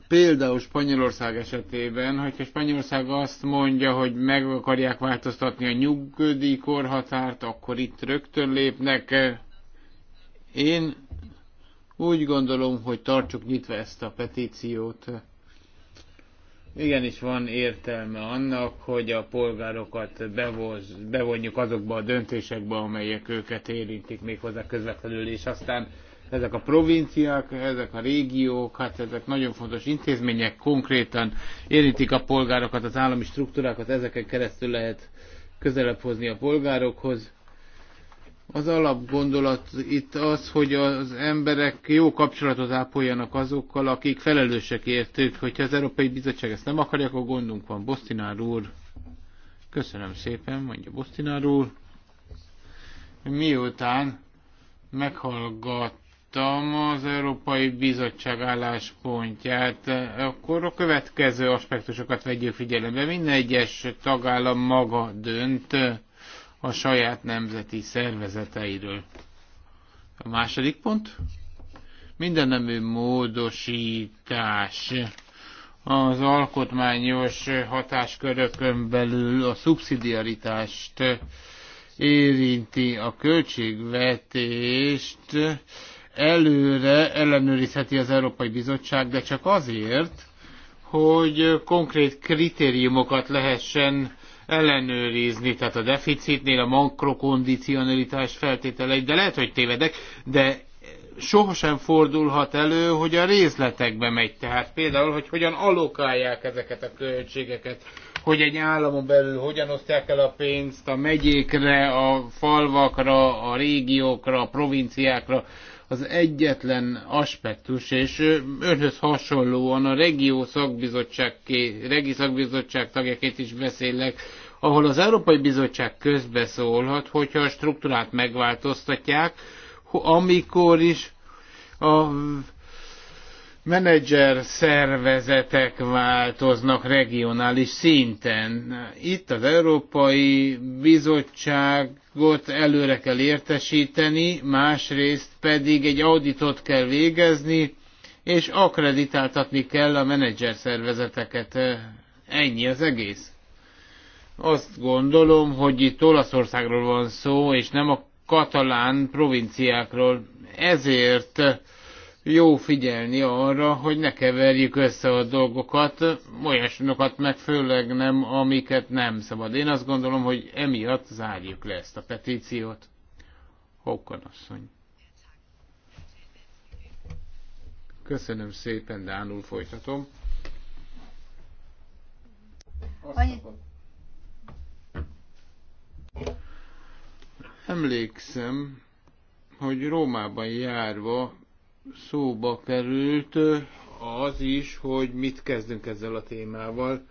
Például Spanyolország esetében, hogyha Spanyolország azt mondja, hogy meg akarják változtatni a nyugdíjkorhatárt, akkor itt rögtön lépnek. Én úgy gondolom, hogy tartsuk nyitva ezt a petíciót. Igenis van értelme annak, hogy a polgárokat bevoz, bevonjuk azokba a döntésekbe, amelyek őket érintik méghozzá közvetlenül, és aztán ezek a provinciák, ezek a régiók, hát ezek nagyon fontos intézmények, konkrétan érintik a polgárokat, az állami struktúrákat, ezeken keresztül lehet közelebb hozni a polgárokhoz. Az alapgondolat itt az, hogy az emberek jó kapcsolatot ápoljanak azokkal, akik felelősek értük. Hogyha az Európai Bizottság ezt nem akarja, akkor gondunk van. Bosztinár úr, köszönöm szépen, mondja Bosztinár úr. Miután meghallgat olvastam az Európai Bizottság álláspontját, akkor a következő aspektusokat vegyük figyelembe. Minden egyes tagállam maga dönt a saját nemzeti szervezeteiről. A második pont. Minden nemű módosítás az alkotmányos hatáskörökön belül a szubszidiaritást érinti a költségvetést, előre ellenőrizheti az Európai Bizottság, de csak azért, hogy konkrét kritériumokat lehessen ellenőrizni, tehát a deficitnél a makrokondicionalitás feltételeit, de lehet, hogy tévedek, de sohasem fordulhat elő, hogy a részletekbe megy. Tehát például, hogy hogyan alokálják ezeket a költségeket, hogy egy államon belül hogyan osztják el a pénzt a megyékre, a falvakra, a régiókra, a provinciákra az egyetlen aspektus, és önhöz hasonlóan a regió szakbizottság, regi szakbizottság tagjaként is beszélek, ahol az Európai Bizottság közbeszólhat, hogyha a struktúrát megváltoztatják, amikor is a menedzser szervezetek változnak regionális szinten. Itt az Európai Bizottságot előre kell értesíteni, másrészt pedig egy auditot kell végezni, és akreditáltatni kell a menedzser szervezeteket. Ennyi az egész. Azt gondolom, hogy itt Olaszországról van szó, és nem a katalán provinciákról. Ezért jó figyelni arra, hogy ne keverjük össze a dolgokat, olyasmokat meg főleg nem, amiket nem szabad. Én azt gondolom, hogy emiatt zárjuk le ezt a petíciót. Hókon asszony. Köszönöm szépen, Dánul folytatom. Emlékszem, hogy Rómában járva szóba került az is, hogy mit kezdünk ezzel a témával,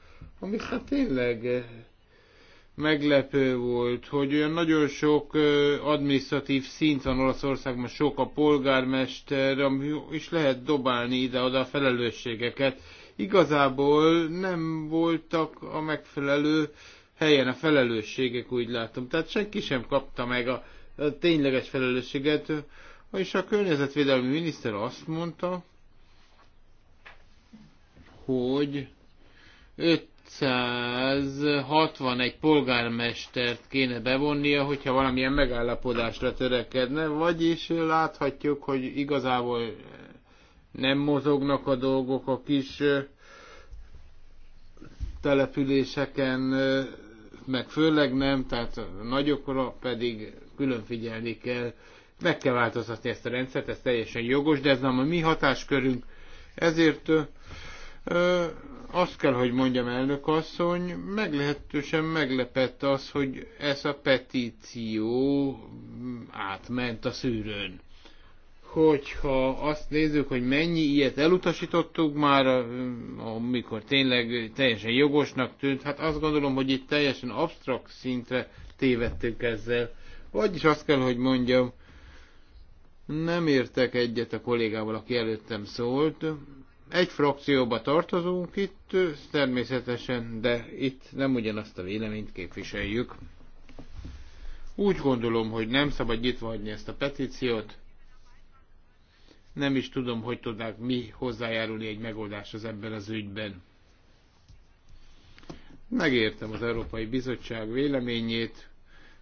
ami hát tényleg meglepő volt, hogy olyan nagyon sok administratív szint van Olaszországban, sok a polgármester, ami is lehet dobálni ide-oda a felelősségeket. Igazából nem voltak a megfelelő helyen a felelősségek, úgy látom. Tehát senki sem kapta meg a, a tényleges felelősséget. És a környezetvédelmi miniszter azt mondta, hogy 561 polgármestert kéne bevonnia, hogyha valamilyen megállapodásra törekedne, vagyis láthatjuk, hogy igazából nem mozognak a dolgok a kis településeken, meg főleg nem, tehát nagyokra pedig külön figyelni kell. Meg kell változtatni ezt a rendszert, ez teljesen jogos, de ez nem a mi hatáskörünk. Ezért ö, azt kell, hogy mondjam, elnök asszony, meglehetősen meglepett az, hogy ez a petíció átment a szűrőn. Hogyha azt nézzük, hogy mennyi ilyet elutasítottuk már, amikor tényleg teljesen jogosnak tűnt, hát azt gondolom, hogy itt teljesen absztrakt szintre tévedtünk ezzel. Vagyis azt kell, hogy mondjam, nem értek egyet a kollégával, aki előttem szólt. Egy frakcióba tartozunk itt, természetesen, de itt nem ugyanazt a véleményt képviseljük. Úgy gondolom, hogy nem szabad nyitva hagyni ezt a petíciót. Nem is tudom, hogy tudnák mi hozzájárulni egy megoldáshoz ebben az ügyben. Megértem az Európai Bizottság véleményét,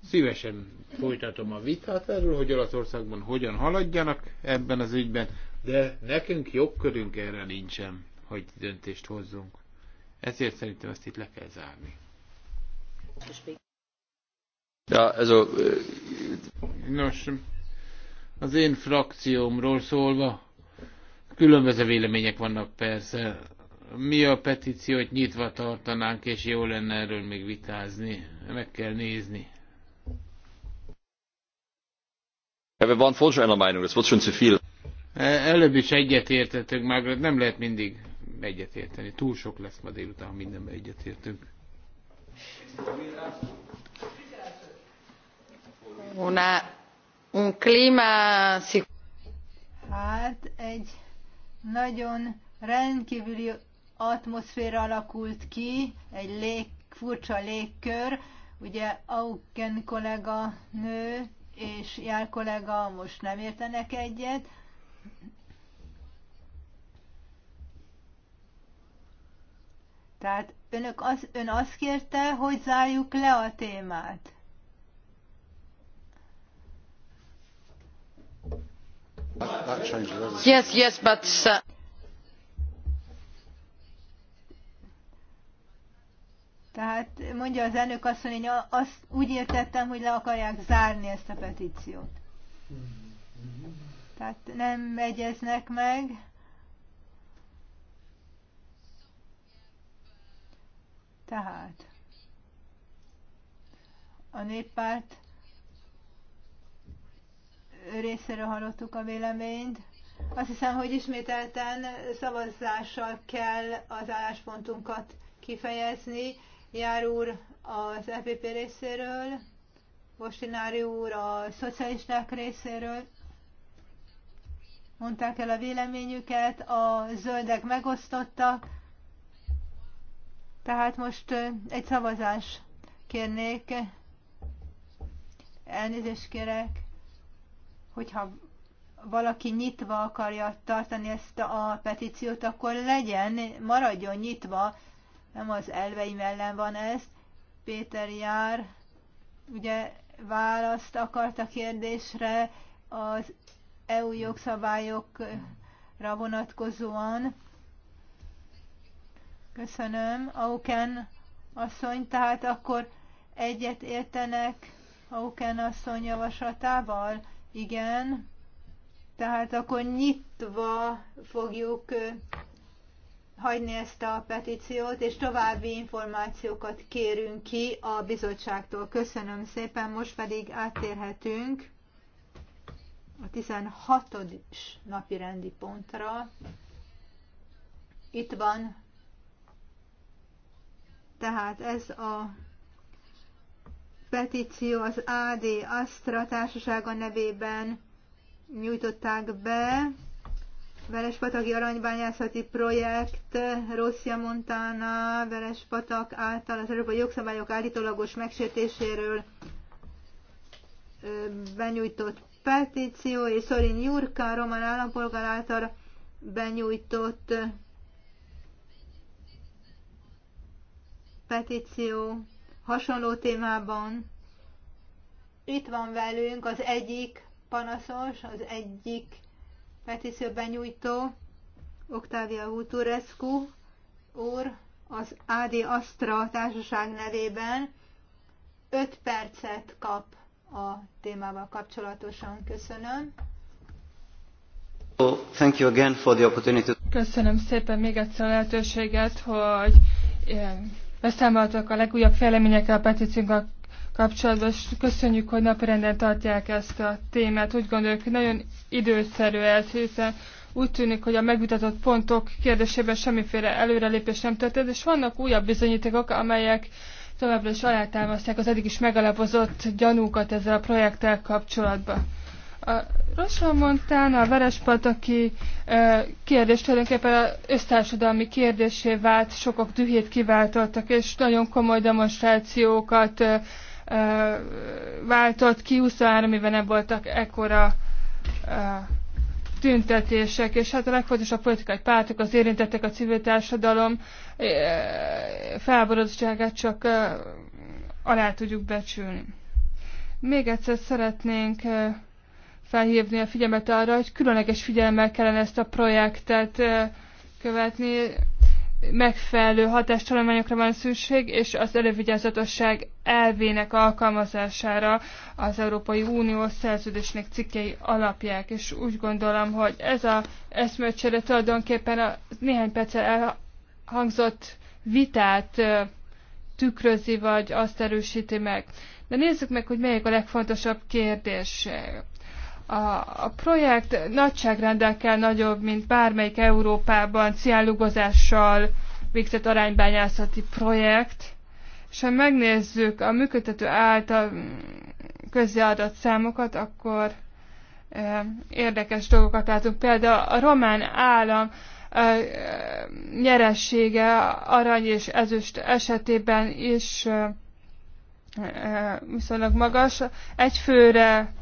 Szívesen folytatom a vitát erről, hogy Olaszországban hogyan haladjanak ebben az ügyben, de nekünk jogkörünk erre nincsen, hogy döntést hozzunk. Ezért szerintem ezt itt le kell zárni. Ja, ez a... Nos, az én frakciómról szólva, különböző vélemények vannak persze. Mi a petíciót nyitva tartanánk, és jó lenne erről még vitázni. Meg kell nézni, Wir waren vorhin schon einer Meinung, das wird Előbb is egyetértettünk, már nem lehet mindig egyetérteni. Túl sok lesz ma délután, ha mindenben egyetértünk. Una, un clima... Hát egy nagyon rendkívüli atmoszféra alakult ki, egy lég, furcsa légkör. Ugye Auken kollega nő és jár kollega most nem értenek egyet. Tehát önök az, ön azt kérte, hogy zárjuk le a témát. Yes, yes, but... Uh, Tehát mondja az elnök azt, hogy azt úgy értettem, hogy le akarják zárni ezt a petíciót. Tehát nem egyeznek meg. Tehát a néppárt részéről hallottuk a véleményt. Azt hiszem, hogy ismételten szavazással kell az álláspontunkat kifejezni Jár úr az EPP részéről, Bostinári úr a szocialisták részéről. Mondták el a véleményüket, a zöldek megosztottak, tehát most egy szavazás kérnék. Elnézést kérek, hogyha valaki nyitva akarja tartani ezt a petíciót, akkor legyen, maradjon nyitva, nem az elveim ellen van ez. Péter Jár ugye választ akart a kérdésre az EU jogszabályokra vonatkozóan. Köszönöm. Auken asszony, tehát akkor egyet értenek Auken asszony javaslatával? Igen. Tehát akkor nyitva fogjuk hagyni ezt a petíciót, és további információkat kérünk ki a bizottságtól. Köszönöm szépen, most pedig áttérhetünk a 16. napi rendi pontra. Itt van tehát ez a petíció az AD Astra társasága nevében nyújtották be Verespatagi aranybányászati projekt, Rosszia Montana, Verespatak által az európai jogszabályok állítólagos megsértéséről benyújtott petíció, és Szorin Jurka, román állampolgár által benyújtott petíció hasonló témában. Itt van velünk az egyik panaszos, az egyik petícióben nyújtó Octavia Vuturescu úr az AD Astra társaság nevében 5 percet kap a témával kapcsolatosan. Köszönöm. Thank you again for the opportunity. Köszönöm szépen még egyszer a lehetőséget, hogy eh, beszámoltak a legújabb fejleményekkel a petíciónkkal kapcsolatban, és köszönjük, hogy napirenden tartják ezt a témát. Úgy gondoljuk, hogy nagyon időszerű ez, hiszen úgy tűnik, hogy a megvitatott pontok kérdésében semmiféle előrelépés nem történt, és vannak újabb bizonyítékok, amelyek továbbra is alátámasztják az eddig is megalapozott gyanúkat ezzel a projekttel kapcsolatban. A Montán, a Verespataki e, kérdés tulajdonképpen az össztársadalmi kérdésé vált, sokak dühét kiváltottak, és nagyon komoly demonstrációkat e, váltott ki, 23 éve nem voltak ekkora tüntetések, és hát a legfontosabb politikai pártok, az érintettek, a civil társadalom felborodottságát csak alá tudjuk becsülni. Még egyszer szeretnénk felhívni a figyelmet arra, hogy különleges figyelemmel kellene ezt a projektet követni, megfelelő hatástalományokra van szükség, és az elővigyázatosság elvének alkalmazására az Európai Unió szerződésnek cikkei alapják, és úgy gondolom, hogy ez a eszmőcsere tulajdonképpen a néhány perccel elhangzott vitát tükrözi, vagy azt erősíti meg. De nézzük meg, hogy melyik a legfontosabb kérdések a, a projekt nagyságrendekkel nagyobb, mint bármelyik Európában ciállugozással végzett aránybányászati projekt. És ha megnézzük a működtető által közreadott számokat, akkor e, érdekes dolgokat látunk. Például a román állam e, e, nyeressége arany és ezüst esetében is e, e, viszonylag magas. Egy főre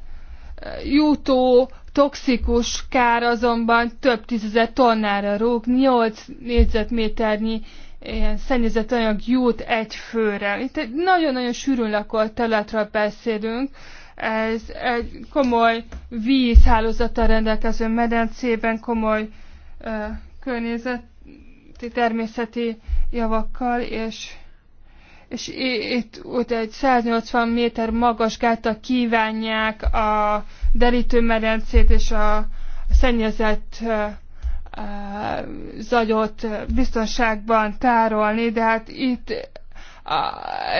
jutó toxikus kár azonban több tízezer tonnára rúg, 8 négyzetméternyi ilyen szennyezett anyag jut egy főre. Itt egy nagyon-nagyon sűrűn lakott területről beszélünk, ez egy komoly vízhálózata rendelkező medencében, komoly uh, környezeti természeti javakkal, és és itt ott egy 180 méter magas gáttal kívánják a derítőmedencét és a szennyezett zagyot biztonságban tárolni, de hát itt a,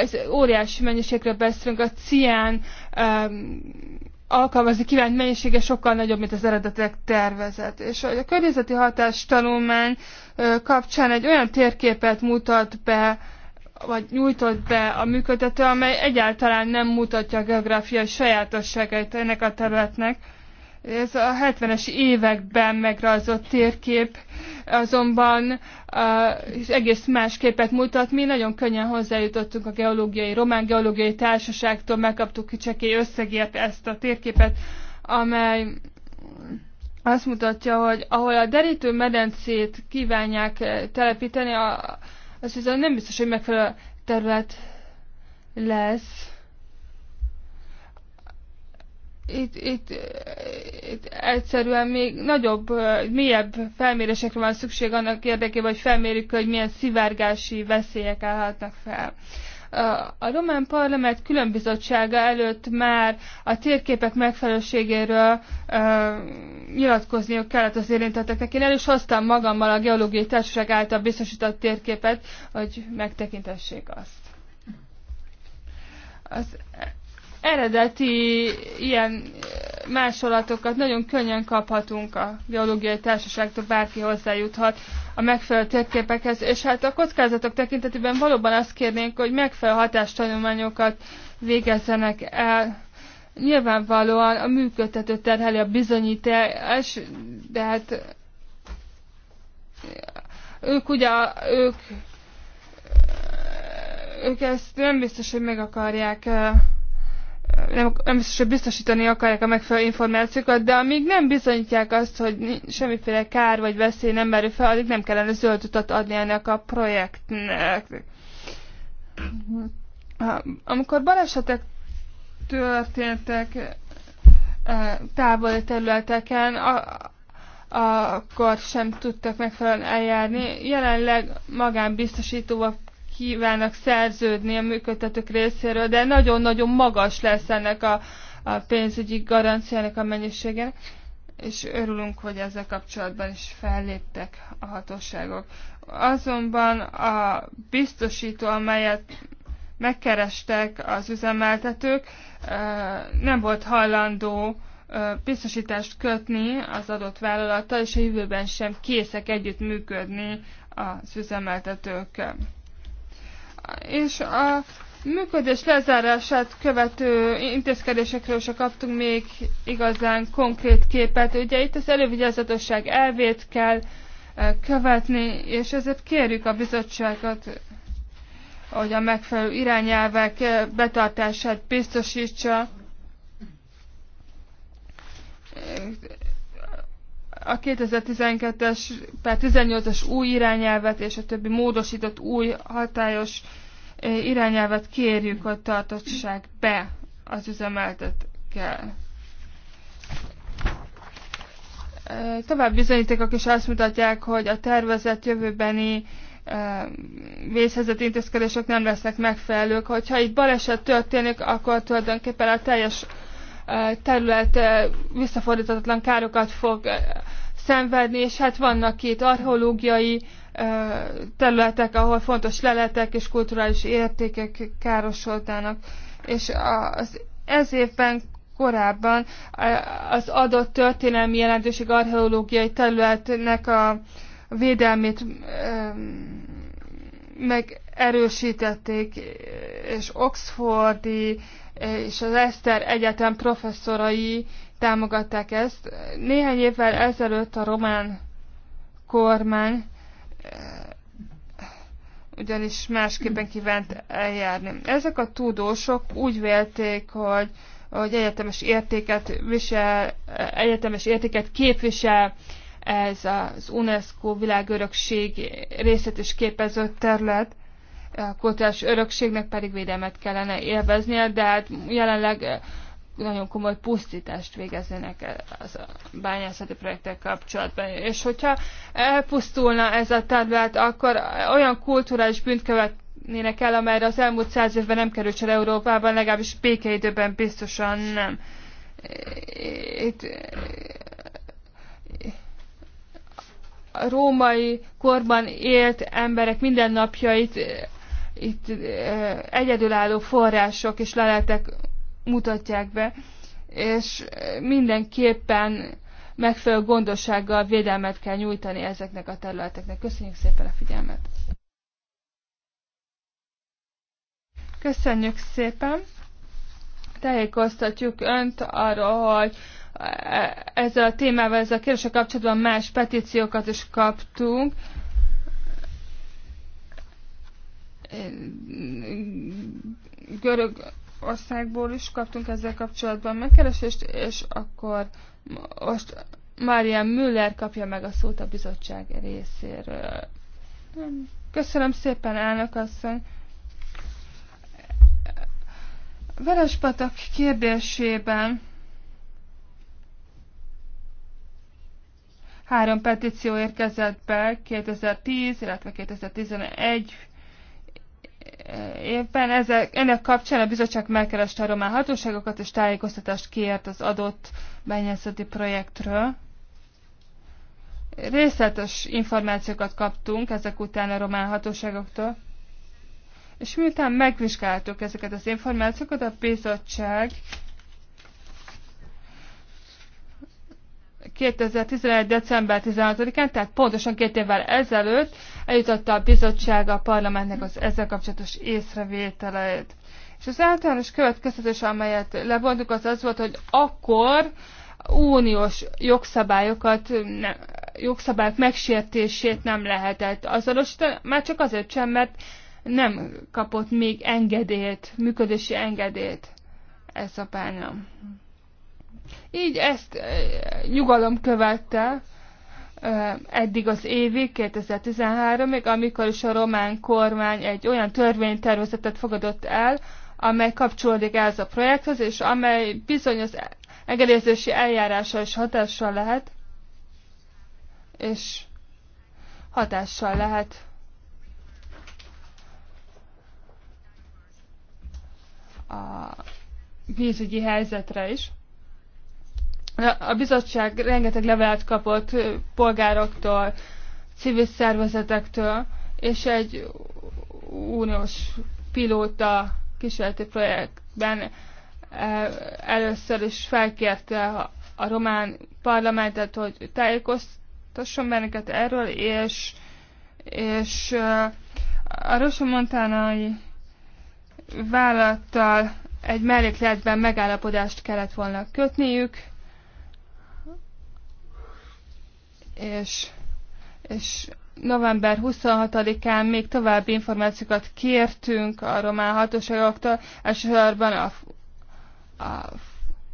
ez óriási mennyiségről beszélünk, a cián a, alkalmazni kívánt mennyisége sokkal nagyobb, mint az eredetek tervezet. És a környezeti hatás tanulmány kapcsán egy olyan térképet mutat be, vagy nyújtott be a működtető, amely egyáltalán nem mutatja a geográfiai sajátosságait ennek a területnek. Ez a 70-es években megrajzott térkép azonban uh, egész más képet mutat. Mi nagyon könnyen hozzájutottunk a geológiai, román geológiai társaságtól, megkaptuk kicsekély összegért ezt a térképet, amely azt mutatja, hogy ahol a derítő medencét kívánják telepíteni, a, az hiszem nem biztos, hogy megfelelő terület lesz. Itt, itt, itt egyszerűen még nagyobb, mélyebb felmérésekre van szükség annak érdekében, hogy felmérjük, hogy milyen szivárgási veszélyek állhatnak fel. A román parlament különbizottsága előtt már a térképek megfelelőségéről nyilatkozniuk kellett az érintetteknek. Én el is hoztam magammal a geológiai társaság által biztosított térképet, hogy megtekintessék azt. Az eredeti ilyen másolatokat nagyon könnyen kaphatunk a geológiai társaságtól, bárki hozzájuthat a megfelelő térképekhez, és hát a kockázatok tekintetében valóban azt kérnénk, hogy megfelelő hatástanulmányokat végezzenek el. Nyilvánvalóan a működtető terheli a bizonyítás, de hát ők ugye, ők, ők ezt nem biztos, hogy meg akarják eh, nem, nem biztos, hogy biztosítani akarják a megfelelő információkat, de amíg nem bizonyítják azt, hogy semmiféle kár vagy veszély nem merül fel, addig nem kellene zöld utat adni ennek a projektnek. Amikor balesetek történtek e, távoli területeken, akkor sem tudtak megfelelően eljárni. Jelenleg magánbiztosítóval kívánnak szerződni a működtetők részéről, de nagyon-nagyon magas lesz ennek a, a pénzügyi garanciának a mennyisége, és örülünk, hogy ezzel kapcsolatban is felléptek a hatóságok. Azonban a biztosító, amelyet megkerestek az üzemeltetők, nem volt hajlandó biztosítást kötni az adott vállalattal, és a jövőben sem készek együttműködni az üzemeltetőkkel és a működés lezárását követő intézkedésekről se kaptunk még igazán konkrét képet. Ugye itt az elővigyázatosság elvét kell eh, követni, és ezért kérjük a bizottságot, hogy a megfelelő irányelvek eh, betartását biztosítsa a 2012-es, per 18-as új irányelvet és a többi módosított új hatályos irányelvet kérjük, hogy tartottság be az kell. Tovább bizonyítékok is azt mutatják, hogy a tervezett jövőbeni vészhelyzet intézkedések nem lesznek megfelelők. Hogyha itt baleset történik, akkor tulajdonképpen a teljes terület visszafordítatlan károkat fog szenvedni, és hát vannak két archeológiai területek, ahol fontos leletek és kulturális értékek károsoltának. És az ez évben korábban az adott történelmi jelentőség archeológiai területnek a védelmét megerősítették, és oxfordi és az Eszter Egyetem professzorai támogatták ezt. Néhány évvel ezelőtt a román kormány eh, ugyanis másképpen kívánt eljárni. Ezek a tudósok úgy vélték, hogy, hogy egyetemes értéket visel, egyetemes értéket képvisel ez az UNESCO világörökség részét is képező terület, kultúrás örökségnek pedig védelmet kellene élveznie, de hát jelenleg eh, nagyon komoly pusztítást végeznének az a bányászati projektek kapcsolatban. És hogyha elpusztulna ez a terület, akkor olyan kulturális bűnt követnének el, amelyre az elmúlt száz évben nem került el Európában, legalábbis békeidőben biztosan nem. Itt, eh, a római korban élt emberek mindennapjait eh, itt egyedülálló források és leletek mutatják be, és mindenképpen megfelelő gondossággal védelmet kell nyújtani ezeknek a területeknek. Köszönjük szépen a figyelmet! Köszönjük szépen! Tehékoztatjuk Önt arról, hogy ezzel a témával, ezzel a kérdéssel kapcsolatban más petíciókat is kaptunk. Görög országból is kaptunk ezzel kapcsolatban megkeresést, és akkor most Mária Müller kapja meg a szót a bizottság részéről. Köszönöm szépen, elnök asszony! Verespatak kérdésében három petíció érkezett be 2010, illetve 2011 Éppen Ezek, ennek kapcsán a bizottság megkereste a román hatóságokat, és tájékoztatást kért az adott bányászati projektről. Részletes információkat kaptunk ezek után a román hatóságoktól, és miután megvizsgáltuk ezeket az információkat, a bizottság 2011. december 16-án, tehát pontosan két évvel ezelőtt eljutotta a bizottság a parlamentnek az ezzel kapcsolatos észrevételeit. És az általános következtetés, amelyet levontuk, az az volt, hogy akkor uniós jogszabályokat, ne, jogszabályok megsértését nem lehetett azonosítani, már csak azért sem, mert nem kapott még engedélyt, működési engedélyt ez a bánya. Így ezt nyugalom követte eddig az évig, 2013-ig, amikor is a román kormány egy olyan törvénytervezetet fogadott el, amely kapcsolódik ehhez a projekthez, és amely bizonyos engedélyezési eljárása is hatással lehet, és hatással lehet a vízügyi helyzetre is. A bizottság rengeteg levelet kapott polgároktól, civil szervezetektől, és egy uniós pilóta kísérleti projektben először is felkérte a román parlamentet, hogy tájékoztasson bennünket erről, és, és a Rosso Montánai vállalattal egy mellékletben megállapodást kellett volna kötniük, és, és november 26-án még további információkat kértünk a román hatóságoktól, elsősorban a, a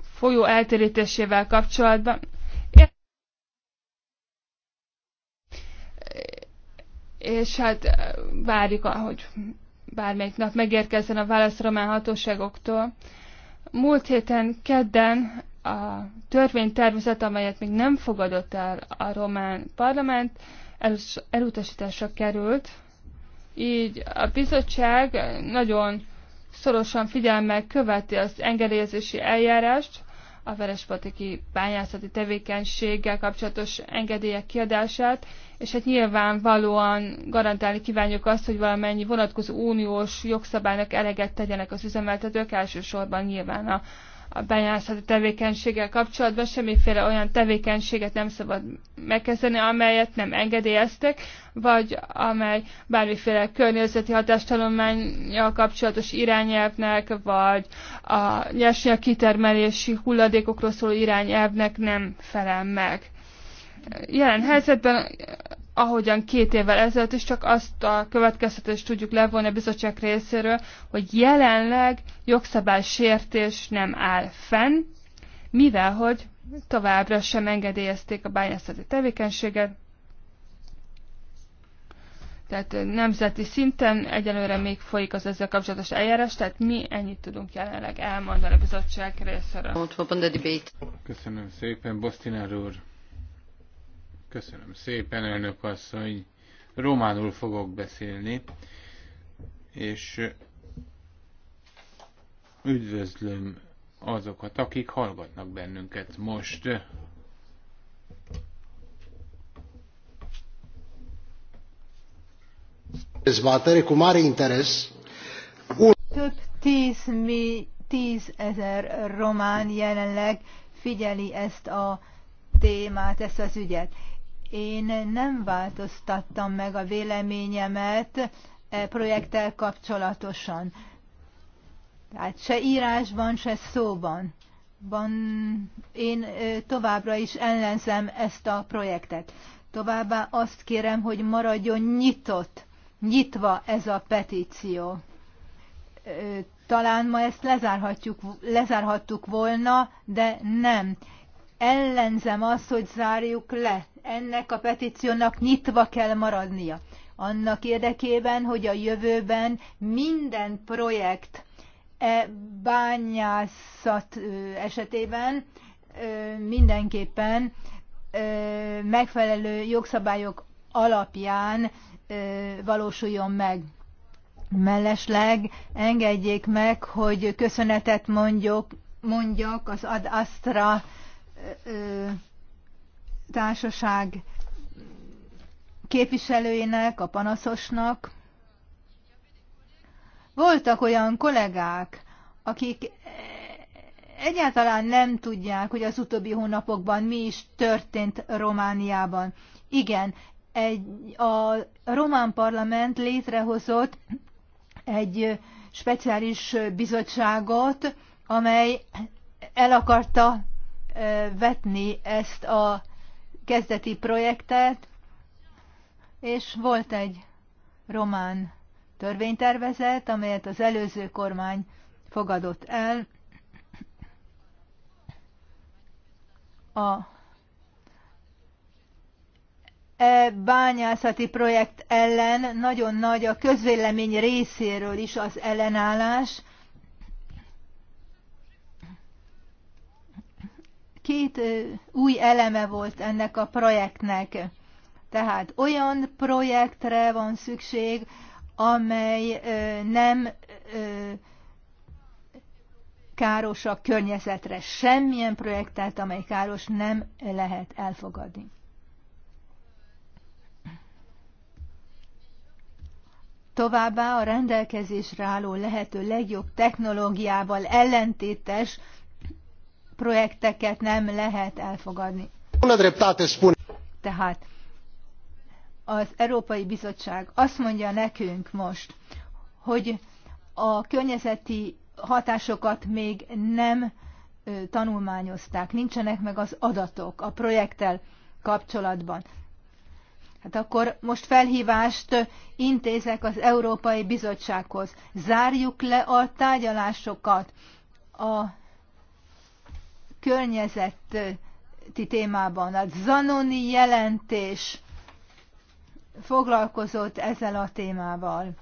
folyó eltérítésével kapcsolatban. És hát várjuk, hogy bármelyik nap megérkezzen a válasz román hatóságoktól. Múlt héten kedden a törvénytervezet, amelyet még nem fogadott el a román parlament, elutasításra került. Így a bizottság nagyon szorosan figyelmel követi az engedélyezési eljárást, a verespatiki bányászati tevékenységgel kapcsolatos engedélyek kiadását, és hát nyilvánvalóan garantálni kívánjuk azt, hogy valamennyi vonatkozó uniós jogszabálynak eleget tegyenek az üzemeltetők, elsősorban nyilván a a bányászati tevékenységgel kapcsolatban semmiféle olyan tevékenységet nem szabad megkezdeni, amelyet nem engedélyeztek, vagy amely bármiféle környezeti hatástalományjal kapcsolatos irányelvnek, vagy a nyersanyag kitermelési hulladékokról szóló irányelvnek nem felel meg. Jelen helyzetben ahogyan két évvel ezelőtt is csak azt a következtetést tudjuk levonni a bizottság részéről, hogy jelenleg jogszabály sértés nem áll fenn, mivel hogy továbbra sem engedélyezték a bányászati tevékenységet, tehát nemzeti szinten egyelőre még folyik az ezzel kapcsolatos eljárás, tehát mi ennyit tudunk jelenleg elmondani a bizottság részéről. Köszönöm szépen, Bosztinár úr. Köszönöm szépen, elnök asszony. Románul fogok beszélni, és üdvözlöm azokat, akik hallgatnak bennünket most. Dezbatere cu mare interes. Több tíz, mi, tízezer román jelenleg figyeli ezt a témát, ezt az ügyet. Én nem változtattam meg a véleményemet e projekttel kapcsolatosan. Tehát se írásban, se szóban. Van, én továbbra is ellenzem ezt a projektet. Továbbá azt kérem, hogy maradjon nyitott, nyitva ez a petíció. Talán ma ezt lezárhatjuk, lezárhattuk volna, de nem ellenzem azt, hogy zárjuk le. Ennek a petíciónak nyitva kell maradnia. Annak érdekében, hogy a jövőben minden projekt e bányászat esetében mindenképpen megfelelő jogszabályok alapján valósuljon meg. Mellesleg engedjék meg, hogy köszönetet mondjuk, mondjak az Ad Astra társaság képviselőinek, a panaszosnak. Voltak olyan kollégák, akik egyáltalán nem tudják, hogy az utóbbi hónapokban mi is történt Romániában. Igen, egy, a román parlament létrehozott egy speciális bizottságot, amely el akarta vetni ezt a kezdeti projektet, és volt egy román törvénytervezet, amelyet az előző kormány fogadott el. A e bányászati projekt ellen nagyon nagy a közvélemény részéről is az ellenállás, két új eleme volt ennek a projektnek. Tehát olyan projektre van szükség, amely nem káros a környezetre. Semmilyen projektet, amely káros, nem lehet elfogadni. Továbbá a rendelkezésre álló lehető legjobb technológiával ellentétes projekteket nem lehet elfogadni. Tehát az Európai Bizottság azt mondja nekünk most, hogy a környezeti hatásokat még nem tanulmányozták, nincsenek meg az adatok a projekttel kapcsolatban. Hát akkor most felhívást intézek az Európai Bizottsághoz. Zárjuk le a tárgyalásokat a környezeti témában. A Zanoni jelentés foglalkozott ezzel a témával.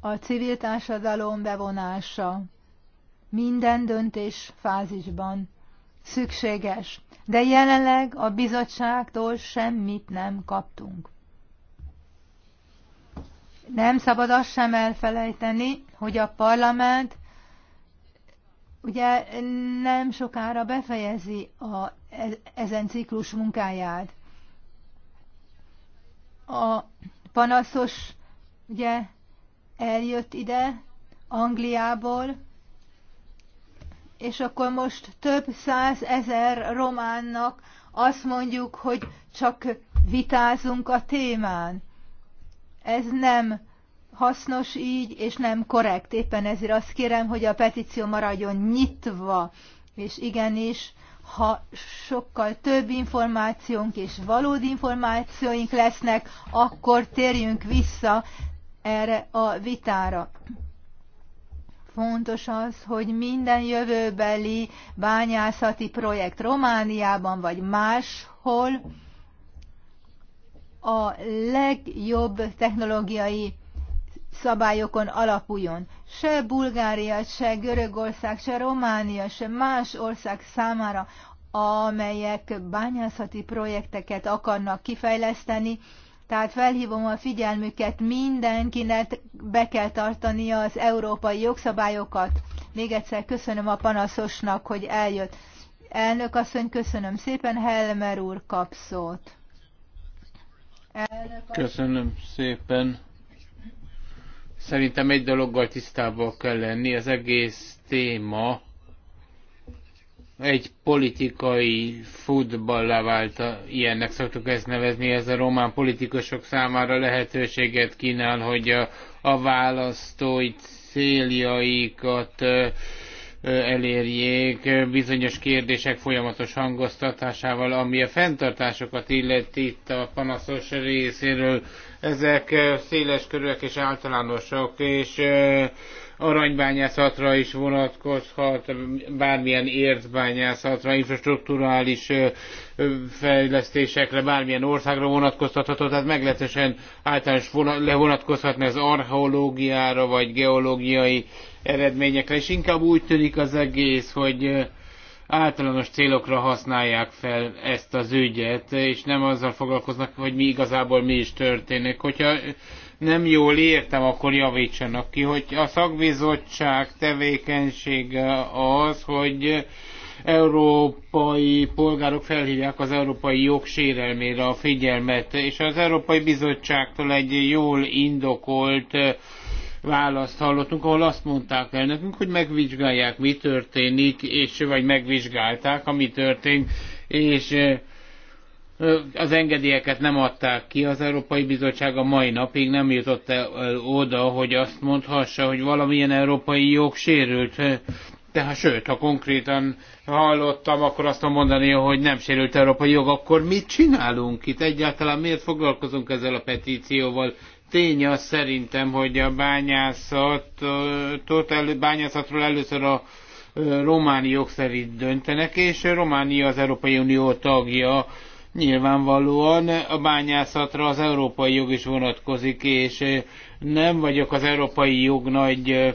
A civil társadalom bevonása minden döntés fázisban szükséges, de jelenleg a bizottságtól semmit nem kaptunk. Nem szabad azt sem elfelejteni, hogy a parlament ugye nem sokára befejezi a, e, ezen ciklus munkáját. A panaszos ugye eljött ide Angliából, és akkor most több százezer románnak azt mondjuk, hogy csak vitázunk a témán. Ez nem hasznos így, és nem korrekt. Éppen ezért azt kérem, hogy a petíció maradjon nyitva, és igenis, ha sokkal több információnk és valódi információink lesznek, akkor térjünk vissza erre a vitára. Fontos az, hogy minden jövőbeli bányászati projekt Romániában vagy máshol a legjobb technológiai szabályokon alapuljon. Se Bulgária, se Görögország, se Románia, se más ország számára, amelyek bányászati projekteket akarnak kifejleszteni, tehát felhívom a figyelmüket, mindenkinek be kell tartania az európai jogszabályokat. Még egyszer köszönöm a panaszosnak, hogy eljött. Elnök asszony, köszönöm szépen, Helmer úr kap szót. Elnök asszony. Köszönöm szépen. Szerintem egy dologgal tisztában kell lenni, az egész téma egy politikai futballá vált, ilyennek szoktuk ezt nevezni, ez a román politikusok számára lehetőséget kínál, hogy a, a választói céljaikat elérjék bizonyos kérdések folyamatos hangoztatásával, ami a fenntartásokat illeti itt a panaszos részéről ezek széles körök és általánosok, és aranybányászatra is vonatkozhat, bármilyen értbányászatra, infrastruktúrális fejlesztésekre, bármilyen országra vonatkoztatható, tehát meglehetősen általános levonatkozhatna ez archeológiára, vagy geológiai eredményekre, és inkább úgy tűnik az egész, hogy általános célokra használják fel ezt az ügyet, és nem azzal foglalkoznak, hogy mi igazából mi is történik. Hogyha nem jól értem, akkor javítsanak ki, hogy a szakbizottság tevékenysége az, hogy európai polgárok felhívják az európai jog sérelmére a figyelmet, és az Európai Bizottságtól egy jól indokolt választ hallottunk, ahol azt mondták el nekünk, hogy megvizsgálják, mi történik, és vagy megvizsgálták, ami történt, és az engedélyeket nem adták ki, az Európai Bizottság a mai napig nem jutott el oda, hogy azt mondhassa, hogy valamilyen európai jog sérült. Tehát sőt, ha konkrétan hallottam, akkor azt mondani, hogy nem sérült európai jog, akkor mit csinálunk itt? Egyáltalán miért foglalkozunk ezzel a petícióval? Tény az szerintem, hogy a bányászatot, elő, bányászatról először a románi jog szerint döntenek, és Románia az Európai Unió tagja. Nyilvánvalóan a bányászatra az európai jog is vonatkozik, és nem vagyok az európai jog nagy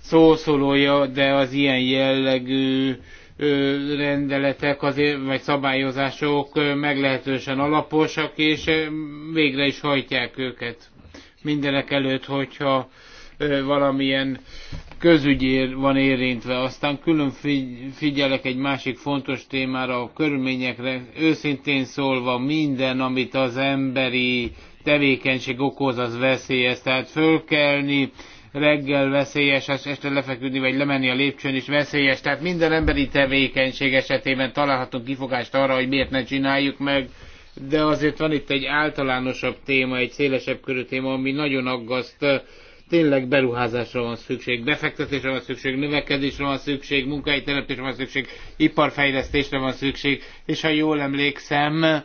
szószólója, de az ilyen jellegű rendeletek azért, vagy szabályozások meglehetősen alaposak, és végre is hajtják őket mindenek előtt, hogyha valamilyen közügyér van érintve. Aztán külön figyelek egy másik fontos témára, a körülményekre. Őszintén szólva minden, amit az emberi tevékenység okoz, az veszélyes. Tehát fölkelni, reggel veszélyes, este lefeküdni, vagy lemenni a lépcsőn is veszélyes. Tehát minden emberi tevékenység esetében találhatunk kifogást arra, hogy miért ne csináljuk meg de azért van itt egy általánosabb téma, egy szélesebb körű téma, ami nagyon aggaszt. Tényleg beruházásra van szükség, befektetésre van szükség, növekedésre van szükség, munkahelyteremtésre van szükség, iparfejlesztésre van szükség, és ha jól emlékszem,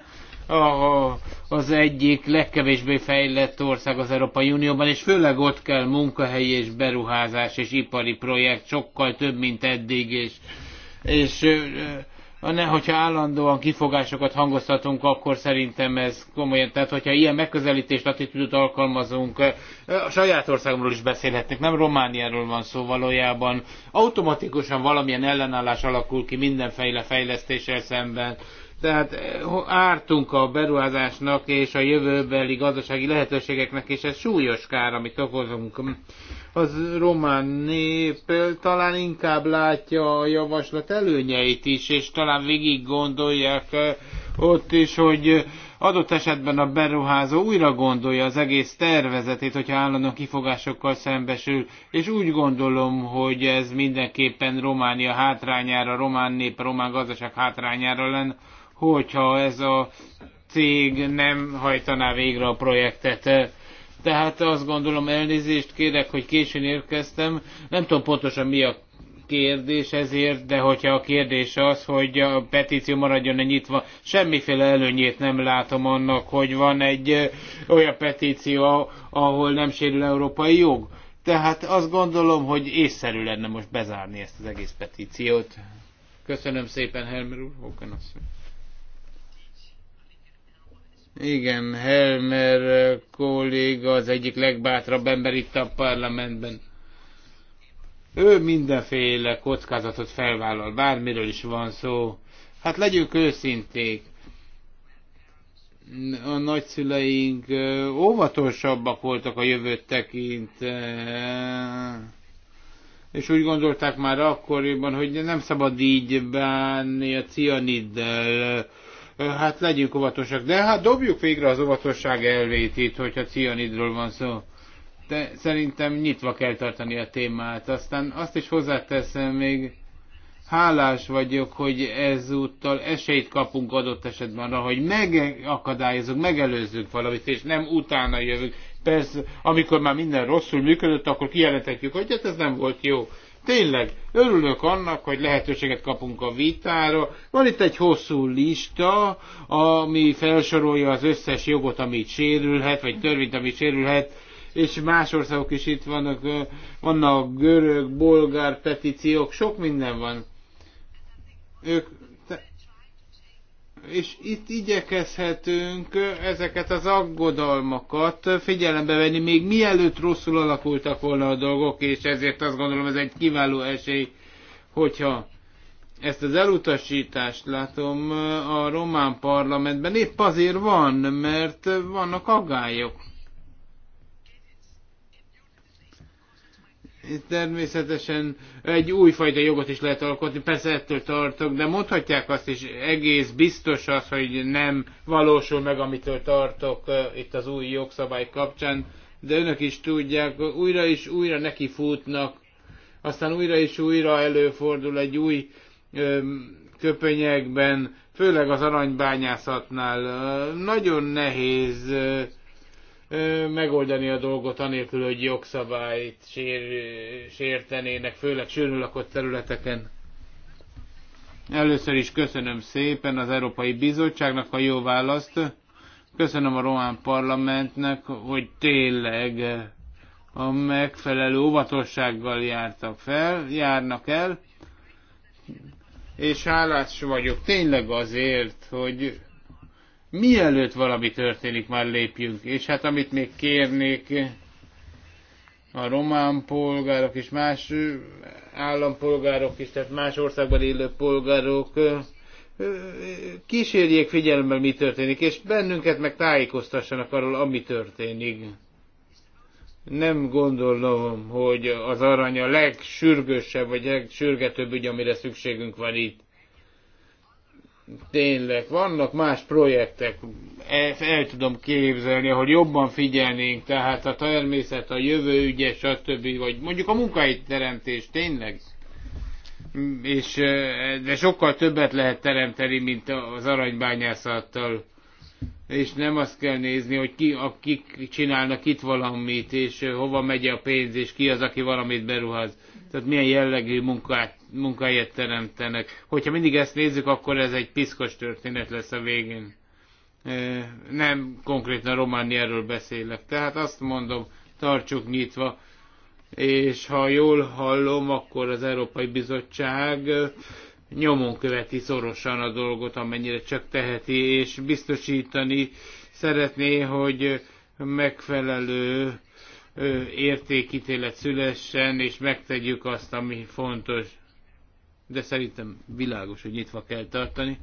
a, az egyik legkevésbé fejlett ország az Európai Unióban, és főleg ott kell munkahelyi és beruházás és ipari projekt, sokkal több, mint eddig, és, és ne, hogyha állandóan kifogásokat hangoztatunk, akkor szerintem ez komolyan, tehát hogyha ilyen megközelítést, attitűdöt alkalmazunk, eh, a saját országomról is beszélhetnek, nem Romániáról van szó valójában, automatikusan valamilyen ellenállás alakul ki mindenféle fejlesztéssel szemben, tehát eh, ártunk a beruházásnak és a jövőbeli gazdasági lehetőségeknek, és ez súlyos kár, amit okozunk. Az román nép talán inkább látja a javaslat előnyeit is, és talán végig gondolják eh, ott is, hogy adott esetben a beruházó újra gondolja az egész tervezetét, hogyha állandó kifogásokkal szembesül, és úgy gondolom, hogy ez mindenképpen Románia hátrányára, román nép, román gazdaság hátrányára lenne, hogyha ez a cég nem hajtaná végre a projektet. Tehát azt gondolom, elnézést kérek, hogy későn érkeztem. Nem tudom pontosan mi a kérdés ezért, de hogyha a kérdés az, hogy a petíció maradjon -e nyitva, semmiféle előnyét nem látom annak, hogy van egy olyan petíció, ahol nem sérül európai jog. Tehát azt gondolom, hogy észszerű lenne most bezárni ezt az egész petíciót. Köszönöm szépen, Helmer úr, Hókan asszony. Igen, Helmer kolléga az egyik legbátrabb ember itt a parlamentben. Ő mindenféle kockázatot felvállal, bármiről is van szó. Hát legyünk őszinték. A nagyszüleink óvatosabbak voltak a jövőt tekint. és úgy gondolták már akkoriban, hogy nem szabad így bánni a cianiddel, hát legyünk óvatosak. De hát dobjuk végre az óvatosság elvét itt, hogyha cianidról van szó. De szerintem nyitva kell tartani a témát. Aztán azt is hozzáteszem még, hálás vagyok, hogy ezúttal esélyt kapunk adott esetben arra, hogy megakadályozunk, megelőzzünk valamit, és nem utána jövünk. Persze, amikor már minden rosszul működött, akkor kijelentetjük, hogy hát ez nem volt jó. Tényleg, örülök annak, hogy lehetőséget kapunk a vitára. Van itt egy hosszú lista, ami felsorolja az összes jogot, amit sérülhet, vagy törvényt, amit sérülhet, és más országok is itt vannak, vannak görög, bolgár petíciók, sok minden van. Ők és itt igyekezhetünk ezeket az aggodalmakat figyelembe venni, még mielőtt rosszul alakultak volna a dolgok, és ezért azt gondolom ez egy kiváló esély, hogyha ezt az elutasítást látom a román parlamentben, épp azért van, mert vannak aggályok. természetesen egy újfajta jogot is lehet alkotni, persze ettől tartok, de mondhatják azt is, egész biztos az, hogy nem valósul meg, amitől tartok itt az új jogszabály kapcsán, de önök is tudják, újra és újra neki futnak, aztán újra és újra előfordul egy új köpönyekben, főleg az aranybányászatnál. Nagyon nehéz megoldani a dolgot anélkül, hogy jogszabályt sér, sértenének, főleg sűrűn lakott területeken. Először is köszönöm szépen az Európai Bizottságnak a jó választ. Köszönöm a román parlamentnek, hogy tényleg a megfelelő óvatossággal jártak fel, járnak el, és hálás vagyok tényleg azért, hogy mielőtt valami történik, már lépjünk. És hát amit még kérnék, a román polgárok és más állampolgárok is, tehát más országban élő polgárok kísérjék figyelemmel, mi történik, és bennünket meg tájékoztassanak arról, ami történik. Nem gondolom, hogy az arany a legsürgősebb, vagy legsürgetőbb ügy, amire szükségünk van itt tényleg vannak más projektek, el, el tudom képzelni, hogy jobban figyelnénk, tehát a természet, a jövő ügye, stb. vagy mondjuk a munkahelyt teremtés, tényleg. És, de sokkal többet lehet teremteni, mint az aranybányászattal. És nem azt kell nézni, hogy ki, akik csinálnak itt valamit, és hova megy a pénz, és ki az, aki valamit beruház. Tehát milyen jellegű munkát munkahelyet teremtenek. Hogyha mindig ezt nézzük, akkor ez egy piszkos történet lesz a végén. Nem konkrétan Romániáról beszélek. Tehát azt mondom, tartsuk nyitva, és ha jól hallom, akkor az Európai Bizottság nyomon követi szorosan a dolgot, amennyire csak teheti, és biztosítani szeretné, hogy megfelelő értékítélet szülessen, és megtegyük azt, ami fontos de szerintem világos, hogy nyitva kell tartani.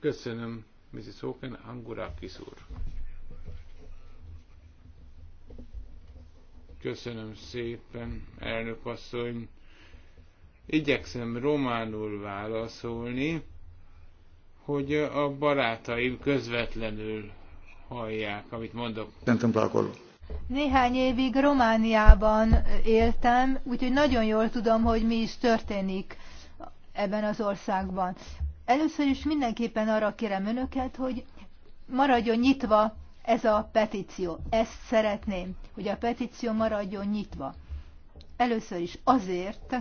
Köszönöm, Mrs. Hawken, Angurakis úr. Köszönöm szépen, elnök asszony. Igyekszem románul válaszolni, hogy a barátaim közvetlenül hallják, amit mondok. Néhány évig Romániában éltem, úgyhogy nagyon jól tudom, hogy mi is történik ebben az országban. Először is mindenképpen arra kérem önöket, hogy maradjon nyitva ez a petíció. Ezt szeretném, hogy a petíció maradjon nyitva. Először is azért,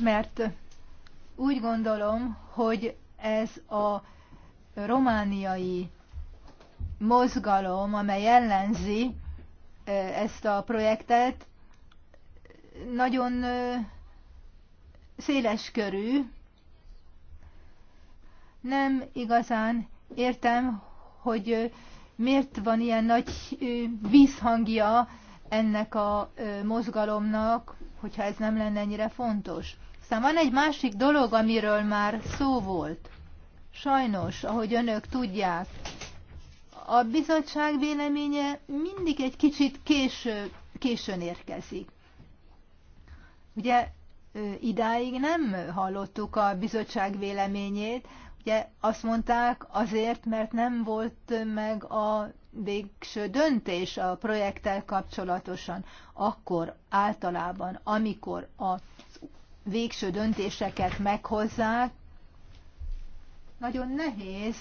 mert úgy gondolom, hogy ez a romániai mozgalom, amely ellenzi ezt a projektet, nagyon széles körű. Nem igazán értem, hogy miért van ilyen nagy vízhangja ennek a mozgalomnak, hogyha ez nem lenne ennyire fontos. Aztán van egy másik dolog, amiről már szó volt. Sajnos, ahogy önök tudják, a bizottság véleménye mindig egy kicsit késő, későn érkezik. Ugye idáig nem hallottuk a bizottság véleményét. Ugye azt mondták azért, mert nem volt meg a végső döntés a projekttel kapcsolatosan. Akkor általában, amikor a végső döntéseket meghozzák, nagyon nehéz,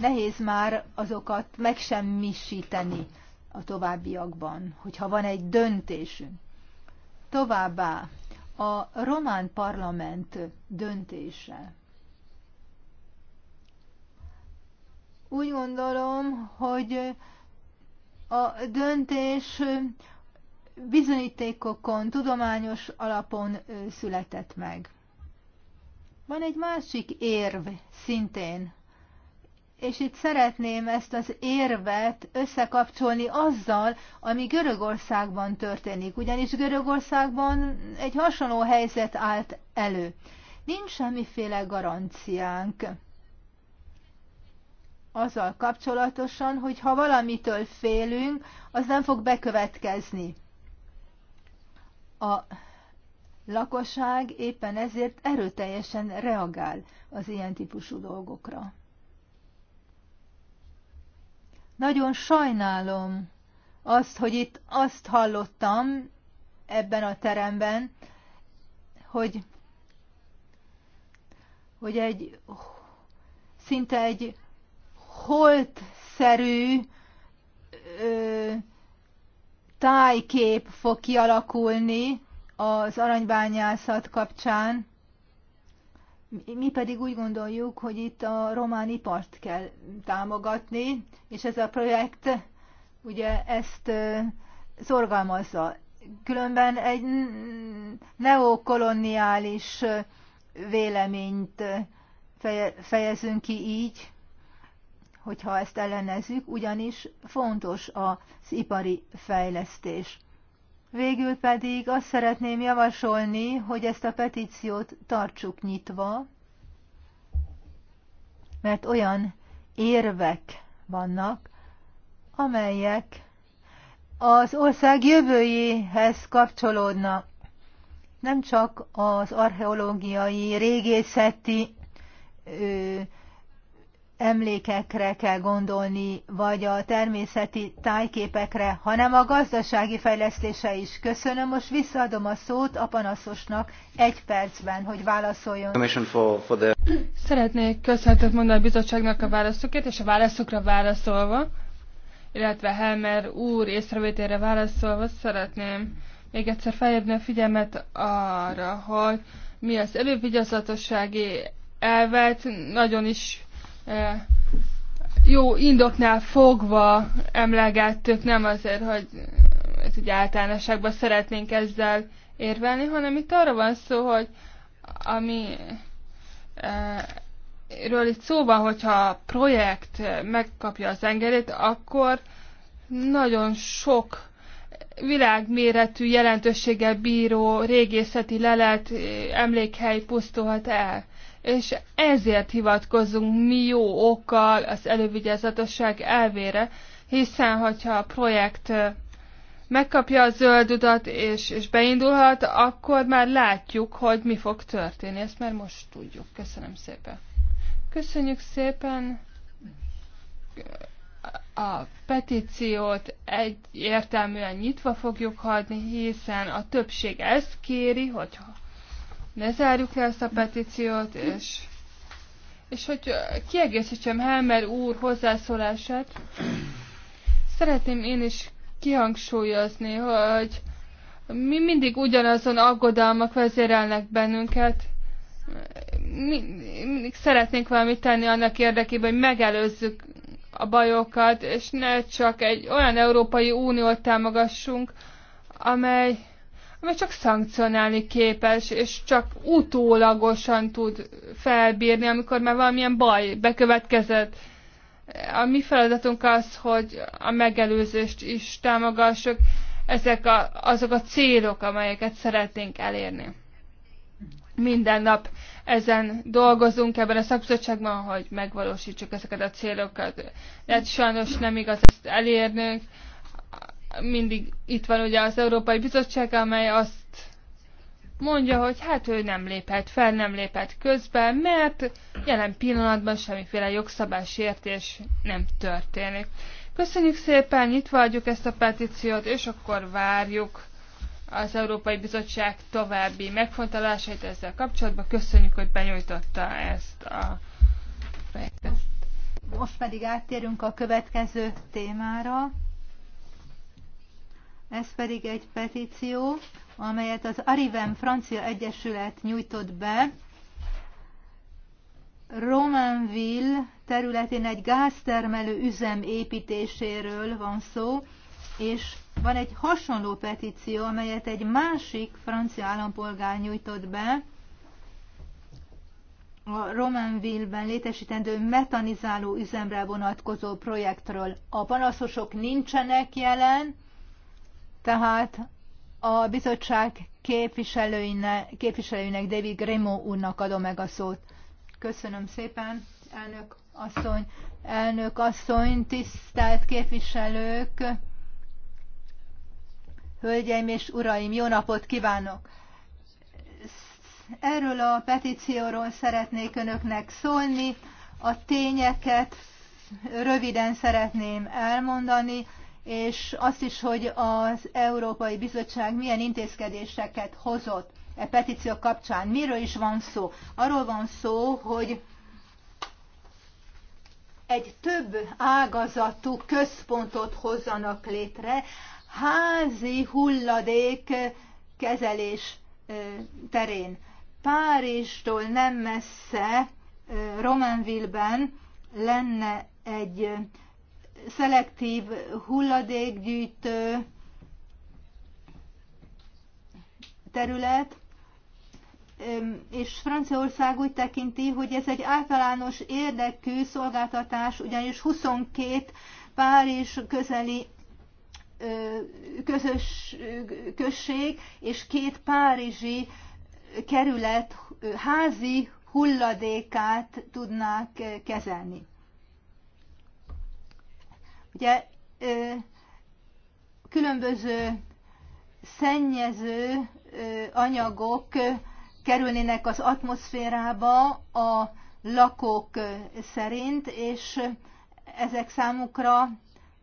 nehéz már azokat megsemmisíteni a továbbiakban, hogyha van egy döntésünk. Továbbá a román parlament döntése. Úgy gondolom, hogy a döntés bizonyítékokon, tudományos alapon született meg. Van egy másik érv szintén, és itt szeretném ezt az érvet összekapcsolni azzal, ami Görögországban történik, ugyanis Görögországban egy hasonló helyzet állt elő. Nincs semmiféle garanciánk azzal kapcsolatosan, hogy ha valamitől félünk, az nem fog bekövetkezni. A lakosság éppen ezért erőteljesen reagál az ilyen típusú dolgokra. Nagyon sajnálom azt, hogy itt azt hallottam ebben a teremben, hogy, hogy egy szinte egy holtszerű ö, tájkép fog kialakulni az aranybányászat kapcsán. Mi pedig úgy gondoljuk, hogy itt a román ipart kell támogatni, és ez a projekt ugye ezt szorgalmazza. Különben egy neokoloniális véleményt fejezünk ki így, hogyha ezt ellenezzük, ugyanis fontos az ipari fejlesztés. Végül pedig azt szeretném javasolni, hogy ezt a petíciót tartsuk nyitva, mert olyan érvek vannak, amelyek az ország jövőjéhez kapcsolódnak. Nem csak az archeológiai, régészeti ö, emlékekre kell gondolni, vagy a természeti tájképekre, hanem a gazdasági fejlesztése is. Köszönöm, most visszaadom a szót a panaszosnak egy percben, hogy válaszoljon. Szeretnék köszönetet mondani a bizottságnak a válaszokért, és a válaszokra válaszolva, illetve Helmer úr észrevétére válaszolva szeretném még egyszer felhívni a figyelmet arra, hogy mi az elővigyazatossági elvet nagyon is jó indoknál fogva emlegettük, nem azért, hogy ez egy általánosságban szeretnénk ezzel érvelni, hanem itt arra van szó, hogy ami ről itt szó van, hogyha a projekt megkapja az engedélyt, akkor nagyon sok világméretű jelentőséggel bíró régészeti lelet emlékhely pusztulhat el és ezért hivatkozunk mi jó okkal az elővigyázatosság elvére, hiszen hogyha a projekt megkapja a zöld utat és, és beindulhat, akkor már látjuk, hogy mi fog történni. Ezt már most tudjuk. Köszönöm szépen. Köszönjük szépen a petíciót egyértelműen nyitva fogjuk hagyni, hiszen a többség ezt kéri, hogyha ne zárjuk le ezt a petíciót, és, és hogy kiegészítsem Helmer úr hozzászólását, szeretném én is kihangsúlyozni, hogy mi mindig ugyanazon aggodalmak vezérelnek bennünket, mi, mindig szeretnénk valamit tenni annak érdekében, hogy megelőzzük a bajokat, és ne csak egy olyan Európai Uniót támogassunk, amely ami csak szankcionálni képes, és csak utólagosan tud felbírni, amikor már valamilyen baj bekövetkezett. A mi feladatunk az, hogy a megelőzést is támogassuk, ezek a, azok a célok, amelyeket szeretnénk elérni. Minden nap ezen dolgozunk ebben a szakbizottságban, hogy megvalósítsuk ezeket a célokat. Lehet sajnos nem igaz ezt elérnünk, mindig itt van ugye az Európai Bizottság, amely azt mondja, hogy hát ő nem lépett fel, nem lépett közben, mert jelen pillanatban semmiféle jogszabásértés nem történik. Köszönjük szépen, nyitva adjuk ezt a petíciót, és akkor várjuk az Európai Bizottság további megfontolásait ezzel kapcsolatban. Köszönjük, hogy benyújtotta ezt a projektet. Most pedig áttérünk a következő témára. Ez pedig egy petíció, amelyet az Ariven Francia Egyesület nyújtott be. Romanville területén egy gáztermelő üzem építéséről van szó, és van egy hasonló petíció, amelyet egy másik francia állampolgár nyújtott be, a Romanville-ben létesítendő metanizáló üzemre vonatkozó projektről. A panaszosok nincsenek jelen, tehát a bizottság képviselőinek, képviselőinek David Grimo úrnak adom meg a szót. Köszönöm szépen, elnök asszony. Elnök asszony, tisztelt képviselők, hölgyeim és uraim, jó napot kívánok! Erről a petícióról szeretnék önöknek szólni. A tényeket röviden szeretném elmondani, és azt is, hogy az Európai Bizottság milyen intézkedéseket hozott e petíció kapcsán. Miről is van szó? Arról van szó, hogy egy több ágazatú központot hozzanak létre, házi hulladék kezelés terén. Párizstól nem messze Romanville-ben lenne egy szelektív hulladékgyűjtő terület, és Franciaország úgy tekinti, hogy ez egy általános érdekű szolgáltatás, ugyanis 22 Párizs közeli közös község és két párizsi kerület házi hulladékát tudnák kezelni. Ugye különböző szennyező anyagok kerülnének az atmoszférába a lakók szerint, és ezek számukra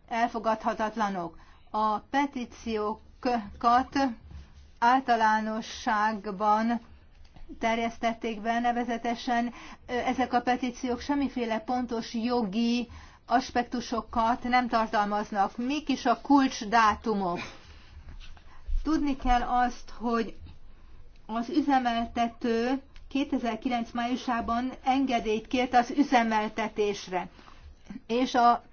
elfogadhatatlanok. A petíciókat általánosságban terjesztették be, nevezetesen ezek a petíciók semmiféle pontos jogi aspektusokat nem tartalmaznak. Mik is a kulcsdátumok? Tudni kell azt, hogy az üzemeltető 2009. májusában engedélyt kért az üzemeltetésre, és a,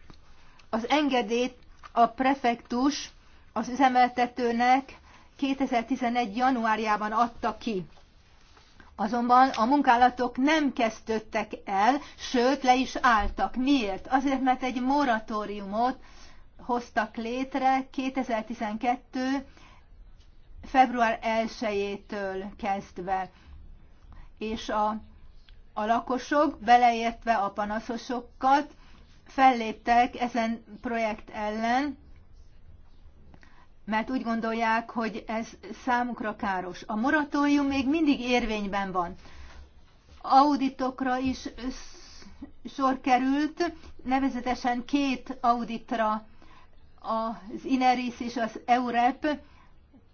az engedélyt a prefektus az üzemeltetőnek 2011. januárjában adta ki. Azonban a munkálatok nem kezdődtek el, sőt le is álltak. Miért? Azért, mert egy moratóriumot hoztak létre 2012. február 1-től kezdve. És a, a lakosok, beleértve a panaszosokat, felléptek ezen projekt ellen, mert úgy gondolják, hogy ez számukra káros. A moratórium még mindig érvényben van. Auditokra is sor került, nevezetesen két auditra az INERIS és az EUREP,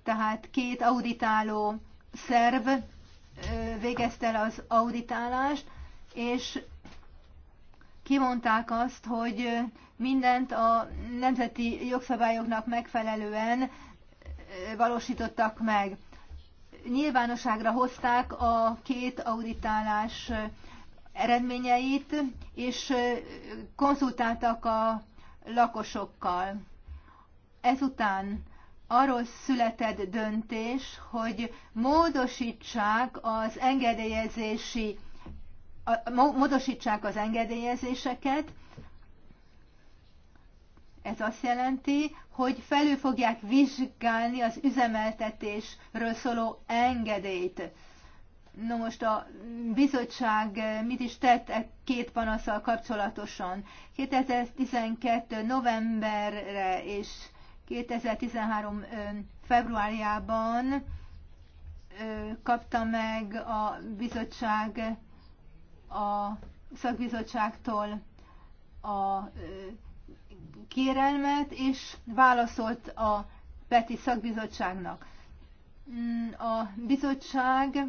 tehát két auditáló szerv végezte el az auditálást, és kimondták azt, hogy mindent a nemzeti jogszabályoknak megfelelően valósítottak meg. Nyilvánosságra hozták a két auditálás eredményeit, és konzultáltak a lakosokkal. Ezután arról született döntés, hogy módosítsák az engedélyezési módosítsák az engedélyezéseket, ez azt jelenti, hogy felül fogják vizsgálni az üzemeltetésről szóló engedélyt. Na most a bizottság mit is tett e két panaszsal kapcsolatosan? 2012. novemberre és 2013. februárjában kapta meg a bizottság a szakbizottságtól a kérelmet, és válaszolt a Peti szakbizottságnak. Mm, a bizottság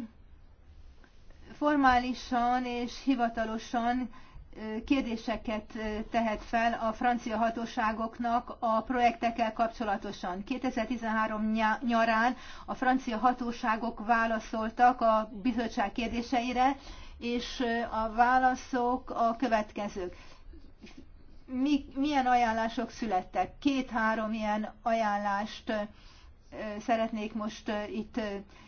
formálisan és hivatalosan kérdéseket tehet fel a francia hatóságoknak a projektekkel kapcsolatosan. 2013 nyarán a francia hatóságok válaszoltak a bizottság kérdéseire, és a válaszok a következők. Mi, milyen ajánlások születtek? Két-három ilyen ajánlást szeretnék most itt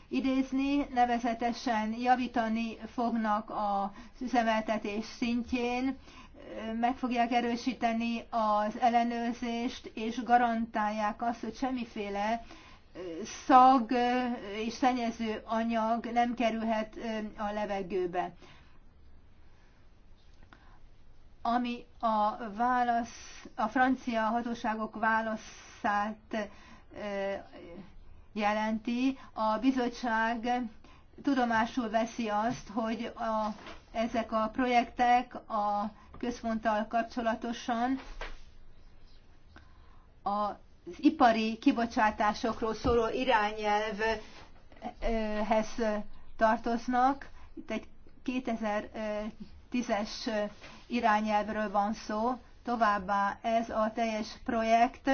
idézni, nevezetesen javítani fognak az üzemeltetés szintjén, meg fogják erősíteni az ellenőrzést, és garantálják azt, hogy semmiféle szag és szennyező anyag nem kerülhet a levegőbe. Ami a, válasz, a francia hatóságok válaszát jelenti, a bizottság tudomásul veszi azt, hogy a, ezek a projektek a központtal kapcsolatosan a az ipari kibocsátásokról szóló irányelvhez tartoznak. Itt egy 2010-es irányelvről van szó, továbbá ez a teljes projekt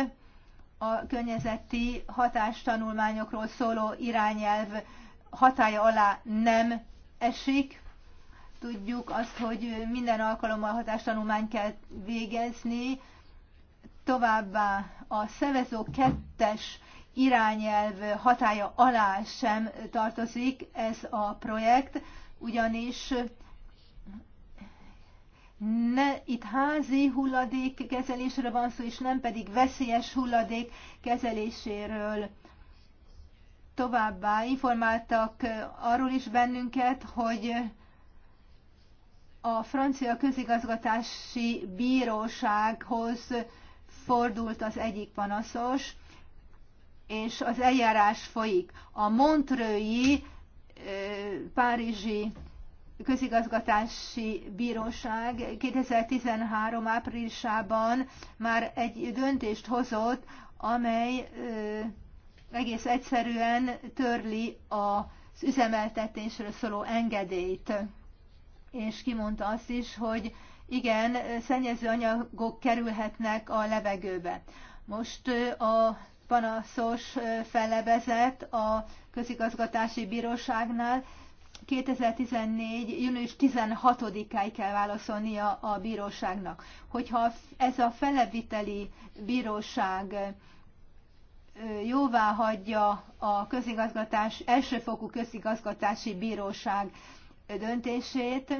a környezeti hatástanulmányokról szóló irányelv hatája alá nem esik. Tudjuk azt, hogy minden alkalommal hatástanulmányt kell végezni, továbbá a szevezó kettes irányelv hatája alá sem tartozik ez a projekt, ugyanis ne, itt házi hulladék kezelésről van szó, és nem pedig veszélyes hulladék kezeléséről. Továbbá informáltak arról is bennünket, hogy a francia közigazgatási bírósághoz fordult az egyik panaszos, és az eljárás folyik. A Montrői Párizsi közigazgatási bíróság 2013 áprilisában már egy döntést hozott, amely egész egyszerűen törli az üzemeltetésről szóló engedélyt. És kimondta azt is, hogy igen, szennyező anyagok kerülhetnek a levegőbe. Most a panaszos fellebezett a közigazgatási bíróságnál, 2014. június 16-áig kell válaszolnia a bíróságnak. Hogyha ez a feleviteli bíróság jóvá hagyja a közigazgatás, elsőfokú közigazgatási bíróság döntését,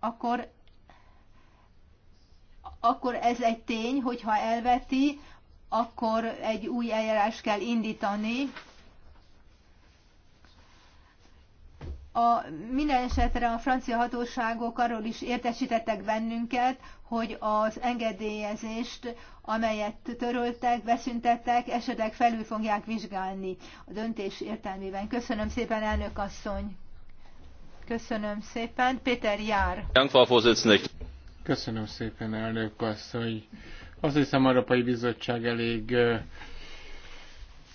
akkor akkor ez egy tény, hogyha elveti, akkor egy új eljárás kell indítani. A, minden esetre a francia hatóságok arról is értesítettek bennünket, hogy az engedélyezést, amelyet töröltek, beszüntettek, esetleg felül fogják vizsgálni a döntés értelmében. Köszönöm szépen, elnök asszony! Köszönöm szépen. Péter Jár. Köszönöm szépen, elnök asszony. Azt hiszem, a Európai Bizottság elég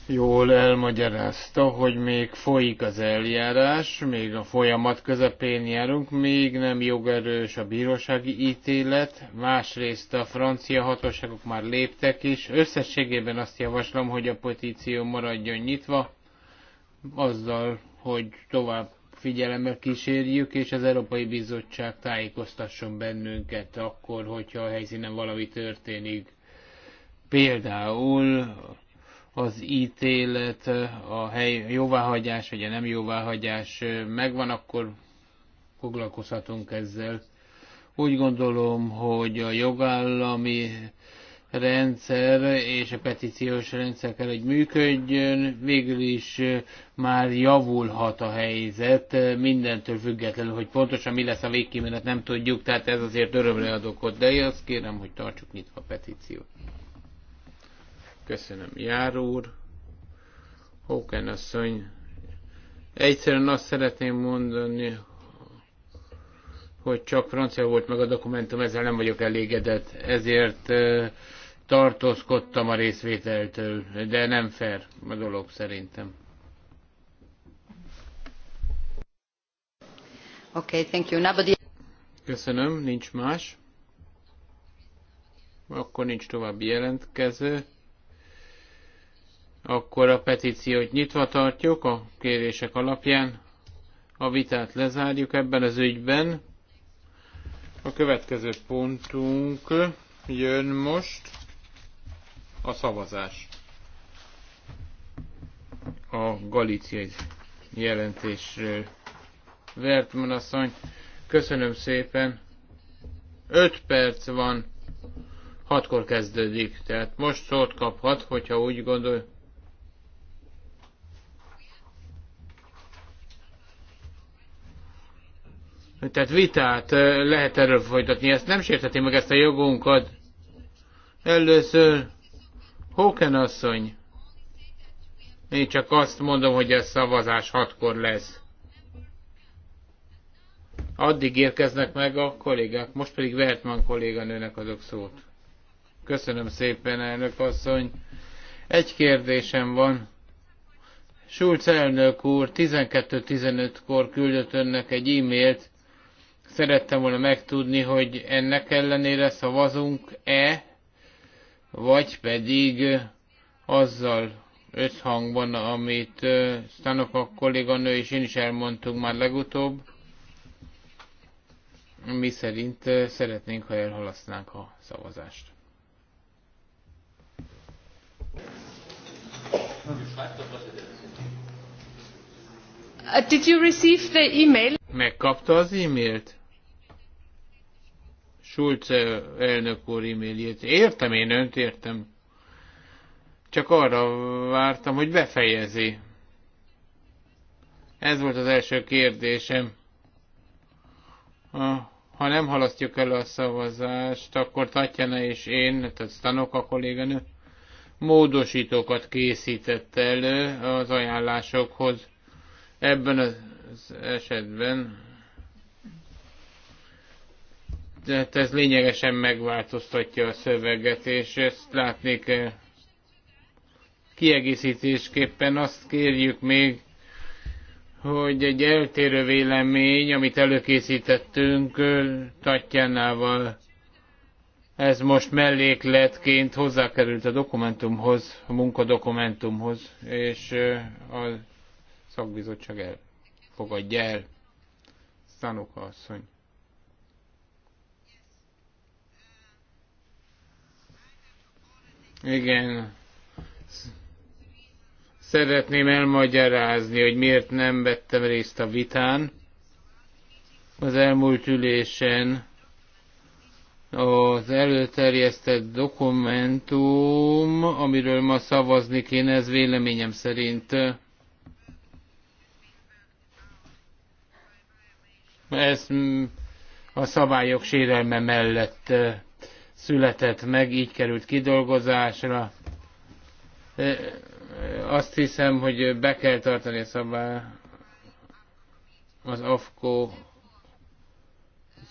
jól elmagyarázta, hogy még folyik az eljárás, még a folyamat közepén járunk, még nem jogerős a bírósági ítélet, másrészt a francia hatóságok már léptek is. Összességében azt javaslom, hogy a petíció maradjon nyitva, azzal, hogy tovább figyelemmel kísérjük, és az Európai Bizottság tájékoztasson bennünket akkor, hogyha a helyszínen valami történik. Például az ítélet, a hely jóváhagyás, vagy a nem jóváhagyás megvan, akkor foglalkozhatunk ezzel. Úgy gondolom, hogy a jogállami rendszer és a petíciós rendszer kell, hogy működjön. Végül is már javulhat a helyzet, mindentől függetlenül, hogy pontosan mi lesz a végkimenet, nem tudjuk, tehát ez azért örömre adok ott, de én azt kérem, hogy tartsuk nyitva a petíciót. Köszönöm, Jár úr. Hóken asszony. Egyszerűen azt szeretném mondani, hogy csak francia volt meg a dokumentum, ezzel nem vagyok elégedett. Ezért tartózkodtam a részvételtől, de nem fair a dolog szerintem. Okay, thank you. Nobody... Köszönöm, nincs más. Akkor nincs további jelentkező. Akkor a petíciót nyitva tartjuk a kérések alapján. A vitát lezárjuk ebben az ügyben. A következő pontunk jön most a szavazás. A galiciai jelentés, Vertman asszony, köszönöm szépen. 5 perc van, 6-kor kezdődik, tehát most szót kaphat, hogyha úgy gondol. Tehát vitát lehet erről folytatni, ezt nem sértheti meg ezt a jogunkat. Először Hóken asszony, én csak azt mondom, hogy a szavazás hatkor lesz. Addig érkeznek meg a kollégák, most pedig Vertman kolléganőnek adok szót. Köszönöm szépen, elnök asszony. Egy kérdésem van. Schulz elnök úr 12-15-kor küldött önnek egy e-mailt. Szerettem volna megtudni, hogy ennek ellenére szavazunk-e vagy pedig azzal összhangban, amit Stanok a kolléganő és én is elmondtunk már legutóbb, mi szerint szeretnénk, ha elhalasznánk a szavazást. Did you receive the email? Megkapta az e-mailt? Schulz eh, elnök úr e-mailjét. Értem én önt, értem. Csak arra vártam, hogy befejezi. Ez volt az első kérdésem. Ha nem halasztjuk el a szavazást, akkor Tatjana és én, tehát Stanoka kolléganő, módosítókat készített elő eh, az ajánlásokhoz. Ebben az esetben hát ez lényegesen megváltoztatja a szöveget, és ezt látnék kell. Eh, kiegészítésképpen azt kérjük még, hogy egy eltérő vélemény, amit előkészítettünk eh, Tatjánával, ez most mellékletként hozzákerült a dokumentumhoz, a munkadokumentumhoz, és eh, a szakbizottság elfogadja el. Szanuka asszony. Igen. Szeretném elmagyarázni, hogy miért nem vettem részt a vitán. Az elmúlt ülésen az előterjesztett dokumentum, amiről ma szavazni kéne, ez véleményem szerint ez a szabályok sérelme mellett született meg, így került kidolgozásra. E, azt hiszem, hogy be kell tartani a szabály az AFKO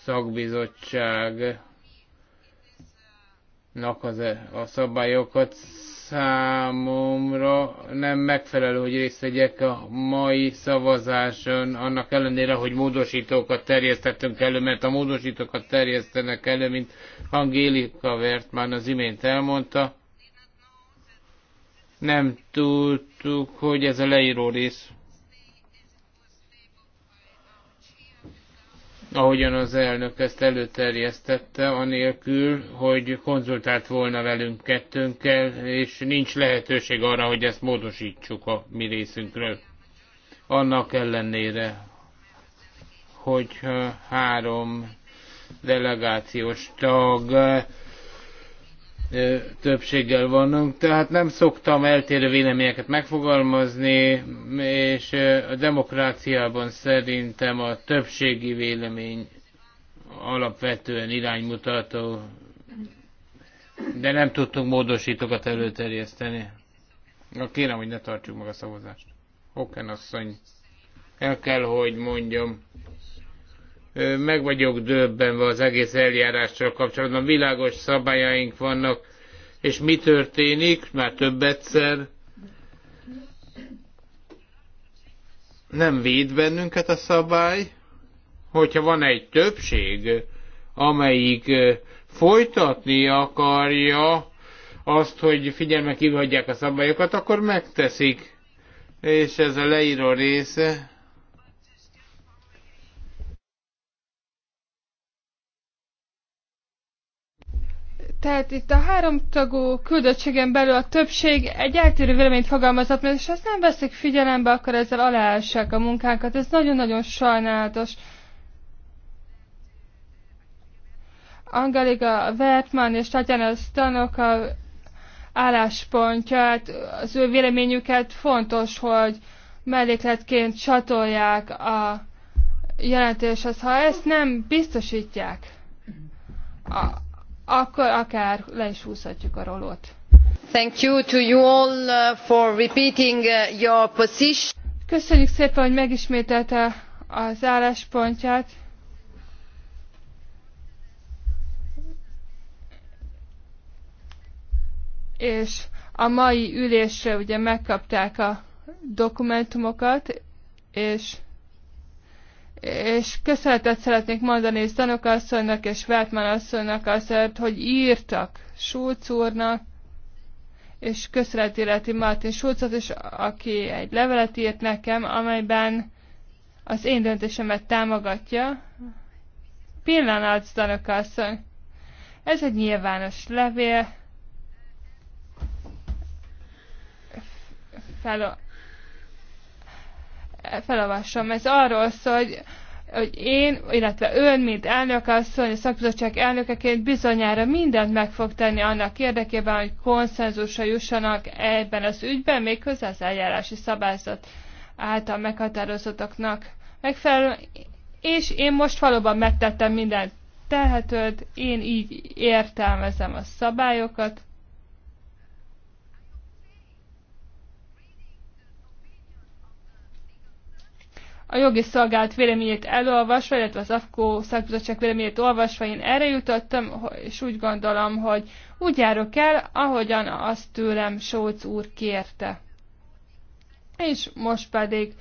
szakbizottságnak az e, a szabályokat számomra nem megfelelő, hogy részt vegyek a mai szavazáson, annak ellenére, hogy módosítókat terjesztettünk elő, mert a módosítókat terjesztenek elő, mint Angélika Vertmán az imént elmondta. Nem tudtuk, hogy ez a leíró rész ahogyan az elnök ezt előterjesztette, anélkül, hogy konzultált volna velünk kettőnkkel, és nincs lehetőség arra, hogy ezt módosítsuk a mi részünkről. Annak ellenére, hogy három delegációs tag többséggel vannunk, tehát nem szoktam eltérő véleményeket megfogalmazni, és a demokráciában szerintem a többségi vélemény alapvetően iránymutató, de nem tudtunk módosítókat előterjeszteni. Kérem, hogy ne tartsuk meg a szavazást. Hoken asszony, el kell, hogy mondjam, meg vagyok döbbenve az egész eljárással kapcsolatban. Világos szabályaink vannak, és mi történik, már több egyszer, nem véd bennünket a szabály, hogyha van egy többség, amelyik folytatni akarja azt, hogy figyelme kivagyják a szabályokat, akkor megteszik. És ez a leíró része, Tehát itt a háromtagú küldöttségen belül a többség egy eltérő véleményt fogalmazott, mert és ezt nem veszik figyelembe, akkor ezzel aláássák a munkánkat. Ez nagyon-nagyon sajnálatos. Angelika Wertmann és Tatjana a álláspontját, az ő véleményüket fontos, hogy mellékletként csatolják a jelentéshez. Ha ezt nem biztosítják, a akkor akár le is húzhatjuk a rolót. Thank you to you all uh, for repeating uh, your position. Köszönjük szépen, hogy megismételte az álláspontját. És a mai ülésre ugye megkapták a dokumentumokat, és és köszönetet szeretnék mondani Zanok asszonynak és Veltman asszonynak azért, hogy írtak Schulz úrnak, és köszönet illeti Martin Schulzot is, aki egy levelet írt nekem, amelyben az én döntésemet támogatja. Pillanat, Zanok asszony. Ez egy nyilvános levél. Fel, felolvasom. Ez arról szól, hogy hogy én, illetve ön, mint elnök asszony, a szakbizottság elnökeként bizonyára mindent meg fog tenni annak érdekében, hogy konszenzusra jussanak ebben az ügyben, méghozzá az eljárási szabályzat által meghatározottaknak megfelelő. És én most valóban megtettem mindent tehetőd, én így értelmezem a szabályokat, a jogi szolgált véleményét elolvasva, illetve az AFKO szakbizottság véleményét olvasva én erre jutottam, és úgy gondolom, hogy úgy járok el, ahogyan azt tőlem Sóc úr kérte. És most pedig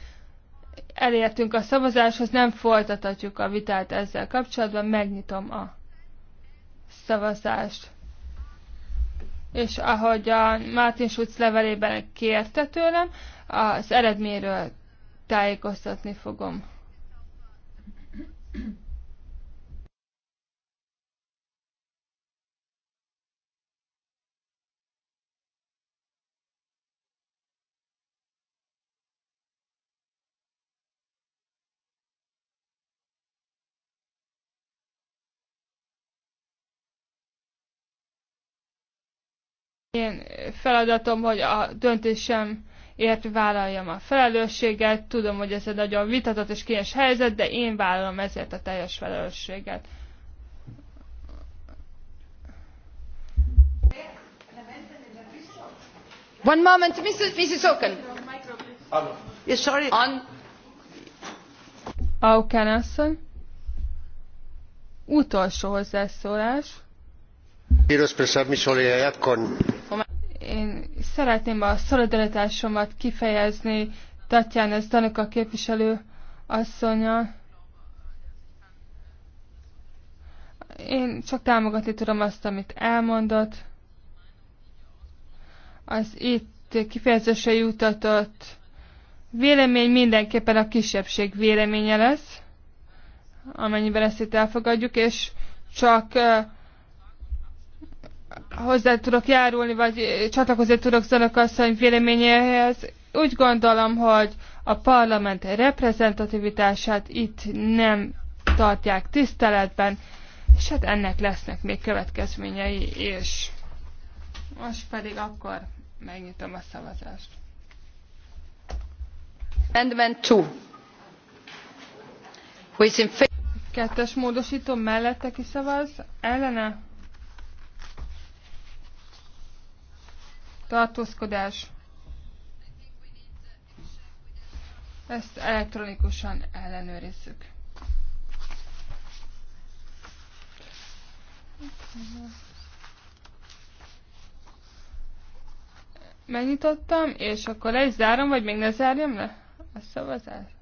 elértünk a szavazáshoz, nem folytatjuk a vitát ezzel kapcsolatban, megnyitom a szavazást. És ahogy a Mártin Schulz levelében kérte tőlem, az eredményről tájékoztatni fogom. én feladatom, hogy a döntésem ért vállaljam a felelősséget. Tudom, hogy ez egy nagyon vitatott és kényes helyzet, de én vállalom ezért a teljes felelősséget. One moment, Mrs. Mrs. Yes, sorry. On. Auken asszony. Utolsó hozzászólás. Quiero expresar mi solidaridad con én szeretném a szolidaritásomat kifejezni Tatján ez Danuka képviselő asszonya. Én csak támogatni tudom azt, amit elmondott. Az itt kifejezése jutatott vélemény mindenképpen a kisebbség véleménye lesz, amennyiben ezt itt elfogadjuk, és csak uh, hozzá tudok járulni, vagy csatlakozni tudok Zanak asszony véleményéhez. Úgy gondolom, hogy a parlament reprezentativitását itt nem tartják tiszteletben, és hát ennek lesznek még következményei, és most pedig akkor megnyitom a szavazást. Amendment 2. Kettes módosító mellette kiszavaz, ellene? tartózkodás. Ezt elektronikusan ellenőrizzük. Megnyitottam, és akkor le is zárom, vagy még ne zárjam le a szavazást?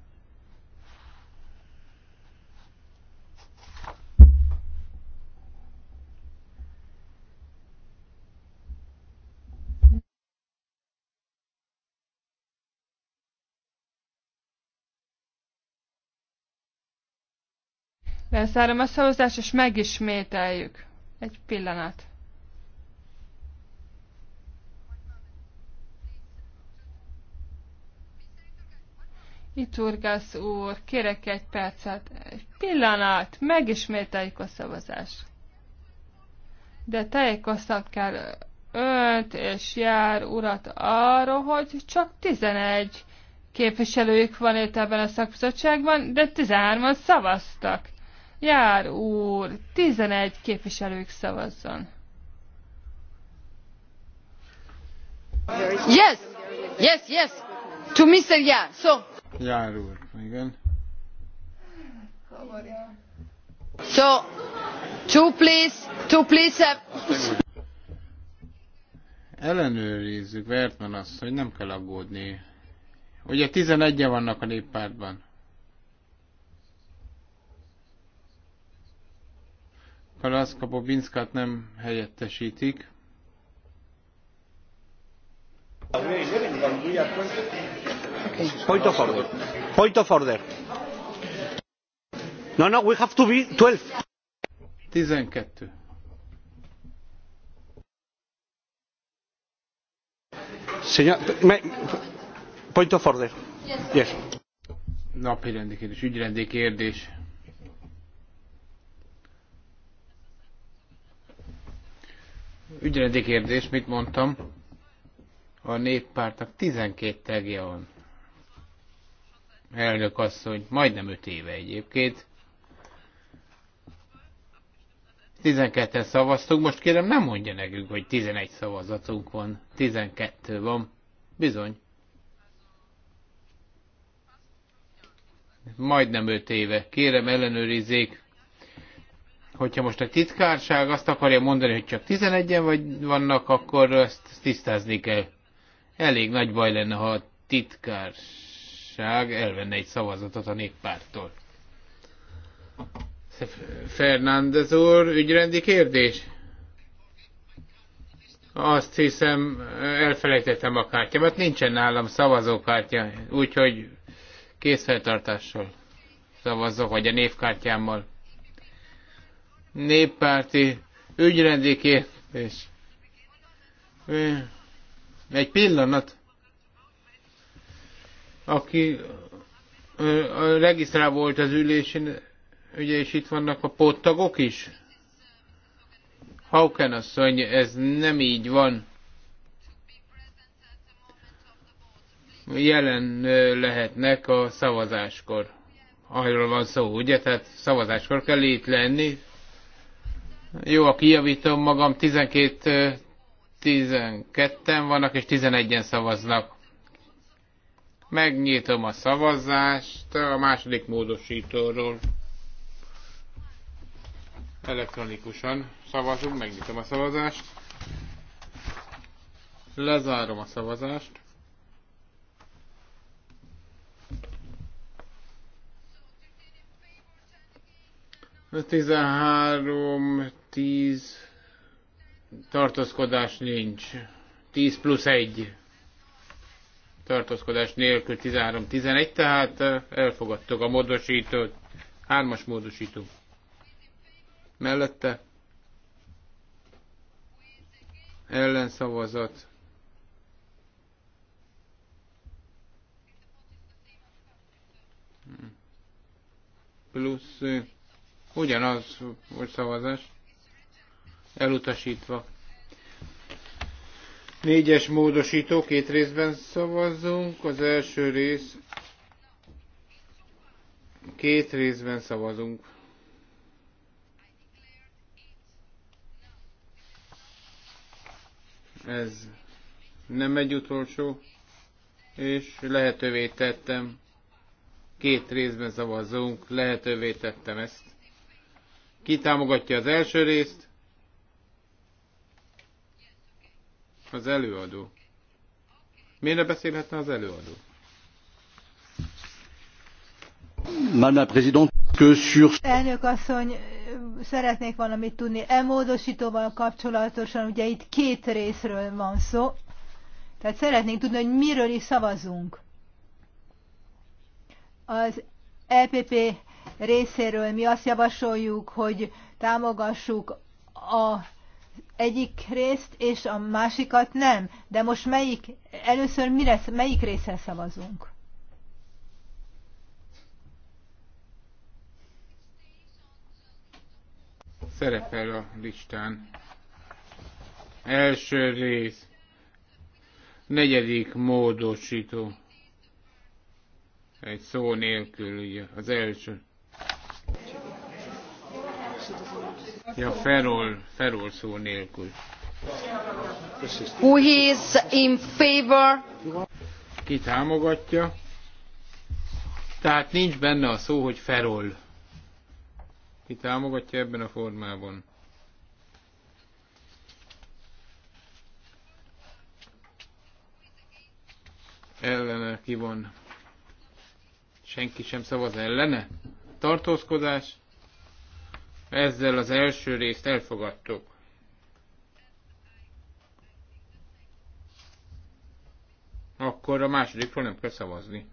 Lezárom a szavazást, és megismételjük. Egy pillanat. Iturgasz úr, kérek egy percet. Egy pillanat, megismételjük a szavazást. De tájékoztat kell önt és jár urat arról, hogy csak 11 képviselőjük van itt ebben a szakbizottságban, de 13-an szavaztak. Jár úr, 11 képviselők szavazzon. Yes, yes, yes, to Mr. Jár, so. Jár úr, igen. So, two please, two please have... Ellenőrizzük, Vertman azt, hogy nem kell aggódni. Ugye 11 e vannak a néppártban. Kalaszka Bobinszkát nem helyettesítik. Point of order. Point of order. No, no, we have to be 12. 12. Señor, me, point of order. Yes. yes. Napi kérdés, ügyrendi kérdés. Ügyeledi kérdés, mit mondtam? A néppártnak 12 tagja van. Elnök hogy majdnem 5 éve egyébként. 12-en szavaztunk, most kérem nem mondja nekünk, hogy 11 szavazatunk van. 12 van. Bizony. Majdnem 5 éve. Kérem ellenőrizzék hogyha most a titkárság azt akarja mondani, hogy csak 11-en vagy vannak, akkor azt tisztázni kell. Elég nagy baj lenne, ha a titkárság elvenne egy szavazatot a néppártól. Fernández úr, ügyrendi kérdés? Azt hiszem, elfelejtettem a kártyámat, nincsen nálam szavazókártya, úgyhogy készfeltartással szavazok, vagy a névkártyámmal néppárti ügyrendi kérdés. Egy pillanat. Aki regisztrál volt az ülésén, ugye, és itt vannak a pottagok is? Hauken asszony, ez nem így van. Jelen lehetnek a szavazáskor. Arról van szó, ugye? Tehát szavazáskor kell itt lenni, jó, a javítom magam, 12 12-en vannak, és 11-en szavaznak. Megnyitom a szavazást a második módosítóról. Elektronikusan szavazunk, megnyitom a szavazást. Lezárom a szavazást. 13-10 tartózkodás nincs. 10 plusz 1 tartózkodás nélkül 13-11, tehát elfogadtuk a módosítót. Hármas módosító. Mellette ellenszavazat. Plusz Ugyanaz volt szavazás. Elutasítva. Négyes módosító, két részben szavazzunk. Az első rész két részben szavazunk. Ez nem egy utolsó, és lehetővé tettem. Két részben szavazzunk, lehetővé tettem ezt. Ki támogatja az első részt? Az előadó. Miért beszélhetne az előadó? Madame la que sur... Elnök asszony, szeretnék valamit tudni. E módosítóval kapcsolatosan, ugye itt két részről van szó, tehát szeretnénk tudni, hogy miről is szavazunk. Az EPP részéről mi azt javasoljuk, hogy támogassuk a egyik részt, és a másikat nem. De most melyik, először mire, melyik részre szavazunk? Szerepel a listán. Első rész. Negyedik módosító. Egy szó nélkül, ugye, az első. Ja, Ferol, Ferol szó nélkül. Who is in favor? Ki támogatja? Tehát nincs benne a szó, hogy Ferol. Ki támogatja ebben a formában? Ellene ki van? Senki sem szavaz ellene? Tartózkodás? Ezzel az első részt elfogadtuk. Akkor a másodikról nem kell szavazni.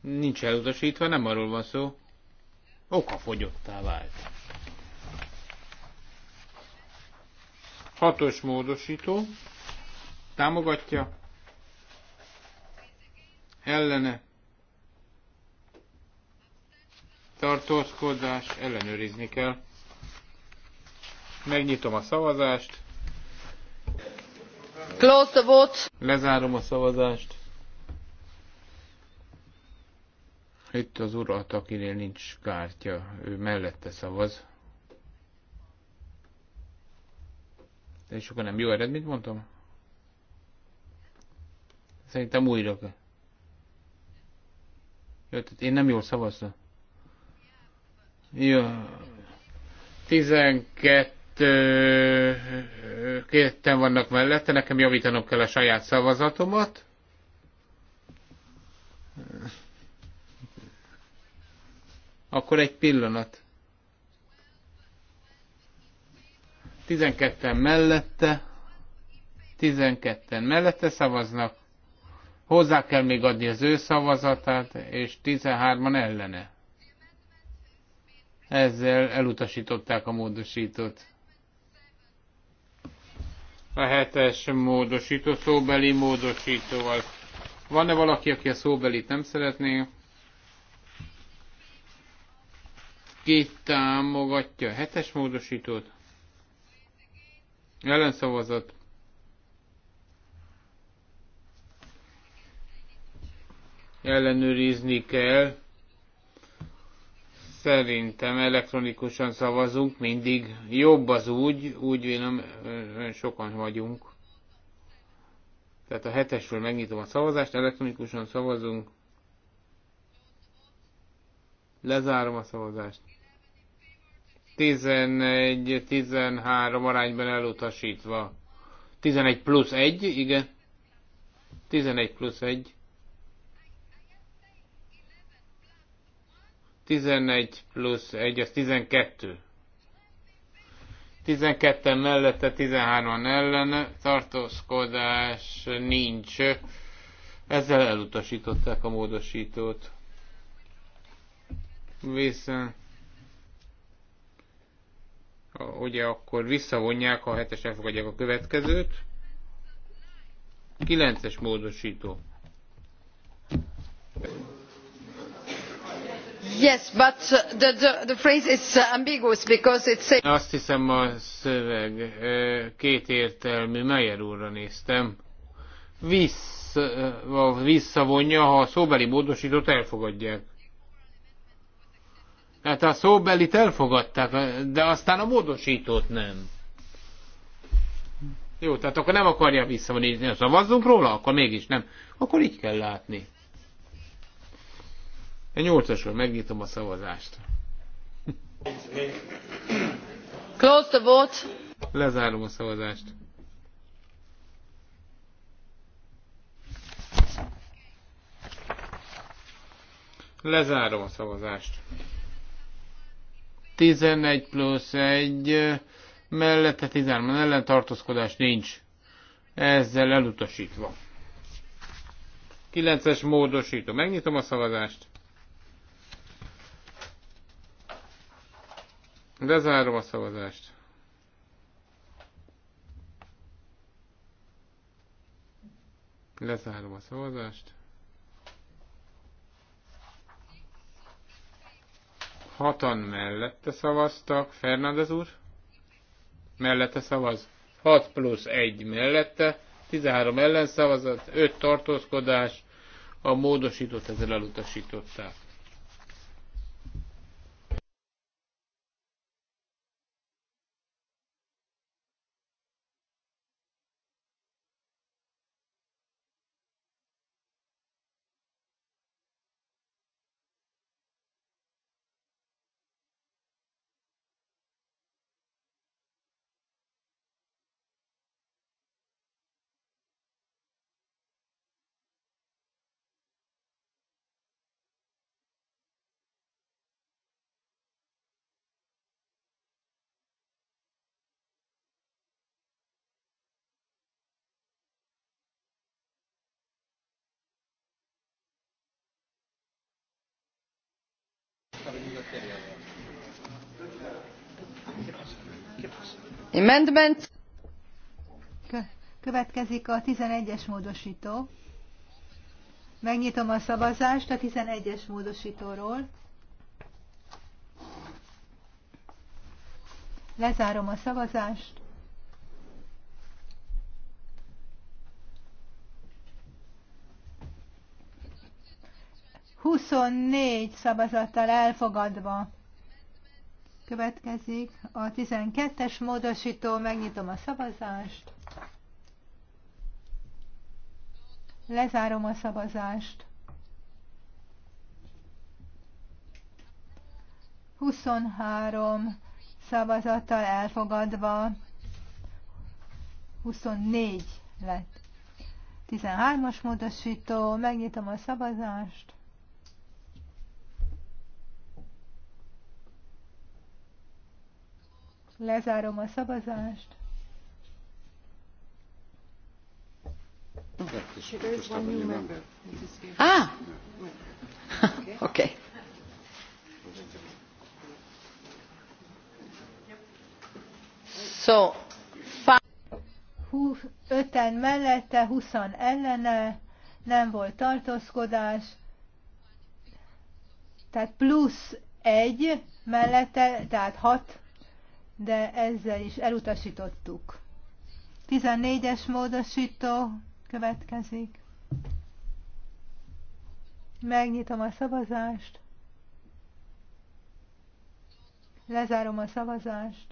Nincs elutasítva, nem arról van szó. fogyottá vált. Hatos módosító. Támogatja. Ellene tartózkodás, ellenőrizni kell. Megnyitom a szavazást. Close the vote. Lezárom a szavazást. Itt az urat, akinél nincs kártya, ő mellette szavaz. De és akkor nem jó eredményt mondtam? Szerintem újra kell. Jó, tehát én nem jól szavaztam. Ja. 12 kétten vannak mellette, nekem javítanom kell a saját szavazatomat. Akkor egy pillanat. 12-en mellette, 12-en mellette szavaznak, hozzá kell még adni az ő szavazatát, és 13-an ellene. Ezzel elutasították a módosítót. A hetes módosító, szóbeli módosítóval. Van-e valaki, aki a szóbelit nem szeretné? Ki támogatja a hetes módosítót? Ellenszavazat. Ellenőrizni kell. Szerintem elektronikusan szavazunk, mindig jobb az úgy, úgy vélem, sokan vagyunk. Tehát a hetesről megnyitom a szavazást, elektronikusan szavazunk. Lezárom a szavazást. 11-13 arányban elutasítva. 11 plusz 1, igen. 11 plusz 1. 11 plusz 1, az 12. 12-en mellette, 13-an ellen, tartózkodás nincs. Ezzel elutasították a módosítót. Viszont ugye akkor visszavonják, a 7-es elfogadják a következőt. 9-es módosító is Azt hiszem a szöveg kétértelmű, Meyer úrra néztem. Vissza, visszavonja, ha a szóbeli módosítót elfogadják. Tehát a szóbelit elfogadták, de aztán a módosítót nem. Jó, tehát akkor nem akarja visszavonni, szavazzunk róla, akkor mégis nem. Akkor így kell látni. Én nyolcasról megnyitom a szavazást. Close the vote. Lezárom a szavazást. Lezárom a szavazást. 11 plusz 1 mellette 13 ellen tartózkodás nincs. Ezzel elutasítva. 9-es módosító. Megnyitom a szavazást. Lezárom a szavazást. Lezárom a szavazást. 6-an mellette szavaztak. Fernández úr? Mellette szavaz. 6 plusz 1 mellette. 13 ellenszavazat, 5 tartózkodás. A módosított ezzel elutasították. Amendment. Következik a 11-es módosító. Megnyitom a szavazást a 11-es módosítóról. Lezárom a szavazást. Huszonnégy szavazattal elfogadva. Következik a 12-es módosító, megnyitom a szavazást. Lezárom a szavazást. 23 szavazattal elfogadva 24 lett. 13-as módosító, megnyitom a szavazást. Lezárom a szavazást. Ah! Oké. Okay. So, öten mellette, huszan ellene, nem volt tartózkodás, tehát plusz egy mellette, tehát hat de ezzel is elutasítottuk. 14-es módosító következik. Megnyitom a szavazást. Lezárom a szavazást.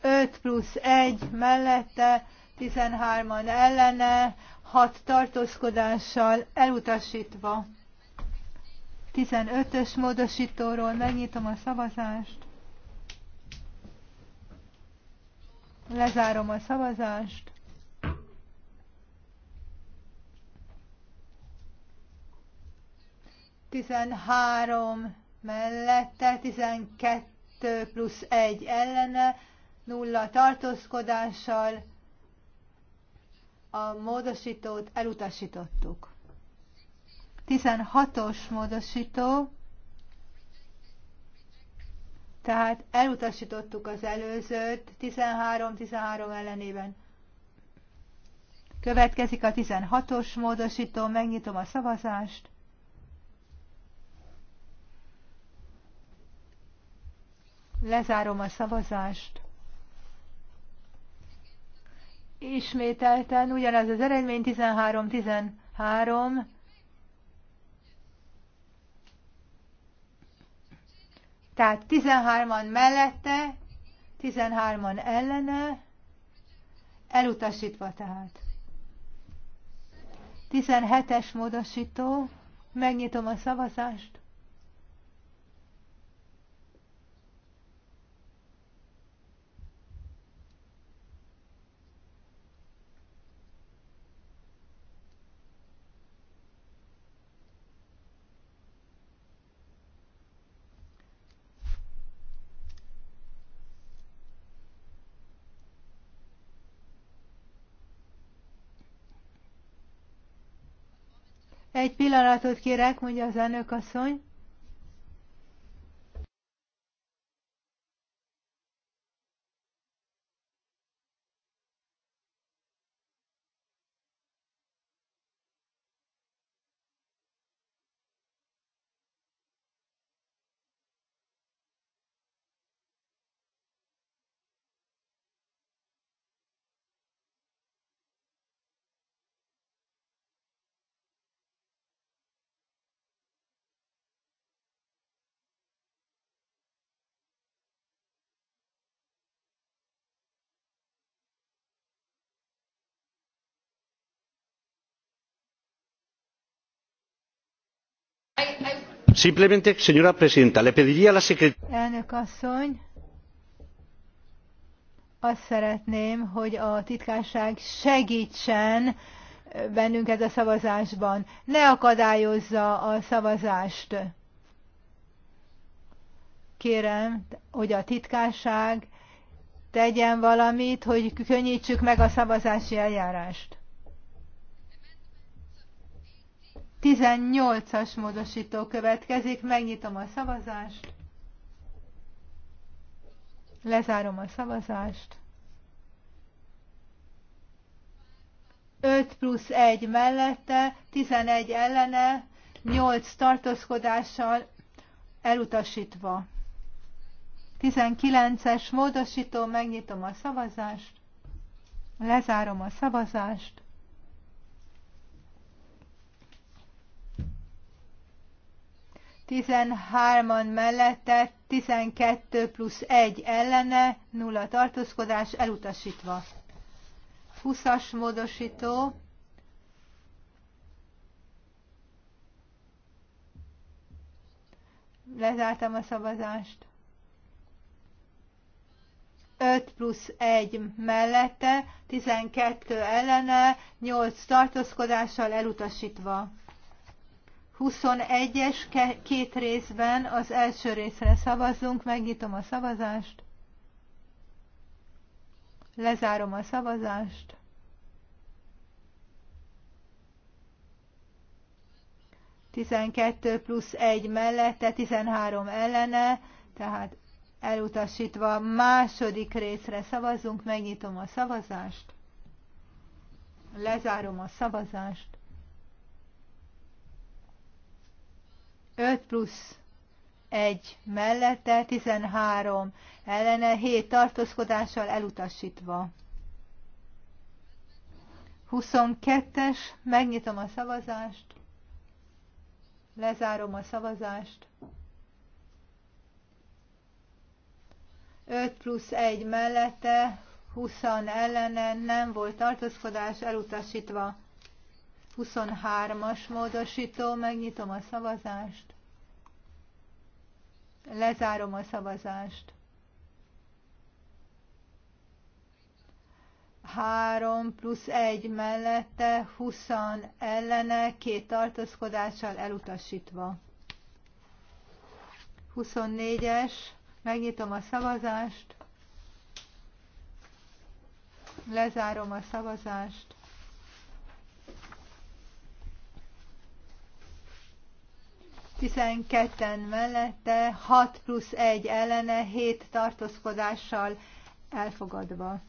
Öt plusz egy mellette, 13-an ellene, hat tartózkodással elutasítva. 15-ös módosítóról megnyitom a szavazást. Lezárom a szavazást. Tizenhárom mellette, tizenkettő plusz egy ellene, nulla tartózkodással a módosítót elutasítottuk. 16-os módosító, tehát elutasítottuk az előzőt 13-13 ellenében. Következik a 16-os módosító, megnyitom a szavazást. Lezárom a szavazást. Ismételten ugyanaz az eredmény 13-13, Tehát 13-an mellette, 13-an ellene, elutasítva tehát. 17-es módosító, megnyitom a szavazást. Egy pillanatot kérek, mondja az elnök asszony. Simplemente, señora presidenta, le pediría a la secretaria... Elnök asszony, azt szeretném, hogy a titkárság segítsen bennünket a szavazásban. Ne akadályozza a szavazást. Kérem, hogy a titkárság tegyen valamit, hogy könnyítsük meg a szavazási eljárást. 18-as módosító következik, megnyitom a szavazást, lezárom a szavazást. 5 plusz 1 mellette, 11 ellene, 8 tartózkodással elutasítva. 19-es módosító, megnyitom a szavazást, lezárom a szavazást. 13-an mellette, 12 plusz 1 ellene, nulla tartózkodás elutasítva. 20-as módosító. Lezártam a szavazást. 5 plusz 1 mellette, 12 ellene, 8 tartózkodással elutasítva. 21-es két részben az első részre szavazzunk, megnyitom a szavazást, lezárom a szavazást, tizenkettő plusz egy mellette, 13 ellene, tehát elutasítva második részre szavazunk, megnyitom a szavazást, lezárom a szavazást, 5 plusz 1 mellette, 13 ellene, 7 tartózkodással elutasítva. 22-es, megnyitom a szavazást, lezárom a szavazást. 5 plusz 1 mellette, 20 ellene, nem volt tartózkodás, elutasítva. 23-as módosító, megnyitom a szavazást. Lezárom a szavazást. Három plusz egy mellette, 20 ellene, két tartózkodással elutasítva. 24-es, megnyitom a szavazást. Lezárom a szavazást. 12-en mellette, 6 plusz 1 ellene, 7 tartózkodással elfogadva.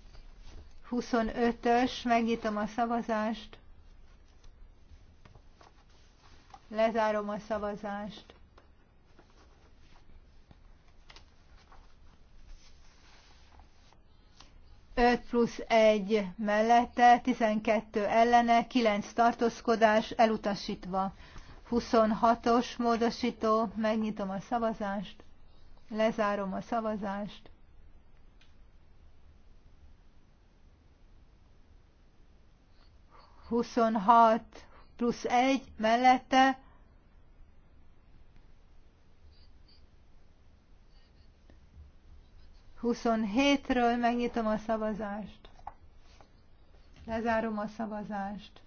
25-ös, megnyitom a szavazást. Lezárom a szavazást. Öt plusz egy mellette, 12 ellene, 9 tartózkodás elutasítva. 26-os módosító, megnyitom a szavazást, lezárom a szavazást. Huszonhat plusz egy mellette huszonhétről megnyitom a szavazást. Lezárom a szavazást.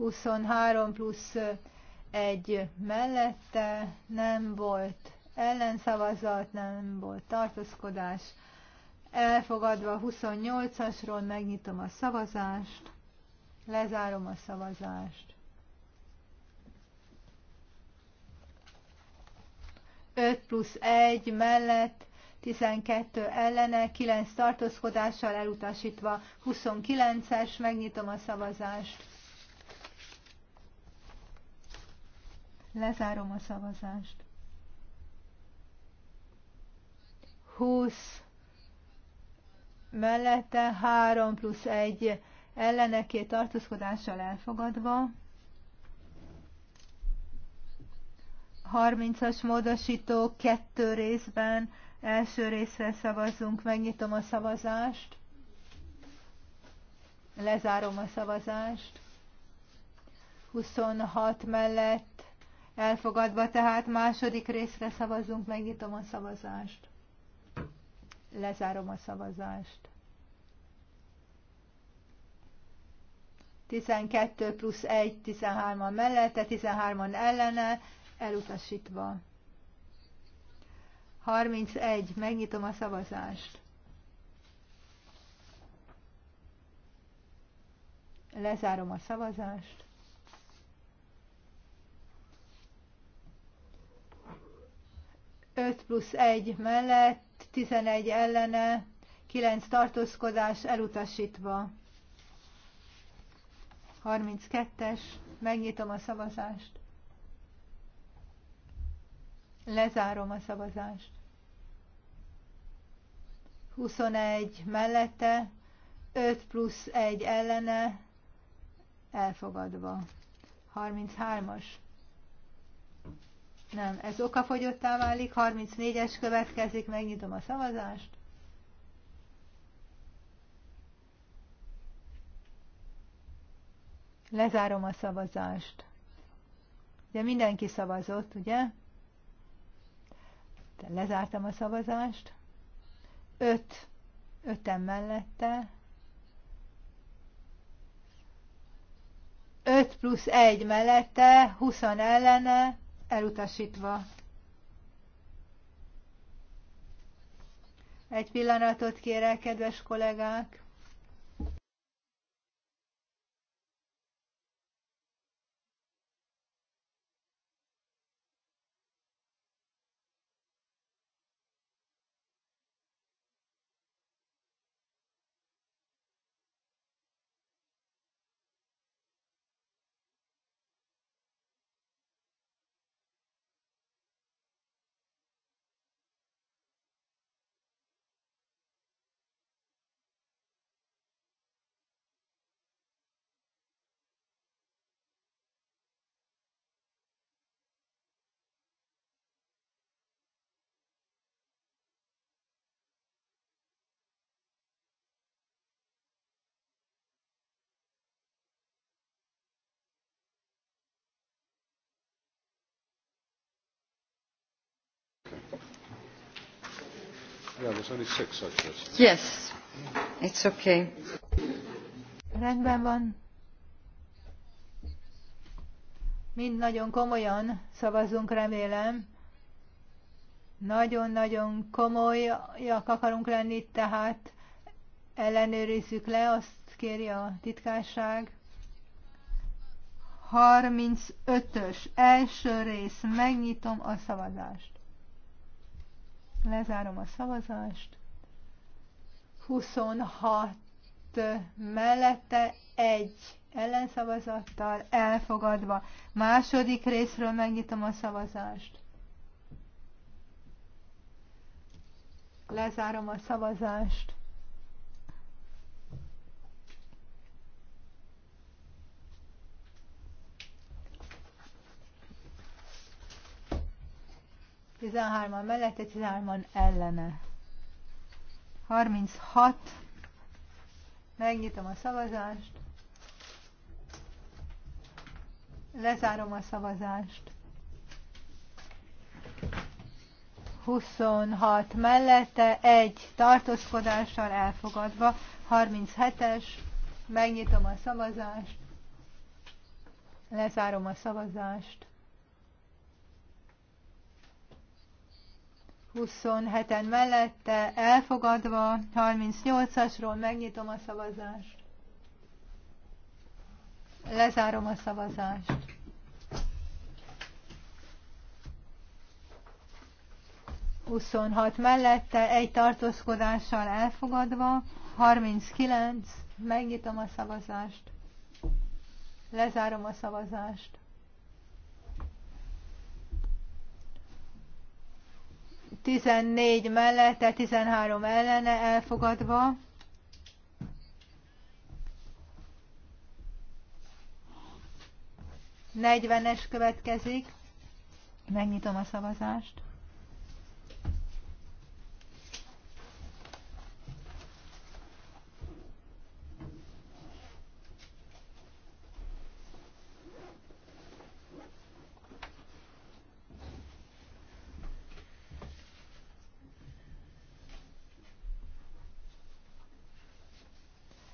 23 plusz egy mellette nem volt ellenszavazat, nem volt tartózkodás. Elfogadva 28-asról megnyitom a szavazást, lezárom a szavazást. 5 plusz 1 mellett 12 ellene, 9 tartózkodással elutasítva, 29-es, megnyitom a szavazást. Lezárom a szavazást. 20 mellette 3 plusz 1 elleneké tartózkodással elfogadva. 30-as módosító kettő részben első részre szavazunk, megnyitom a szavazást, lezárom a szavazást, 26 mellett elfogadva, tehát második részre szavazunk, megnyitom a szavazást. Lezárom a szavazást. 12 plusz 1, 13-an mellette, 13-an ellene, elutasítva. 31, megnyitom a szavazást. Lezárom a szavazást. 5 plusz 1 mellett, 11 ellene, 9 tartózkodás elutasítva. 32-es, megnyitom a szavazást. Lezárom a szavazást. 21 mellette, 5 plusz 1 ellene, elfogadva. 33-as nem, ez okafogyottá válik, 34-es következik, megnyitom a szavazást. Lezárom a szavazást. Ugye mindenki szavazott, ugye? De lezártam a szavazást. 5, Öt, 5 en mellette. 5 plusz 1 mellette, 20 ellene, elutasítva. Egy pillanatot kérek, kedves kollégák! Yes, it's okay. Rendben van. Mind nagyon komolyan szavazunk, remélem. Nagyon-nagyon komolyak akarunk lenni, tehát ellenőrizzük le, azt kéri a titkárság. 35-ös első rész, megnyitom a szavazást. Lezárom a szavazást. 26 mellette egy ellenszavazattal elfogadva. Második részről megnyitom a szavazást. Lezárom a szavazást. 13-an mellette, 13-an ellene. 36. Megnyitom a szavazást. Lezárom a szavazást. 26 mellette, egy tartózkodással elfogadva, 37-es, megnyitom a szavazást, lezárom a szavazást. 27-en mellette elfogadva, 38-asról megnyitom a szavazást. Lezárom a szavazást. Huszonhat mellette, egy tartózkodással elfogadva, 39, megnyitom a szavazást. Lezárom a szavazást. 14 mellette, 13 ellene elfogadva. Negyvenes következik. Megnyitom a szavazást.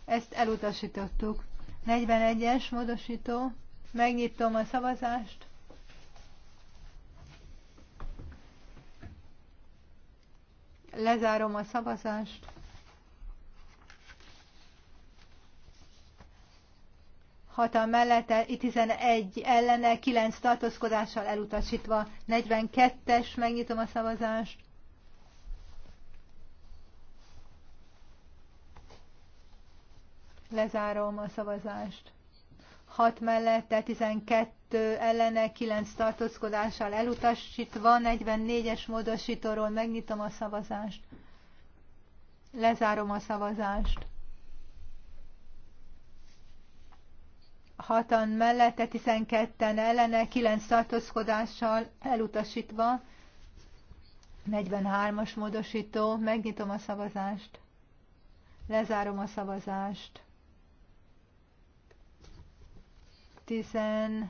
Ezt elutasítottuk. 41-es módosító. Megnyitom a szavazást. Lezárom a szavazást. hatan mellette, 11 ellene, 9 tartózkodással elutasítva, 42-es, megnyitom a szavazást. Lezárom a szavazást. 6 mellette, 12 ellene, 9 tartózkodással elutasítva, 44-es módosítóról megnyitom a szavazást. Lezárom a szavazást. hatan mellette, 12-en ellene, 9 tartózkodással elutasítva, 43-as módosító, megnyitom a szavazást, lezárom a szavazást. 13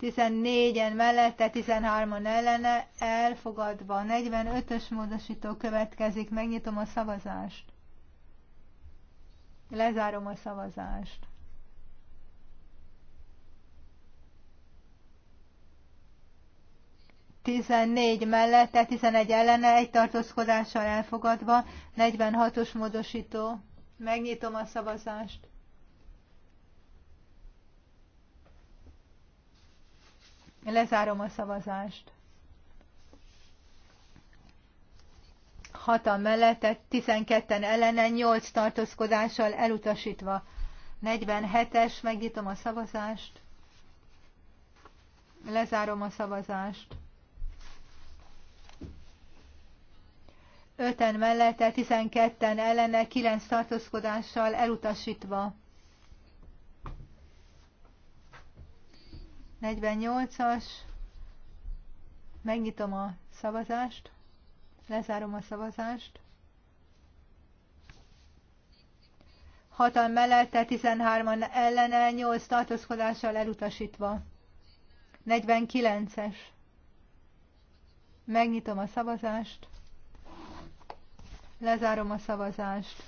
14-en mellette, 13-an ellene, elfogadva. 45-ös módosító következik, megnyitom a szavazást. Lezárom a szavazást. Tizennégy mellette, tizenegy ellene, egy tartózkodással elfogadva, 46-os módosító. Megnyitom a szavazást. Lezárom a szavazást. Hatan mellette, 12 ellene, 8 tartózkodással elutasítva. 47-es, megnyitom a szavazást. Lezárom a szavazást. Öten mellette, 12 ellene, 9 tartózkodással elutasítva. 48-as. Megnyitom a szavazást. Lezárom a szavazást. 6 mellette, 13-an ellene, 8 tartózkodással elutasítva. 49-es. Megnyitom a szavazást. Lezárom a szavazást.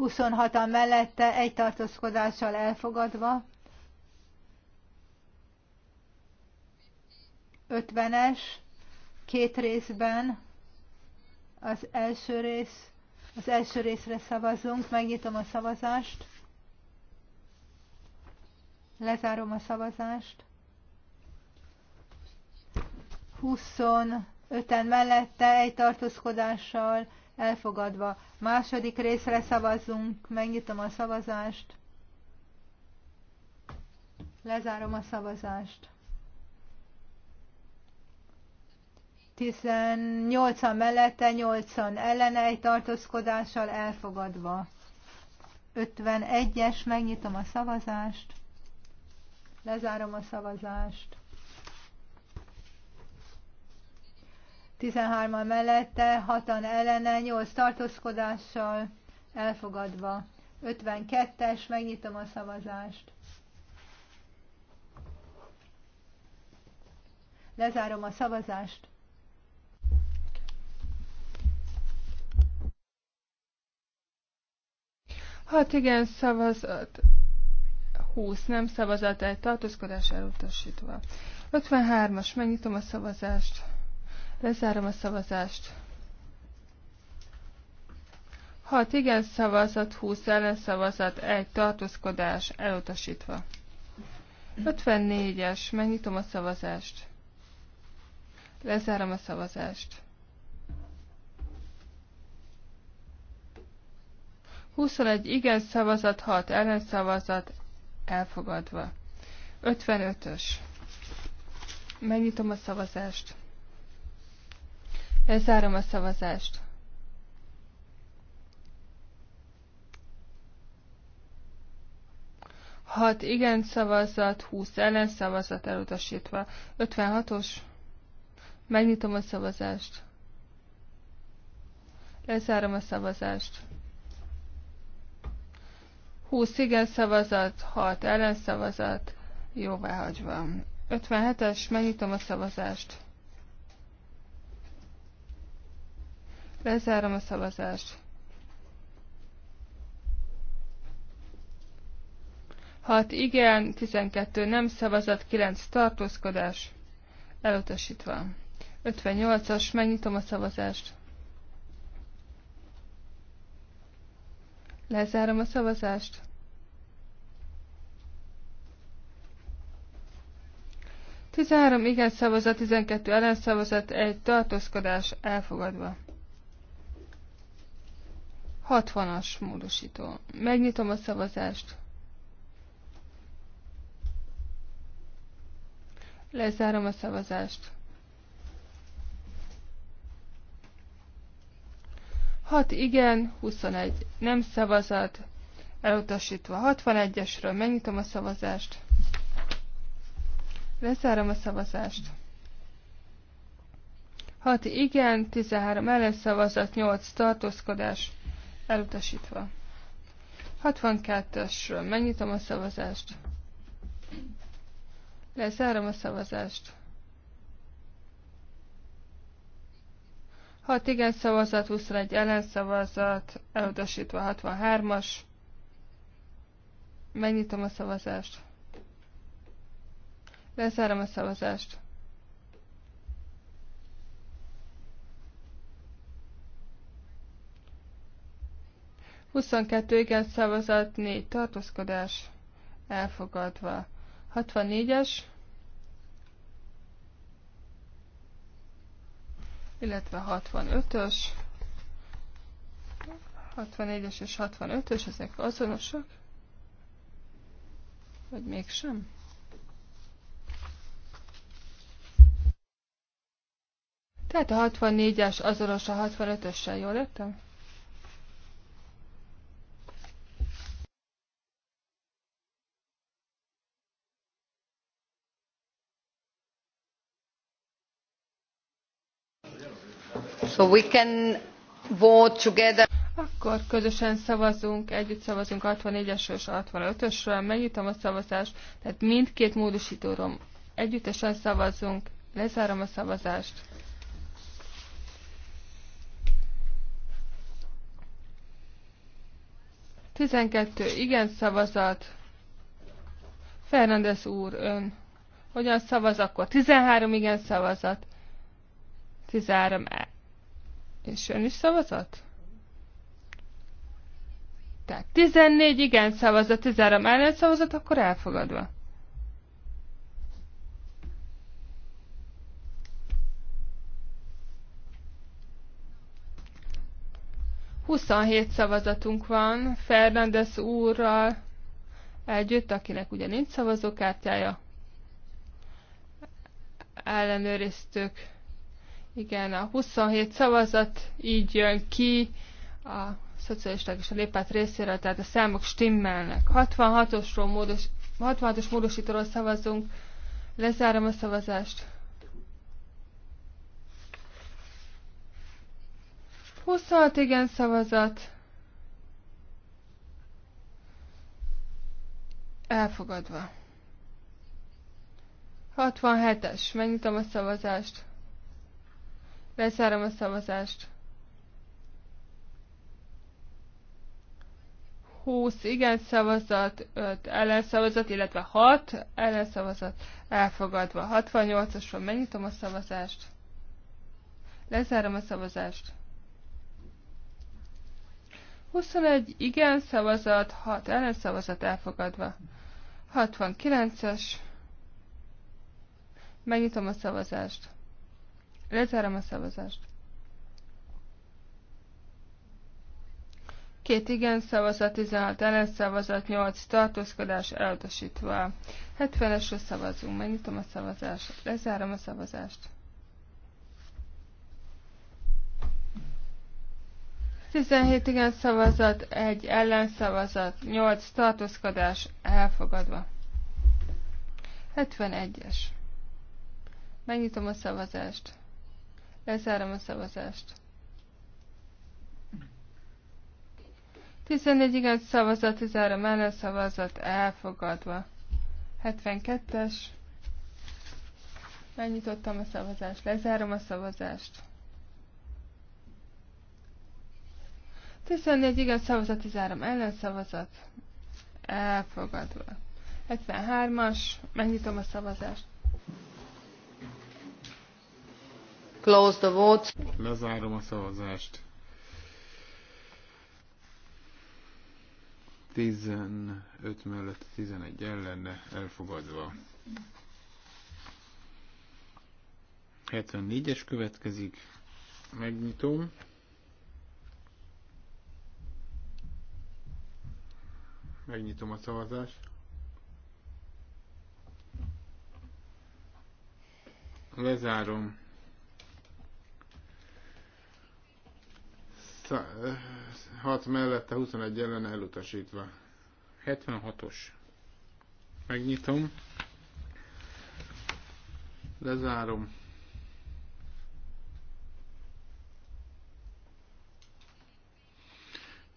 26-an mellette egy tartózkodással elfogadva. 50-es, két részben az első rész, az első részre szavazunk, megnyitom a szavazást, lezárom a szavazást, 25-en mellette egy tartózkodással elfogadva. Második részre szavazzunk, megnyitom a szavazást. Lezárom a szavazást. 18 a mellette, 80 ellene egy tartózkodással elfogadva. 51-es, megnyitom a szavazást. Lezárom a szavazást. 13-an mellette, 6-an ellene, 8 tartózkodással elfogadva. 52-es, megnyitom a szavazást. Lezárom a szavazást. Hát igen szavazat, 20 nem szavazat, egy tartózkodás elutasítva. 53-as, megnyitom a szavazást. Lezárom a szavazást. 6 igen szavazat, 20 ellen szavazat, 1 tartózkodás elutasítva. 54-es, megnyitom a szavazást. Lezárom a szavazást. 21 igen szavazat, 6 ellen szavazat, elfogadva. 55-ös. Megnyitom a szavazást. Zárom a szavazást. Hat igen szavazat, 20 ellen szavazat elutasítva. 56-os. Megnyitom a szavazást. Lezárom a szavazást. 20 igen szavazat, 6 ellen szavazat, jóváhagyva. 57-es, megnyitom a szavazást. Lezárom a szavazást. 6 igen, 12 nem szavazat, 9 tartózkodás, elutasítva. 58-as, megnyitom a szavazást. Lezárom a szavazást. Tizenhárom igen szavazat, 12 szavazat, egy tartózkodás elfogadva. 60-as módosító. Megnyitom a szavazást. Lezárom a szavazást. 6 igen, 21 nem szavazat, elutasítva 61-esről megnyitom a szavazást. Lezárom a szavazást. 6 igen, 13 szavazat, 8 tartózkodás. Elutasítva. 62-esről megnyitom a szavazást. Lezárom a szavazást. 6 igen szavazat, 21 ellen szavazat, elutasítva 63-as. Megnyitom a szavazást. Lezárom a szavazást. 22 igen szavazat, 4 tartózkodás elfogadva. 64-es, illetve 65-ös, 64-es és 65-ös, ezek azonosak, vagy mégsem? Tehát a 64-es azonos a 65-össel, jól értem? Akkor közösen szavazunk, együtt szavazunk 64-esről és 65-ösről. Megnyitom a szavazást, tehát mindkét módosítóról együttesen szavazunk. Lezárom a szavazást. Tizenkettő igen szavazat. Fernandez úr, ön hogyan szavaz akkor? 13 igen szavazat. 13 és ön is szavazott? Tehát 14 igen szavazott, 13 ellen szavazott, akkor elfogadva. Huszonhét szavazatunk van Fernandez úrral együtt, akinek ugye nincs szavazókártyája. Ellenőriztük. Igen, a 27 szavazat így jön ki a szocialisták és a lépát részéről, tehát a számok stimmelnek. 66-osról módos, 66-os módosítóról szavazunk. Lezárom a szavazást. 26 igen szavazat. Elfogadva. 67-es. Megnyitom a szavazást. 67-es. Lezárom a szavazást. 20 igen szavazat, 5 ellenszavazat, illetve 6 ellenszavazat elfogadva. 68-asról megnyitom a szavazást. Lezárom a szavazást. 21 igen szavazat, 6 ellenszavazat elfogadva. 69-es. Megnyitom a szavazást. Lezárom a szavazást. Két igen szavazat, 16 ellen szavazat, 8 tartózkodás elutasítva. 70-esre szavazunk, megnyitom a szavazást, lezárom a szavazást. 17 igen szavazat, 1 ellen szavazat, 8 tartózkodás elfogadva. 71-es. Megnyitom a szavazást. Lezárom a szavazást. 14 igen szavazat, 13 ellen szavazat elfogadva. 72-es. Megnyitottam a szavazást, lezárom a szavazást. 14 igen szavazat, 13 ellen szavazat elfogadva. 73-as, megnyitom a szavazást. Close the vote. Lezárom a szavazást. 15 mellett 11 ellen elfogadva. 74-es következik. Megnyitom. Megnyitom a szavazást. Lezárom. 6 mellette, 21 ellen elutasítva. 76-os. Megnyitom. Lezárom.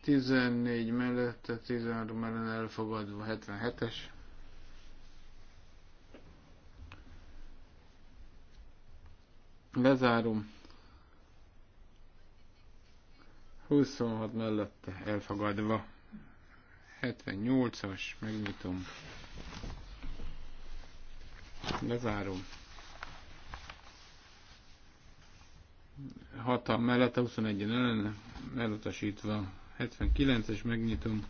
Tizennégy mellette, 13 ellen elfogadva, 77-es. Lezárom. 26 mellette elfogadva. 78-as, megnyitom. Lezárom. 6 mellette, 21-en ellen, elutasítva. 79-es, megnyitom.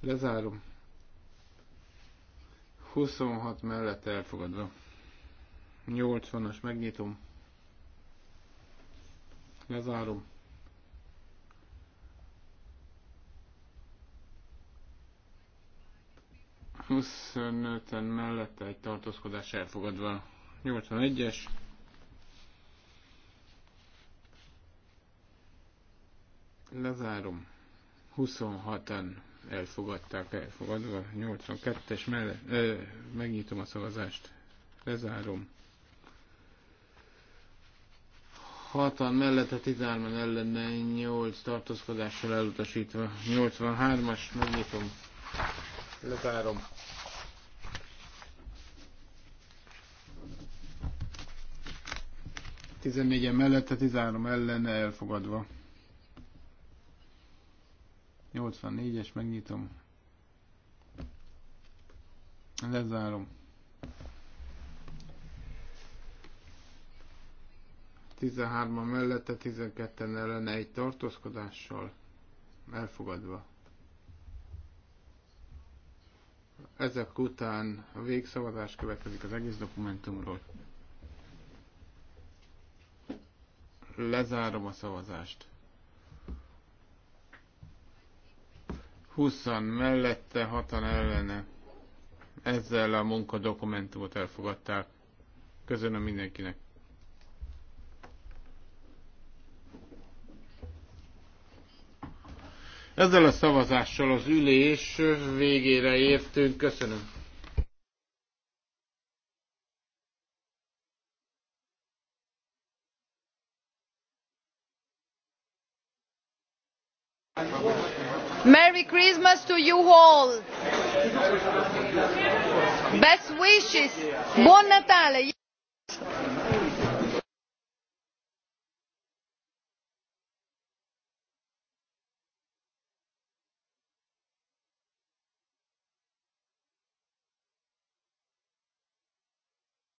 Lezárom. 26 mellett elfogadva. 80-as megnyitom lezárom. Huszonöten mellette egy tartózkodás elfogadva. 81-es. Lezárom. 26 en elfogadták, elfogadva. 82-es mellett. Ö, megnyitom a szavazást. Lezárom. 60 mellette 13 ellene 8 tartózkodással elutasítva. 83-as, megnyitom. Lezárom. Tizennégyen mellette, 13 ellene elfogadva. 84-es, megnyitom. Lezárom. 13-a mellette, 12-en ellene egy tartózkodással elfogadva. Ezek után a végszavazás következik az egész dokumentumról. Lezárom a szavazást. 20 mellette, 6-an ellene. Ezzel a munkadokumentumot elfogadták. Köszönöm mindenkinek. Ezzel a szavazással az ülés végére értünk. Köszönöm. Merry Christmas to you all. Best wishes. Buon Natale.